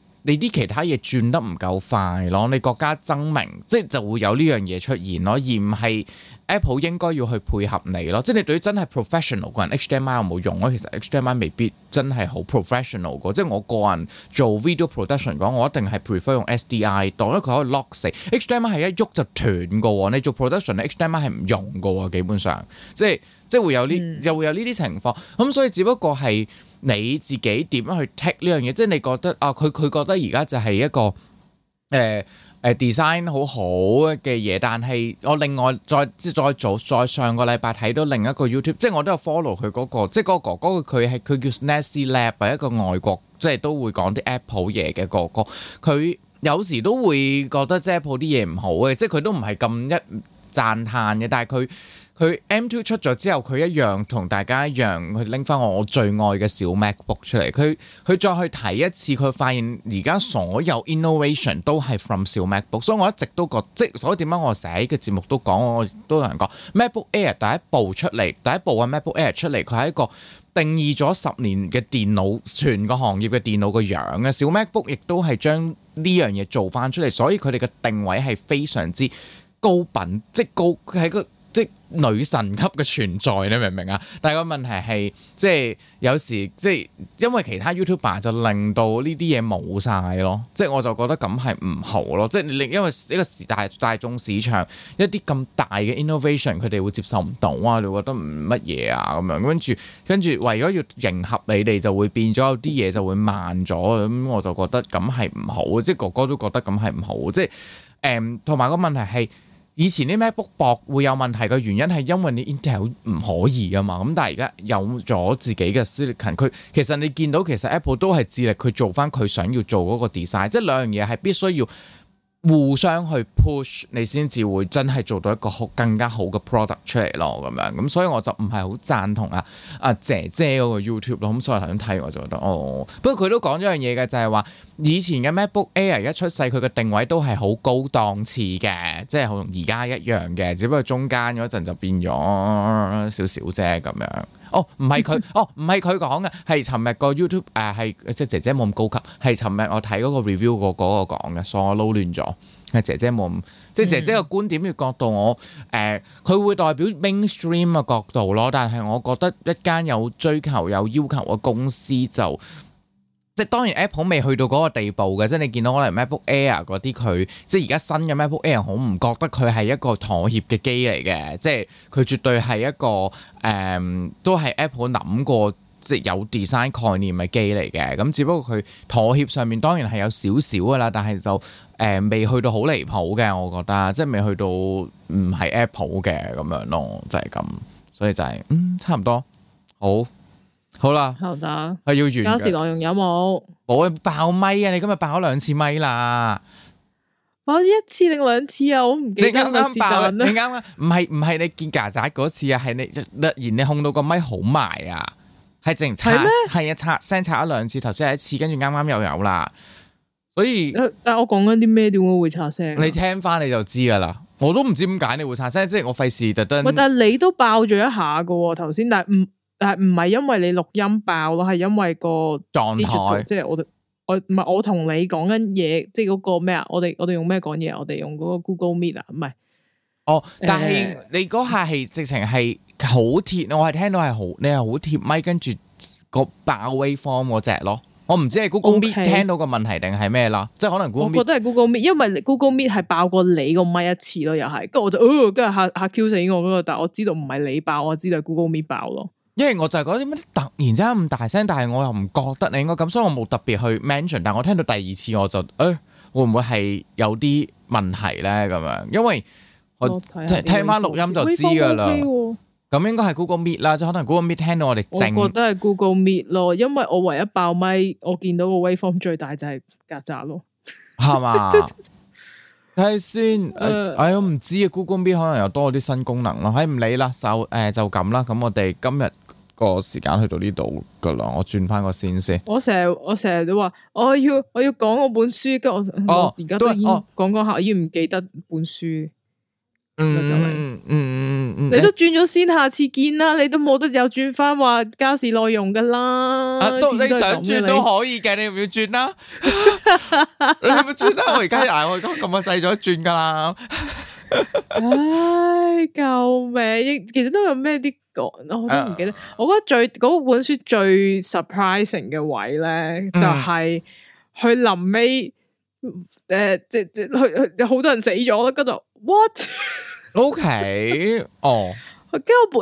你啲其他嘢轉得唔夠快咯，你國家爭名，即係就會有呢樣嘢出現咯，而唔係 Apple 應該要去配合你咯。即係你對於真係 professional 個人 HDMI 有冇用咧？其實 HDMI 未必真係好 professional 嘅，即係我個人做 video production 講，我一定係 prefer 用 SDI 多，因為佢可以 lock 死。HDMI 係一喐就斷㗎喎，你做 production，HDMI 係唔用㗎喎，基本上即係即係會有呢，又、嗯、會有呢啲情況。咁、嗯、所以只不過係。你自己點樣去 take 呢樣嘢？即係你覺得啊，佢佢覺得而家就係一個誒誒、呃呃、design 好好嘅嘢，但係我另外再即再早再，再上個禮拜睇到另一個 YouTube，即係我都有 follow 佢嗰、嗰個，即係、嗰、嗰個哥哥佢係佢叫 Snazzy Labs，係一個外國即係都會講啲 Apple 嘢嘅哥哥，佢有時都會覺得即 Apple 啲嘢唔好嘅，即係佢都唔係咁一讚嘆嘅，但係佢。佢 M two 出咗之後，佢一樣同大家一樣去拎翻我我最愛嘅小 MacBook 出嚟。佢佢再去睇一次，佢發現而家所有 innovation 都係 from 小 MacBook，所以我一直都覺即係所以點解我成日喺個節目都講，我都有人講 MacBook Air 第一部出嚟，第一部啊 MacBook Air 出嚟，佢係一個定義咗十年嘅電腦，全個行業嘅電腦個樣啊。小 MacBook 亦都係將呢樣嘢做翻出嚟，所以佢哋嘅定位係非常之高品，即高佢喺個。即女神級嘅存在，你明唔明啊？但個問題係，即有時即因為其他 YouTuber 就令到呢啲嘢冇晒咯。即我就覺得咁係唔好咯。即你因為一個時代大眾市場一啲咁大嘅 innovation，佢哋會接受唔到啊，你覺得唔乜嘢啊咁樣？跟住跟住，為咗要迎合你哋，就會變咗有啲嘢就會慢咗。咁我就覺得咁係唔好。即哥哥都覺得咁係唔好。即誒，同埋個問題係。以前啲 MacBook 薄會有問題嘅原因係因為你 Intel 唔可以㗎嘛，咁但係而家有咗自己嘅 Silicon，佢其實你見到其實 Apple 都係致力佢做翻佢想要做嗰個 design，即係兩樣嘢係必須要。互相去 push，你先至會真係做到一個好更加好嘅 product 出嚟咯，咁樣，咁所以我就唔係好贊同啊啊姐姐嗰個 YouTube 咯，咁所以頭先睇我就覺得哦，不過佢都講咗樣嘢嘅，就係話以前嘅 MacBook Air 一出世，佢嘅定位都係好高檔次嘅，即係好同而家一樣嘅，只不過中間嗰陣就變咗少少啫咁樣。哦，唔係佢，哦，唔係佢講嘅，係尋日個 YouTube 誒、呃，係即係姐姐冇咁高級，係尋日我睇嗰個 review 個嗰個講嘅，所以我撈亂咗。係姐姐冇咁，即係、嗯、姐姐嘅觀點嘅角度，我誒佢、呃、會代表 mainstream 嘅角度咯。但係我覺得一間有追求，有要求嘅公司就。即係當然 Apple 未去到嗰個地步嘅，即係你見到可能 MacBook Air 嗰啲佢，即係而家新嘅 MacBook Air 好唔覺得佢係一個妥協嘅機嚟嘅，即係佢絕對係一個誒、嗯，都係 Apple 諗過，即係有 design 概念嘅機嚟嘅。咁只不過佢妥協上面當然係有少少噶啦，但係就誒、嗯、未去到好離譜嘅，我覺得，即係未去到唔係 Apple 嘅咁樣咯，就係、係、咁，所以就係、係、嗯、差唔多好。好啦，係要完。有時內容有冇？我爆咪啊！你今日爆咗兩次咪啦，爆咗一次定兩次啊！我唔記得咁你啱啱爆，你啱啱唔係唔係你見曱甴嗰次啊？係你突然你控到個咪好埋啊，係整叉，係啊，叉聲叉咗兩次，頭先係一次，跟住啱啱又有啦。所以，但我講緊啲咩點解會叉聲？你聽翻你就知噶啦，我都唔知點解你會叉聲，即係我費事特登。但係你都爆咗一下噶，頭先但係唔。但係唔係因為你錄音爆咯？係因為個狀態，即係我我唔係我同你講緊嘢，即係嗰個咩啊？我哋我哋用咩講嘢？我哋用嗰個 Google Meet 啊？唔係哦，但係、嗯、你嗰下係直情係好貼，我係聽到係好，你係好貼咪跟住個爆 waveform 嗰隻咯。我唔知係 Google Meet Okay. 聽到個問題定係咩啦，即係可能覺得係 Google Meet，因為 Google Meet 係爆過你個咪一次咯，又係，跟住我就，跟住下下 Q 死我嗰個，但係我知道唔係你爆，我知道係 Google Meet 爆咯。因為我就係嗰啲乜突然之間咁大聲，但係我又唔覺得你應該咁，所以我冇特別去 mention。但係我聽到第二次我就誒、哎，會唔會係有啲問題咧？咁樣，因為我，我聽聽翻錄音就知㗎啦。咁、啊、應該係 Google Meet 啦，即可能 Google Meet 聽到我哋整，我覺得係 Google Meet 咯。因為我唯一爆咪，我見到個 waveform 最大就係曱甴咯，係 嘛吧。 睇先，呃、哎我唔知啊，Google 邊可能又多咗啲新功能咯，唉，唔理啦，就誒、呃、就咁啦，咁我哋今日個時間去到呢度噶啦，我轉翻個線先。我成日我成日都話，我要我要講我本書，跟住我而家突然講講下，而唔、哦、記得本書。嗯嗯嗯嗯你都轉咗先，下次見啦。你都冇得有轉返話家事內容㗎啦。啊，都都你想轉都可以嘅，你，你要唔要轉啦？你要唔轉啦？我而家挨我咁樣制咗轉㗎啦。唉，救命！其實都有咩啲講，我都唔記得。Uh, 我覺得最嗰本書最 surprising 嘅位咧、嗯，就係佢臨尾。誒，即即去去好多人死咗，嗰度。What？OK，哦，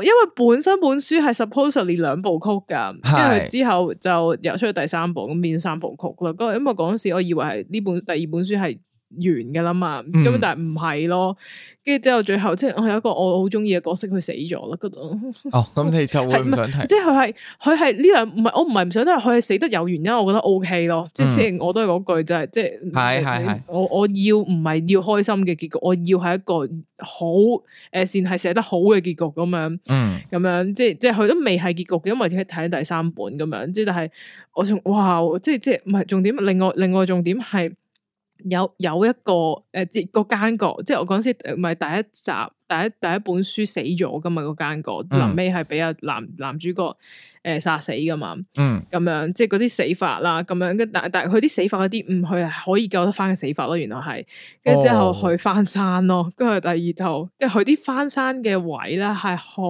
因為本身本書係 supposedly 兩部曲噶，跟住是之後就又出咗第三部，咁變三部曲啦。咁因為嗰時我以為係呢本第二本書係完噶啦嘛，咁、嗯、但係唔係咯。之後最後即係我有一個我好中意嘅角色，佢死咗啦嗰度。哦，咁你就會唔想睇。 即係佢係佢係呢樣唔係我唔係唔想，但係佢係死得有原因，我覺得 OK 咯。嗯、即係我都係嗰句，即係即係。係係係。我我要唔係要開心嘅結局，我要係一個好誒，線係寫得好嘅結局咁樣。嗯。咁樣即係即係佢都未係結局嘅，因為仲要睇第三本咁樣。即係但係我仲哇，即係即係唔係重點。另外另外重點係。有有一個誒、呃，即個奸角，即係我嗰陣時唔係第一集，第一第一本書死咗噶嘛，嗰奸角臨尾係俾阿男男主角誒殺、呃、死噶嘛，嗯，咁樣即係嗰啲死法啦，咁樣跟但但佢啲死法嗰啲唔去可以救得翻嘅死法咯，原來係跟住之後佢翻山咯，跟住、哦、第二套，跟住佢啲翻山嘅位咧係好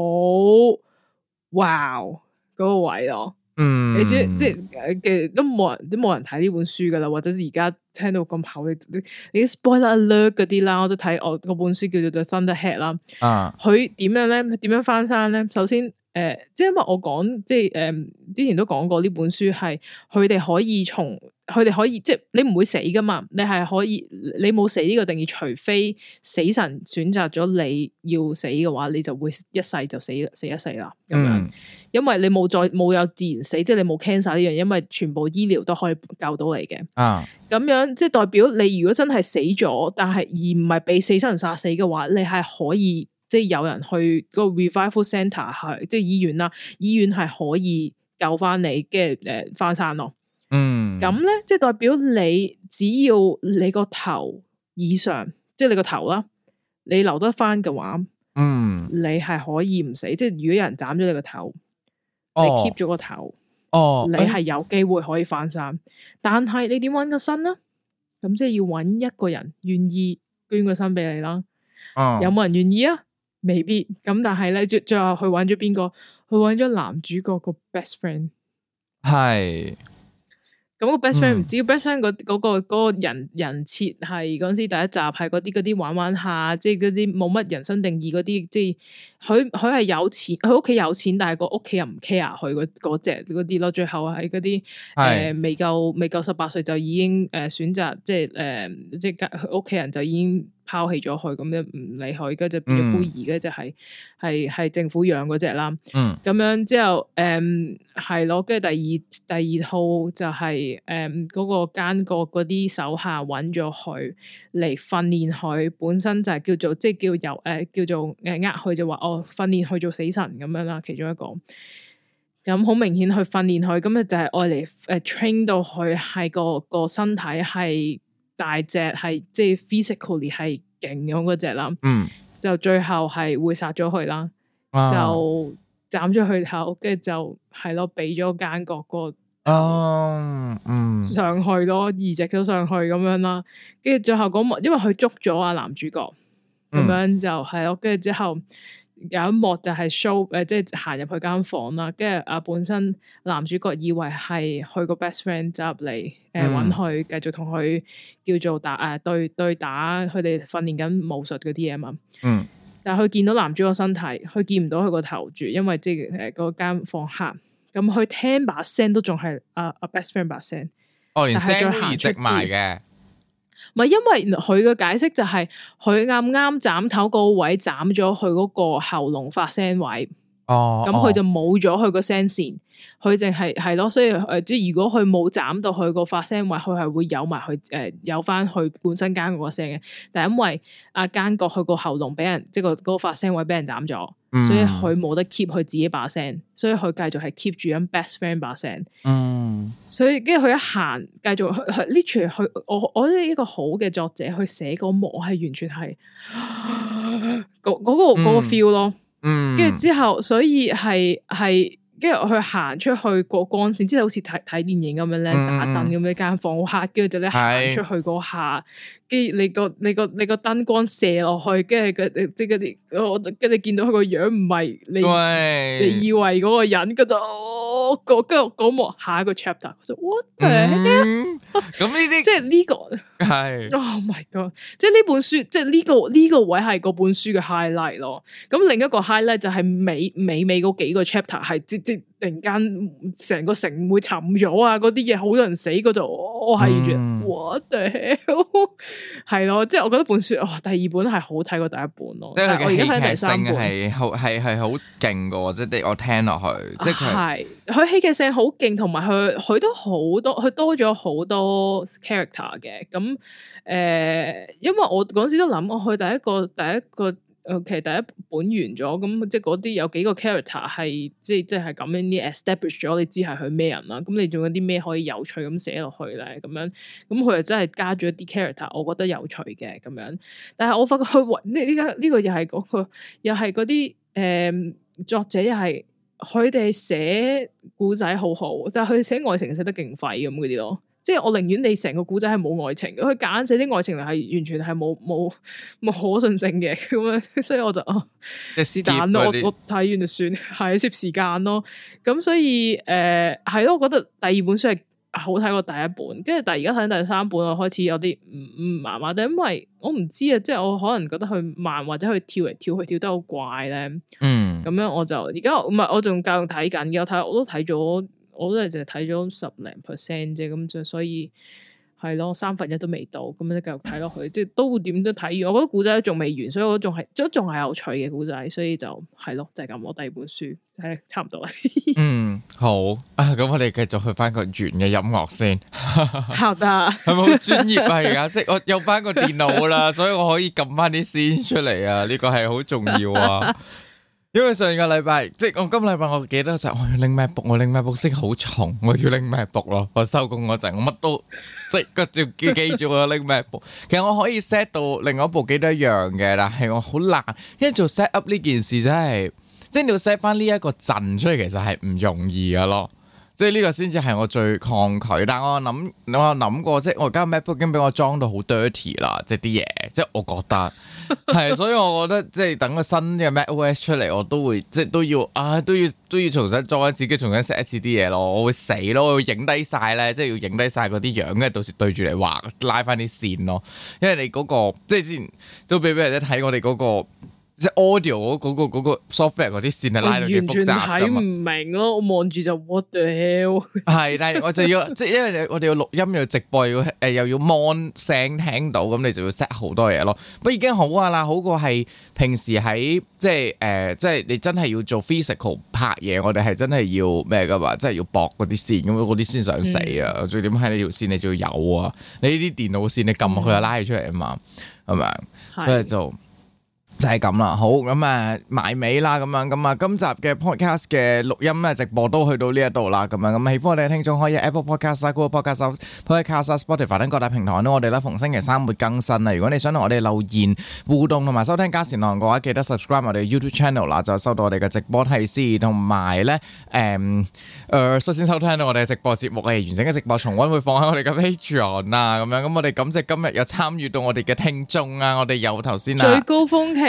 哇嗰、嗰個位咯、啊。嗯，你知、mm hmm. 即係嘅都冇人都冇人睇呢本書噶啦，或者而家聽到咁厚你你你 spoiler alert 嗰啲啦，我都睇我本書叫做《The Thunderhead》啦，啊，佢點樣咧？點樣翻生咧？首先，誒、呃，即係因為我講即係誒、呃，之前都講過呢本書係佢哋可以從。佢哋可以即係你唔會死噶嘛？你係可以你冇死呢個定義，除非死神選擇咗你要死嘅話，你就會一世就死死一世啦。咁樣，嗯、因為你冇再冇有，有自然死，即係你冇 cancer 呢樣，因為全部醫療都可以救到你嘅。咁、啊、樣即係代表你如果真係死咗，但係而唔係被死神殺死嘅話，你係可以即係有人去個 revival center 去，即係醫院啦，醫院係可以救翻你，跟住誒翻生咯。嗯，咁咧，即係代表你，只要你個頭以上，即係你個頭啦，你留得翻嘅話，嗯，你係可以唔死。即係如果有人斬咗你個頭，哦、你 keep 咗個頭，哦，你係有機會可以翻生。哎、但係你點搵個身呢？咁即係要搵一個人願意捐個身俾你啦。哦、有冇人願意啊？未必。咁但係咧，最最後去搵咗邊個？去搵咗男主角個 best friend。係。咁個 best friend 唔知，best friend 嗰、嗰、嗰個、嗰個人人設係嗰陣時第一集係嗰啲嗰啲玩玩下，即係嗰啲冇乜人生定義嗰啲，即係。佢佢係有錢，佢屋企有錢，但係個屋企人唔 care 佢嗰隻嗰啲咯。是的 最後係嗰啲誒未夠未夠十八歲就已經誒、呃、選擇即係誒、呃、即係佢屋企人就已經拋棄咗佢咁樣唔理佢，跟住變孤兒嘅就係係係政府養嗰隻啦。咁樣之後誒係咯，跟、嗯、住第二第二套就係誒嗰個奸角嗰啲手下揾咗佢嚟訓練佢，本身就係叫做即係叫由誒叫，、呃、叫做誒呃佢就話我。訓練去做死神咁樣啦，其中一個咁好明顯去訓練佢。咁咪就係用嚟誒、呃、train 到佢係個個身體係大隻，係即係 physically 係勁咁嗰隻啦。嗯，就最後係會殺咗佢啦，就斬咗佢頭，跟住就係咯俾咗間角個哦，嗯，上去咯，移植咗上去咁樣啦，跟住最後嗰、那、幕、個、因為佢捉咗阿男主角咁、嗯、樣就係咯，跟住之後。有一幕就係 show 誒，即係行入佢間房啦，跟住啊本身男主角以為係佢個 best friend 入嚟誒，揾佢繼續同佢叫做打誒、啊、對對打訓練，佢哋訓練緊武術嗰啲嘢嘛。嗯，但係佢見到男主角身體，佢見唔到佢個頭住，因為即係誒嗰間房黑，咁佢聽把聲都仲係阿阿 best friend 把聲。哦，連聲都移植埋嘅。唔係，因為佢嘅解釋就係佢啱啱斬頭嗰位斬咗佢嗰個喉嚨發聲位，哦，咁佢就冇咗佢個聲線。佢淨係係咯，所以誒、呃，即係如果佢冇斬到佢、呃啊、個發聲位，佢係會有埋佢誒，有翻佢本身間嗰個聲嘅。但係因為阿間角佢個喉嚨俾人即係個嗰個發聲位俾人斬咗，所以佢冇得 keep 佢自己把聲，所以佢繼續係 keep 住咁 best friend 把聲。嗯，所以跟住佢一行，繼續去 literally 去。我我覺得一個好嘅作者去寫個幕，係完全係嗰嗰個、嗰個、嗰個、feel 咯。跟住之後，所以係係。.跟住我去行出去過光線，即係好似睇睇電影咁樣咧，嗯、打燈咁樣一間房好黑，跟住就咧行出去嗰下。跟住你個你個你個燈光射落去，跟住個即係啲我跟住見到佢個樣唔係你，喂你以為嗰個人，跟住嗰個嗰幕下一個 chapter，佢就 what the hell？咁呢啲即係呢個係。Oh my god！即係呢本書，即係呢個呢、呢個位係嗰本書嘅 highlight 咯。咁另一個 highlight 就係美美美嗰幾個 chapter 係即即。即突然間成個城會沉咗啊！嗰啲嘢好多人死嗰度，我係完全，我哋係咯，即係、嗯哇塞 就是、我覺得本書哦，第二本係好睇過第一本咯。即係我而家睇第三本係好係係好勁嘅，即係我，我聽落去，即係佢係佢戲劇性好勁，同埋佢佢都好多佢多咗好多 character 嘅。咁誒、呃，因為我嗰時都諗，我去第一個第一個。O.K. 第一本完咗，咁、嗯、即係嗰啲有幾個 character 係，即係即係咁樣啲 establish 咗，你知係佢咩人啦。咁、嗯、你仲有啲咩可以有趣咁寫落去咧？咁樣，咁佢又真係加咗啲 character，我覺得有趣嘅咁樣。但係我發覺佢呢呢個呢個又係嗰個，又係嗰啲誒作者，又係佢哋寫故仔好好，就係佢寫愛情寫得勁廢咁嗰啲咯。即係我寧願你成個古仔係冇愛情，佢揀死啲愛情嚟係完全係冇冇冇可信性嘅咁樣！所以我就啊，是但咯。我睇完就算，係攝時間咯。咁所以誒係咯，我覺得第二本書係好睇過第一本。跟住但係而家睇緊第三本，我開始有啲唔唔麻麻地，因為我唔知啊。即係我可能覺得佢慢或者佢跳嚟跳去跳得好怪咧。嗯，咁樣我就而家唔係我仲繼續睇緊嘅，我睇我都睇咗。我都係淨係睇咗十零 percent 啫，咁就所以係咯，三分一都未到，咁樣繼續睇落去，即係都會點都睇完。我覺得古仔都仲未完，所以我仲係都仲係有趣嘅古仔，所以就係咯，就係、是、咁。我第二本書係差唔多。 嗯，好啊，咁我哋繼續去翻個完嘅音樂先。 好？係咪好專業啊？而家即我有翻個電腦啦，所以我可以撳翻啲先出嚟啊！呢、這個係好重要啊。 因為上個禮拜，即係我今禮拜，我記得就係我要拎 MacBook，我拎 MacBook 係好重，我要拎 MacBook 咯。我收工嗰陣，我乜都即係個隻機記住我要拎 MacBook。 其實我可以 set 到另外一部機都一樣嘅，但係我好難，因為做 set up 呢件事真係，即係你要 set 翻呢一個陣出嚟，其實係唔容易噶咯。即係呢個先至係我最抗拒。但係我諗，我有諗過即係我而家 MacBook 已經俾我裝到好 dirty 啦，即係啲嘢，即係我覺得。係，所以我覺得即係等個新嘅 MacOS 出嚟，我都會即係都要啊，都要都要重新裝一次，跟住重新 set 一次啲嘢咯。我會死咯，我會影低晒咧，即係要影低晒嗰啲樣，跟住到時對住嚟畫拉翻啲線咯。因為你嗰個即係之前都俾俾人一睇我哋嗰個。即係 audio 嗰個嗰、嗰個 software 嗰啲線係拉到幾複雜噶嘛？我完全睇唔明咯，我望住就 what the hell？係， 但係我就要即係，因為我哋要錄音又直播，要誒、呃、又要 mon 聲聽到，咁你就要 set 好多嘢咯。不過已經好啊啦，好過係平時喺即係誒，即係、呃、你真係要做 physical 拍嘢，我哋係真係要咩噶嘛？即係要駁嗰啲線，咁嗰啲先想死啊！嗯、最點喺呢條線，你仲要有啊？你呢啲電腦線，你撳落去又拉起出嚟啊嘛？係咪的？所以就。就係咁啦，好咁啊，埋尾啦，咁樣咁啊，今集嘅 podcast 嘅錄音啊，直播都去到呢一度啦，咁樣咁，希望我哋嘅聽眾可以 Apple Podcast 啊，Google Podcast 啊，Podcast 啊，Spotify 等各大平台都我哋啦。逢星期三會更新啊，如果你想同我哋留言互動同埋收聽加時內容嘅話，記得 subscribe 埋我哋 YouTube Channel 啦，就收到我哋嘅直播提示同埋咧，誒誒，率先收聽到我哋嘅直播節目嘅完整嘅直播重溫會放喺我哋嘅 Patreon 啊，咁樣咁，我哋感謝今日有參與到我哋嘅聽眾啊，我哋有頭先啊，最高峯期。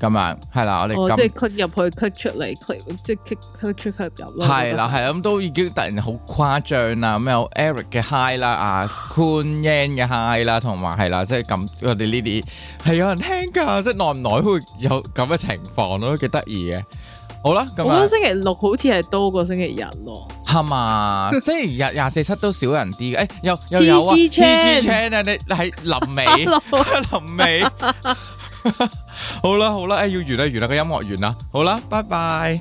咁啊，係啦，我哋哦，即係 cut 入去，cut 出嚟，cut 即係 cut 出 cut 入入咯。係啦，係啦，咁都已經突然好誇張啦，咁有 Eric 嘅 high 啦，啊，Coon Yan 嘅 high 啦，同埋係啦，即係咁我哋呢啲係有人聽噶，即係耐唔耐會有咁嘅情況咯，幾得意嘅。好啦，咁我覺得星期六好似係多過星期日咯。係嘛？星期日廿四七都少人啲嘅。誒，有有啊，G G Chan 啊，你係臨尾，臨尾。好啦 好啦，誒、欸，要完啦完啦個音樂完啦，好啦，拜拜。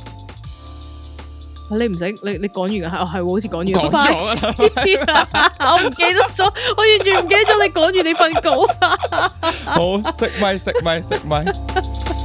你唔使你你講完啊，係、哦、好似講完講拜 我唔記得咗， 我完全唔記得咗 你講完你份稿。 好食米食米食米。食